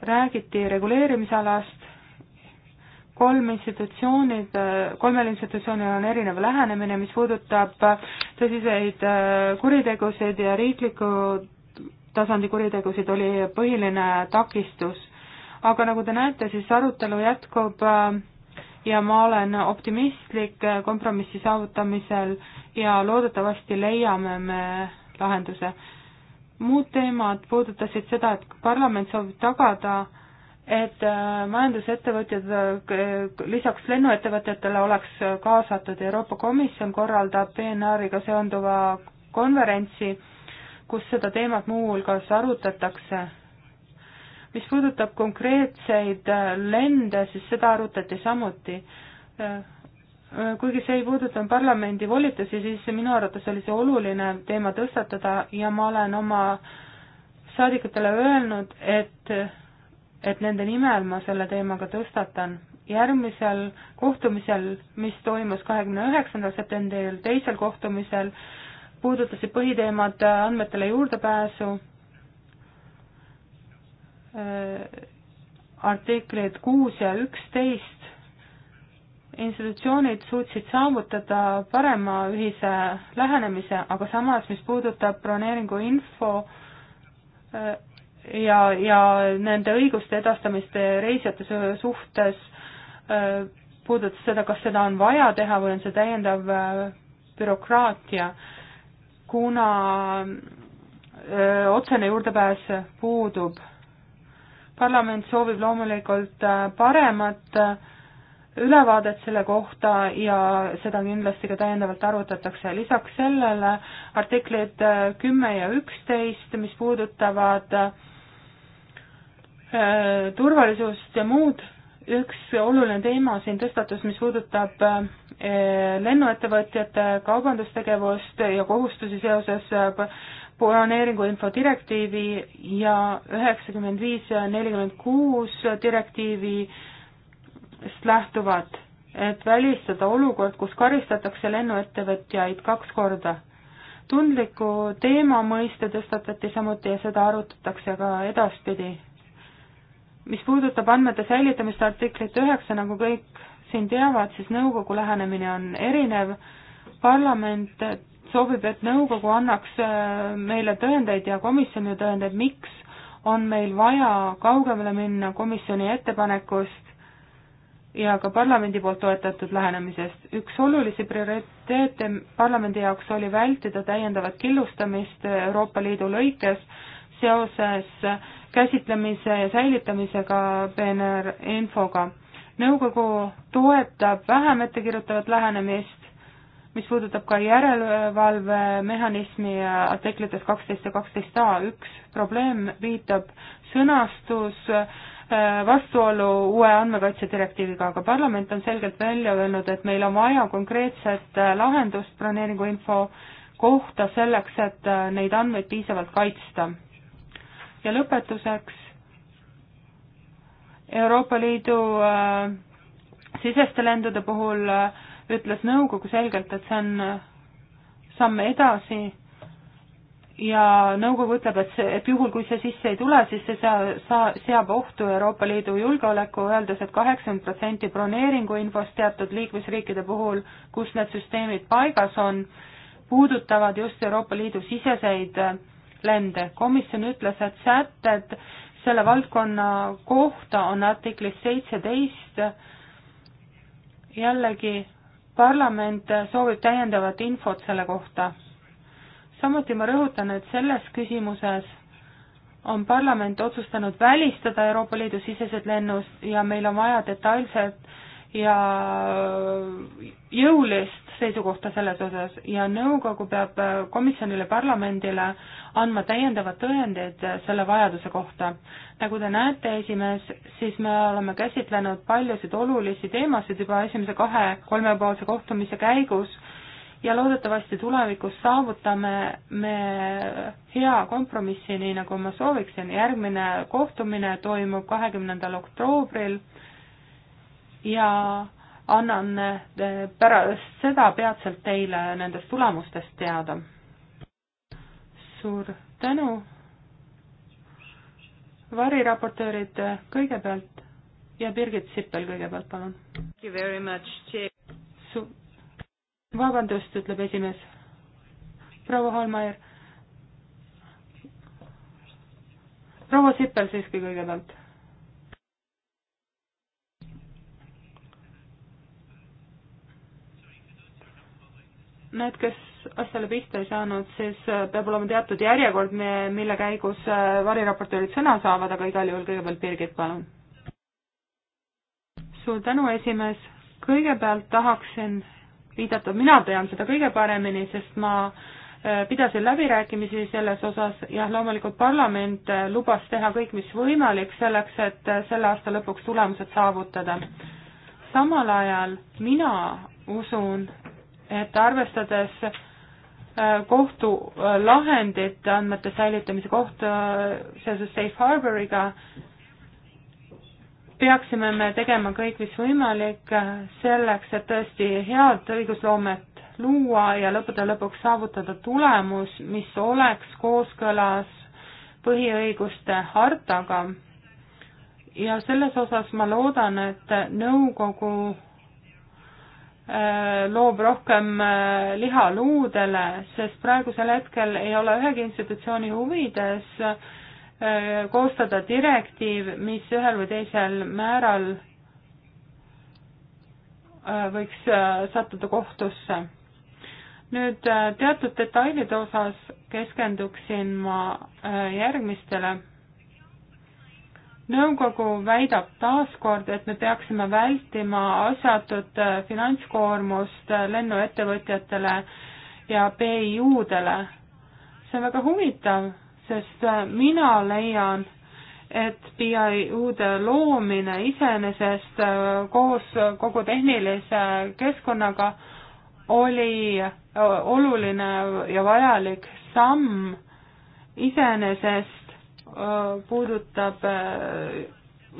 räägiti reguleerimisalast, kolm institutsioonid, kolmel institutsioonil on erinev lähenemine, mis puudutab tõsiseid kuritegusid ja riikliku tasandi kuritegusid oli põhiline takistus aga nagu te näete, siis arutelu jätkub äh, ja ma olen optimistlik äh, kompromissi saavutamisel ja loodetavasti leiame me lahenduse. muud teemad puudutasid seda, et parlament soovib tagada, et äh, majandusettevõtjad lisaks lennuettevõtjatele oleks kaasatud. Euroopa Komisjon korraldab PNR-iga seonduva konverentsi, kus seda teemat muuhulgas arutatakse mis puudutab konkreetseid äh, lende, siis seda arutati samuti. Äh, äh, kuigi see ei puudutanud parlamendi volitusi, siis minu arvates oli see oluline teema tõstatada ja ma olen oma saadikutele öelnud, et, et nende nimel ma selle teemaga tõstatan. järgmisel kohtumisel, mis toimus kahekümne üheksandal septembril, teisel kohtumisel puudutasid põhiteemad andmetele juurdepääsu Äh, artikleid kuus ja üksteist, institutsioonid suutsid saavutada parema ühise lähenemise, aga samas, mis puudutab broneeringu info äh, ja, ja nende õiguste edastamist reisijate suhtes, äh, puudutas seda, kas seda on vaja teha või on see täiendav bürokraatia, kuna öö, otsene juurdepääs puudub parlament soovib loomulikult äh, paremat äh, ülevaadet selle kohta ja seda kindlasti ka täiendavalt arutatakse. lisaks sellele artiklid äh, kümme ja üksteist, mis puudutavad turvalisust ja muud, üks oluline teema siin tõstatus, mis puudutab lennuettevõtjate kaubandustegevust ja kohustusi seoses planeeringuinfo direktiivi ja üheksakümmend viis ja nelikümmend kuus direktiivist lähtuvad, et välistada olukord, kus karistatakse lennuettevõtjaid kaks korda. tundliku teema mõiste tõstatati samuti ja seda arutatakse ka edaspidi. mis puudutab andmete säilitamist artiklit üheksa, nagu kõik siin teavad, siis nõukogu lähenemine on erinev, parlament soovib, et nõukogu annaks äh, meile tõendeid ja komisjonile tõendeid, miks on meil vaja kaugemale minna komisjoni ettepanekust ja ka parlamendi poolt toetatud lähenemisest. üks olulisi prioriteete parlamendi jaoks oli vältida täiendavat killustamist Euroopa Liidu lõikes seoses käsitlemise ja säilitamisega PNR infoga. nõukogu toetab vähem ettekirjutavat lähenemist mis puudutab ka järelevalvemehhanismi artiklites kaksteist ja kaksteist A, üks probleem viitab sõnastus äh, vastuolu uue andmekaitse direktiiviga, aga parlament on selgelt välja öelnud, et meil on vaja konkreetset äh, lahendust broneeringuinfo kohta selleks, et äh, neid andmeid piisavalt kaitsta. ja lõpetuseks Euroopa Liidu äh, siseste lendude puhul äh, ütles nõukogu selgelt, et see on äh, samm edasi ja nõukogu ütleb, et see, et juhul, kui see sisse ei tule, siis see sea-, saa-, seab ohtu Euroopa Liidu julgeoleku, öeldes et, et kaheksakümmend protsenti broneeringuinfost teatud liikmesriikide puhul, kus need süsteemid paigas on, puudutavad just Euroopa Liidu siseseid äh, lende. komisjon ütles, et sätted selle valdkonna kohta on artiklis seitseteist, jällegi parlament soovib täiendavat infot selle kohta. samuti ma rõhutan, et selles küsimuses on parlament otsustanud välistada Euroopa Liidu sisesed lennud ja meil on vaja detailset ja jõulist seisukohta selles osas ja nõukogu peab komisjonile, parlamendile andma täiendavad tõendid selle vajaduse kohta. nagu te näete, esimees, siis me oleme käsitlenud paljusid olulisi teemasid juba esimese kahe kolmepoolse kohtumise käigus ja loodetavasti tulevikus saavutame me hea kompromissini, nagu ma sooviksin. järgmine kohtumine toimub kahekümnendal oktoobril ja annan eh, pärast seda peatselt teile nendest tulemustest teada. suur tänu, variraportöörid eh, kõigepealt ja Birgit Sippel kõigepealt, palun. Su-, vabandust, ütleb esimees. proua Holmaier. proua Sippel siiski kõigepealt need, kes asjale pihta ei saanud, siis äh, peab olema teatud järjekord, mille käigus äh, variraportöörid sõna saavad, aga igal juhul kõigepealt Birgit, palun. suur tänu, esimees. kõigepealt tahaksin viidata, mina tean seda kõige paremini, sest ma äh, pidasin läbirääkimisi selles osas, jah, loomulikult parlament lubas teha kõik, mis võimalik selleks, et selle aasta lõpuks tulemused saavutada. samal ajal mina usun, et arvestades äh, kohtulahendit andmete säilitamise kohta äh, seoses safe harboriga, peaksime me tegema kõik, mis võimalik äh, selleks, et tõesti head õigusloomet luua ja lõppude lõpuks saavutada tulemus, mis oleks kooskõlas põhiõiguste hartaga. ja selles osas ma loodan, et nõukogu Äh, loob rohkem äh, liha luudele, sest praegusel hetkel ei ole ühegi institutsiooni huvides äh, koostada direktiiv, mis ühel või teisel määral võiks sattuda kohtusse. nüüd teatud detailide osas keskenduksin ma järgmistele nõukogu väidab taaskord, et me peaksime vältima asjatut äh, finantskoormust äh, lennuettevõtjatele ja PIU-dele. see on väga huvitav, sest äh, mina leian, et PIU-de loomine iseenesest koos kogu tehnilise keskkonnaga oli oluline ja vajalik samm iseenesest Äh, puudutab äh,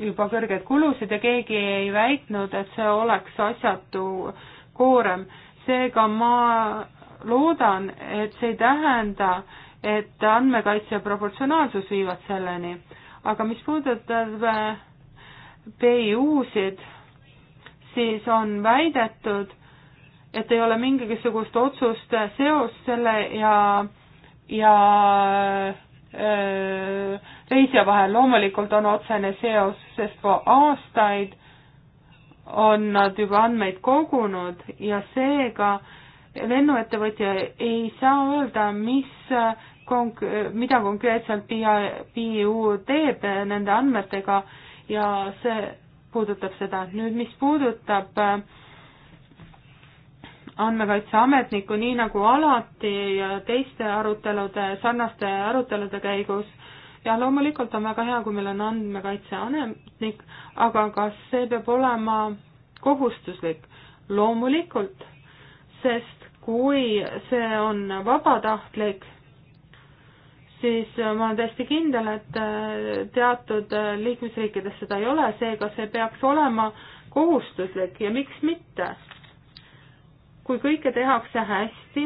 juba kõrgeid kulusid ja keegi ei väitnud, et see oleks asjatu koorem. seega ma loodan, et see ei tähenda, et andmekaitse ja proportsionaalsus viivad selleni. aga mis puudutab PIU-sid, äh, siis on väidetud, et ei ole mingisugust otsust seost selle ja, ja Äh, reisija vahel. loomulikult on otsene seos, sest aastaid on nad juba andmeid kogunud ja seega lennuettevõtja ei saa öelda, mis konk-, mida konkreetselt PIA, PIU teeb nende andmetega ja see puudutab seda. nüüd, mis puudutab äh, andmekaitseametnikku, nii nagu alati teiste arutelude, sarnaste arutelude käigus. ja loomulikult on väga hea, kui meil on andmekaitseametnik, aga kas see peab olema kohustuslik? loomulikult, sest kui see on vabatahtlik, siis ma olen täiesti kindel, et äh, teatud äh, liikmesriikides seda ei ole, seega see peaks olema kohustuslik ja miks mitte kui kõike tehakse hästi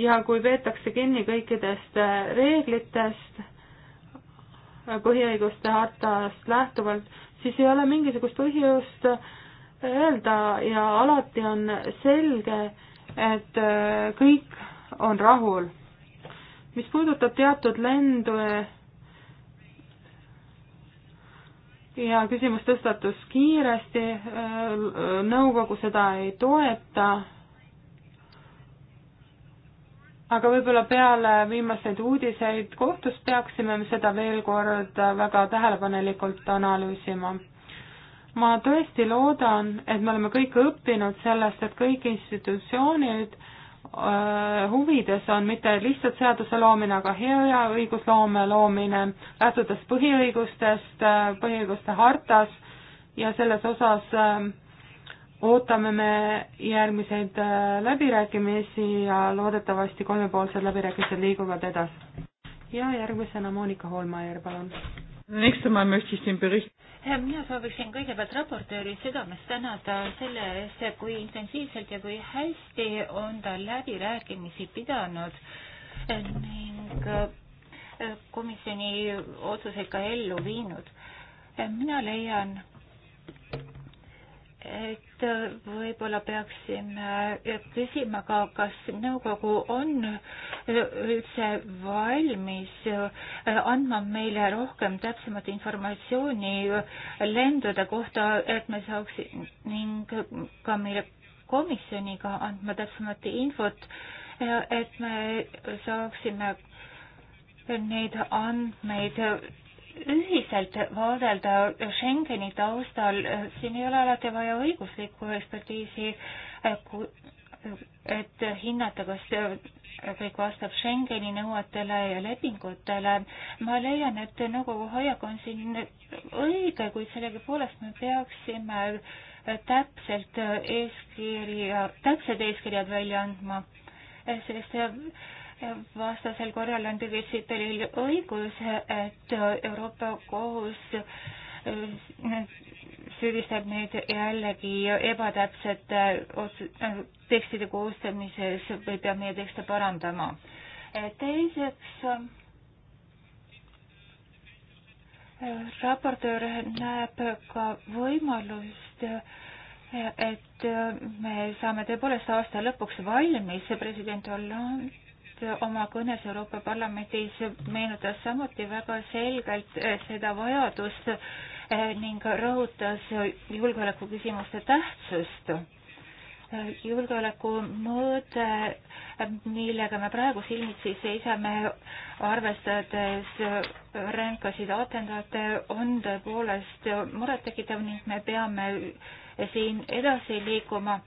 ja kui peetakse kinni kõikidest äh, reeglitest, äh, põhiõiguste hartast lähtuvalt, siis ei ole mingisugust põhjust äh, öelda ja alati on selge, et kõik on rahul. mis puudutab teatud lendu ja küsimus tõstatus kiiresti, nõukogu seda ei toeta aga võib-olla peale viimaseid uudiseid kohtus peaksime me seda veel kord väga tähelepanelikult analüüsima. ma tõesti loodan, et me oleme kõik õppinud sellest, et kõik institutsioonid äh, huvides on mitte lihtsalt seaduse loomine, aga hea õigusloome loomine, lähtudes põhiõigustest, äh, põhiõiguste hartas ja selles osas äh, ootame me järgmiseid äh, läbirääkimisi ja loodetavasti kolmepoolsed läbirääkimised liiguvad edasi. ja järgmisena Monika Holmajärv, palun. mina sooviksin kõigepealt raportööri südamest tänada selle eest, kui intensiivselt ja kui hästi on ta läbirääkimisi pidanud ning äh, komisjoni otsuseid ka ellu viinud. mina leian, et võib-olla peaksime küsima ka, kas nõukogu on üldse valmis andma meile rohkem täpsemat informatsiooni lendude kohta, et me saaks ning ka meile komisjoniga andma täpsemat infot, et me saaksime neid andmeid ühiselt vaadelda Schengeni taustal, siin ei ole alati vaja õiguslikku ekspertiisi, et hinnata, kas kõik vastab Schengeni nõuetele ja lepingutele. ma leian, et nõukogu hoiak on siin õige, kuid sellegipoolest me peaksime täpselt eeskirja, täpsed eeskirjad välja andma, sest vastasel korral on Davidil õigus, et Euroopa kohus eh, süüdistab meid jällegi ebatäpsete eh, tekstide koostamises või peab meie tekste parandama. Eh, teiseks, raportöör näeb ka võimalust et me saame tõepoolest aasta lõpuks valmis, president Hollande oma kõnes Euroopa Parlamendis meenutas samuti väga selgelt eh, seda vajadust eh, ning rõhutas julgeoleku küsimuste tähtsust. Eh, julgeoleku mõõde, millega me praegu silmitsi seisame, arvestades ränkasid atentaate, on tõepoolest murettekitav ning me peame siin edasi liikuma.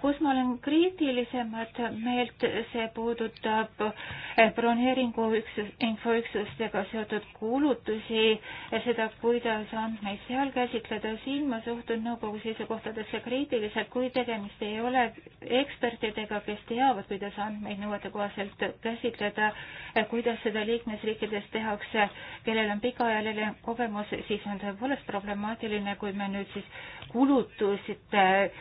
kus ma olen kriitilisemat meelt, see puudutab eh, broneeringu infoüksustega seotud kulutusi, seda, kuidas andmeid seal käsitleda, siin ma suhtun nõukogu seisukohtadesse kriitiliselt, kui tegemist ei ole ekspertidega, kes teavad, kuidas andmeid nõuetekohaselt käsitleda, eh, kuidas seda liikmesriikides tehakse, kellel on pikaajaline kogemus, siis on tõepoolest problemaatiline, kui me nüüd siis kulutusi arutasite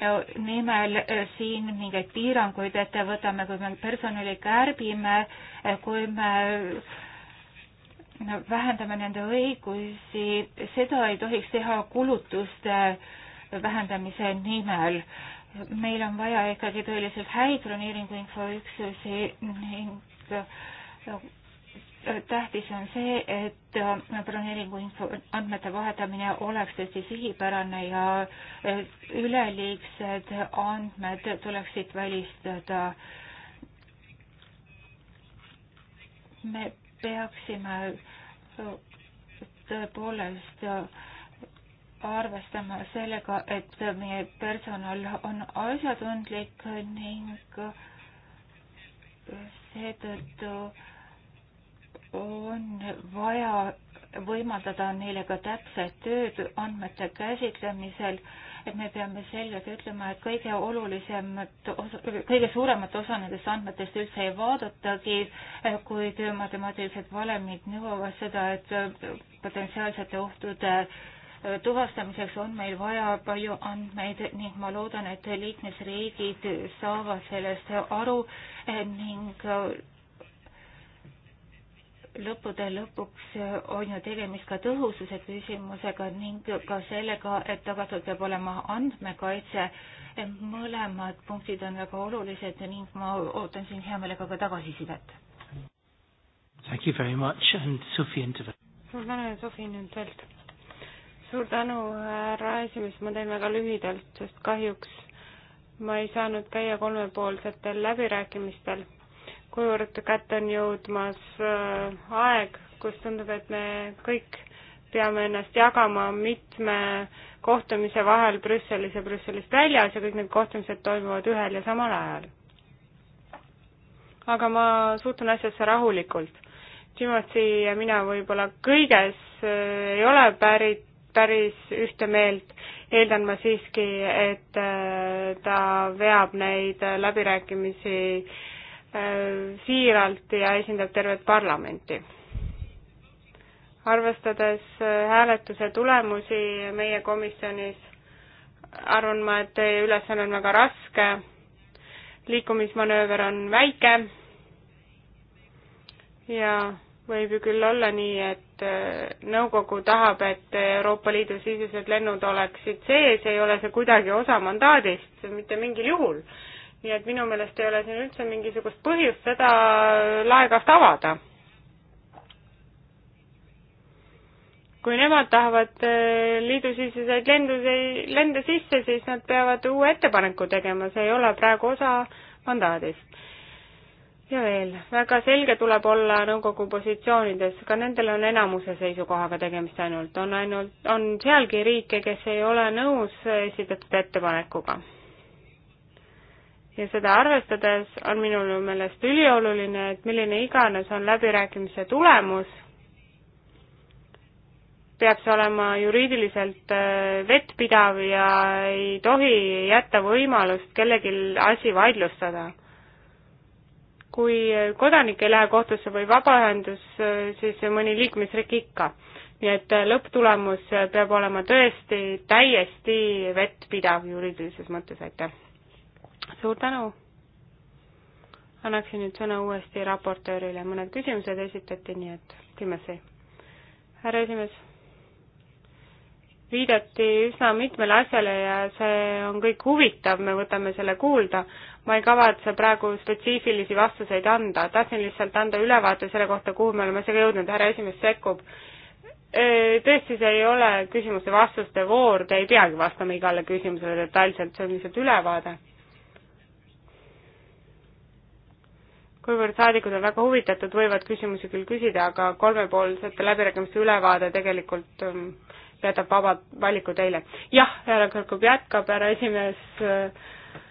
e, nimel e, siin mingeid piiranguid ette võtame, kui me personali kärbime, e, kui me vähendame nende õigusi, seda ei tohiks teha kulutuste vähendamise nimel. meil on vaja ikkagi tõeliselt häid broneeringuinfoüksusi ning tähtis on see, et äh, broneeringu info, andmete vahetamine oleks tõesti sihipärane ja äh, üleliigsed andmed tuleksid välistada. me peaksime äh, tõepoolest arvestama sellega, et meie personal on asjatundlik ning seetõttu on vaja võimaldada neile ka täpset tööd andmete käsitlemisel, et me peame selgelt ütlema, et kõige olulisemat, kõige suuremat osa nendest andmetest üldse ei vaadatagi, kuid matemaatilised valemid nõuavad seda, et potentsiaalsete ohtude tuvastamiseks on meil vaja palju andmeid ning ma loodan, et liikmesriigid saavad sellest aru ning lõppude lõpuks on ju tegemist ka tõhususe küsimusega ning ka sellega, et tagatud peab olema andmekaitse. mõlemad punktid on väga olulised ning ma ootan siin hea meelega ka tagasisidet. Thank you very much and Sophie Intervelt. suur tänu, Sophie Intervelt. suur tänu, härra esimees, ma teen väga lühidalt, sest kahjuks ma ei saanud käia kolmepoolsetel läbirääkimistel kuivõrd kätte on jõudmas äh, aeg, kus tundub, et me kõik peame ennast jagama mitme kohtumise vahel Brüsselis ja Brüsselist väljas ja kõik need kohtumised toimuvad ühel ja samal ajal. aga ma suhtun asjasse rahulikult. Timothy ja mina võib-olla kõiges äh, ei ole pärit, päris ühte meelt, eeldan ma siiski, et äh, ta veab neid läbirääkimisi äh, Äh, siiralt ja esindab tervet parlamenti. arvestades äh, hääletuse tulemusi meie komisjonis, arvan ma, et teie ülesanne on väga raske, liikumismanööver on väike ja võib ju küll olla nii, et äh, nõukogu tahab, et Euroopa Liidu sisesed lennud oleksid sees, ei ole see kuidagi osa mandaadist, mitte mingil juhul nii et minu meelest ei ole siin üldse mingisugust põhjust seda laekast avada. kui nemad tahavad eh, liidusiseseid lendu, lende sisse, siis nad peavad uue ettepaneku tegema, see ei ole praegu osa mandaadist. ja veel, väga selge tuleb olla nõukogu positsioonides, ka nendel on enamuse seisukohaga tegemist ainult, on ainult, on sealgi riike, kes ei ole nõus esitatud ettepanekuga ja seda arvestades on minu meelest ülioluline, et milline iganes on läbirääkimise tulemus, peab see olema juriidiliselt äh, vettpidav ja ei tohi jätta võimalust kellelgi asi vaidlustada. kui kodanik ei lähe kohtusse või vabaühendus, siis mõni liikmesriik ikka. nii et äh, lõpptulemus peab olema tõesti täiesti vettpidav juriidilises mõttes, aitäh! suur tänu. annaksin nüüd sõna uuesti raportöörile, mõned küsimused esitati, nii et Timothy. härra esimees, viidati üsna mitmele asjale ja see on kõik huvitav, me võtame selle kuulda. ma ei kavatse praegu spetsiifilisi vastuseid anda, tahtsin lihtsalt anda ülevaate selle kohta, kuhu me oleme sellega jõudnud, härra esimees sekkub tõesti, see ei ole küsimuste-vastuste voor, te ei peagi vastama igale küsimusele detailselt, see on lihtsalt ülevaade. kuivõrd saadikud on väga huvitatud, võivad küsimusi küll küsida, aga kolmepoolsete läbirääkimiste ülevaade tegelikult ähm, jätab vaba valiku teile. jah, härra Kõrgup jätkab, härra esimees, äh,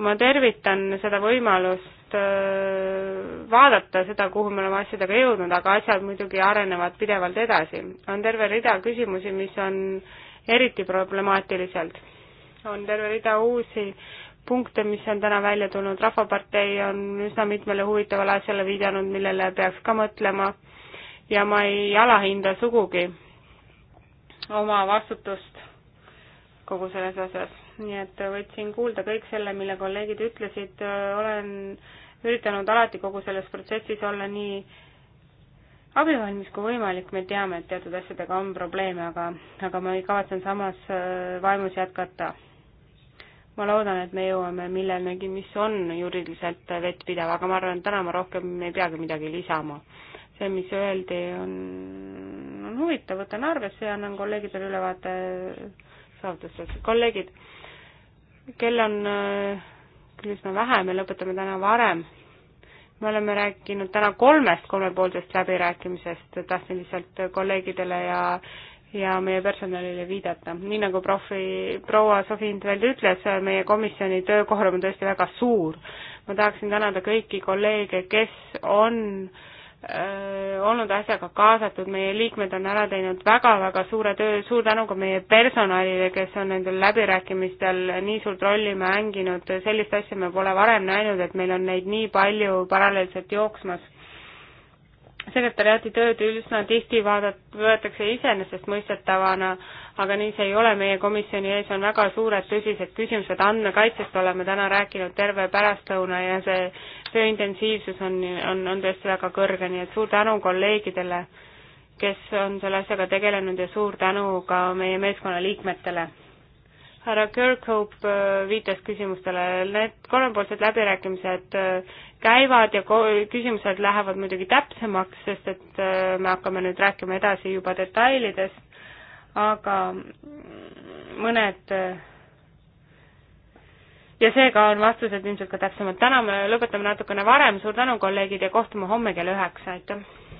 ma tervitan seda võimalust äh, vaadata seda, kuhu me oleme asjadega jõudnud, aga asjad muidugi arenevad pidevalt edasi. on terve rida küsimusi, mis on eriti problemaatiliselt. on terve rida uusi punkte, mis on täna välja tulnud, Rahvapartei on üsna mitmele huvitavale asjale viidanud, millele peaks ka mõtlema ja ma ei alahinda sugugi oma vastutust kogu selles asjas. nii et võtsin kuulda kõik selle, mille kolleegid ütlesid, olen üritanud alati kogu selles protsessis olla nii abivalmis kui võimalik, me teame, et teatud asjadega on probleeme, aga, aga ma kavatsen samas vaimus jätkata ma loodan, et me jõuame millenegi, mis on juriidiliselt vettpidav, aga ma arvan, et täna ma rohkem ei peagi midagi lisama. see, mis öeldi, on, on huvitav, võtan arvesse ja annan kolleegidele ülevaate saavutustest. kolleegid, kell on küll üsna vähe, me lõpetame täna varem. me oleme rääkinud täna kolmest kolmepoolsest läbirääkimisest, tahtsin lihtsalt kolleegidele ja äh, ja meie personalile viidata. nii nagu profi, proua Sofi Intveld ütles, meie komisjoni töökoorem on tõesti väga suur. ma tahaksin tänada kõiki kolleege, kes on öö, äh, olnud asjaga kaasatud, meie liikmed on ära teinud väga-väga suure töö, suur tänu ka meie personalile, kes on nendel läbirääkimistel nii suurt rolli mänginud, sellist asja me pole varem näinud, et meil on neid nii palju paralleelselt jooksmas sekretäriaadi tööd üsna tihti vaadat-, võetakse iseenesestmõistetavana, aga nii see ei ole, meie komisjoni ees on väga suured tõsised küsimused, andmekaitsest oleme täna rääkinud terve pärastlõuna ja see töö intensiivsus on, on, on tõesti väga kõrge, nii et suur tänu kolleegidele, kes on selle asjaga tegelenud ja suur tänu ka meie meeskonna liikmetele härra Kirkhope äh, viitas küsimustele, need kolmepoolsed läbirääkimised äh, käivad ja küsimused lähevad muidugi täpsemaks, sest et äh, me hakkame nüüd rääkima edasi juba detailidest, aga mõned ja seega on vastused ilmselt ka täpsemad. täna me lõpetame natukene varem, suur tänu, kolleegid, ja kohtume homme kell üheksa, aitäh!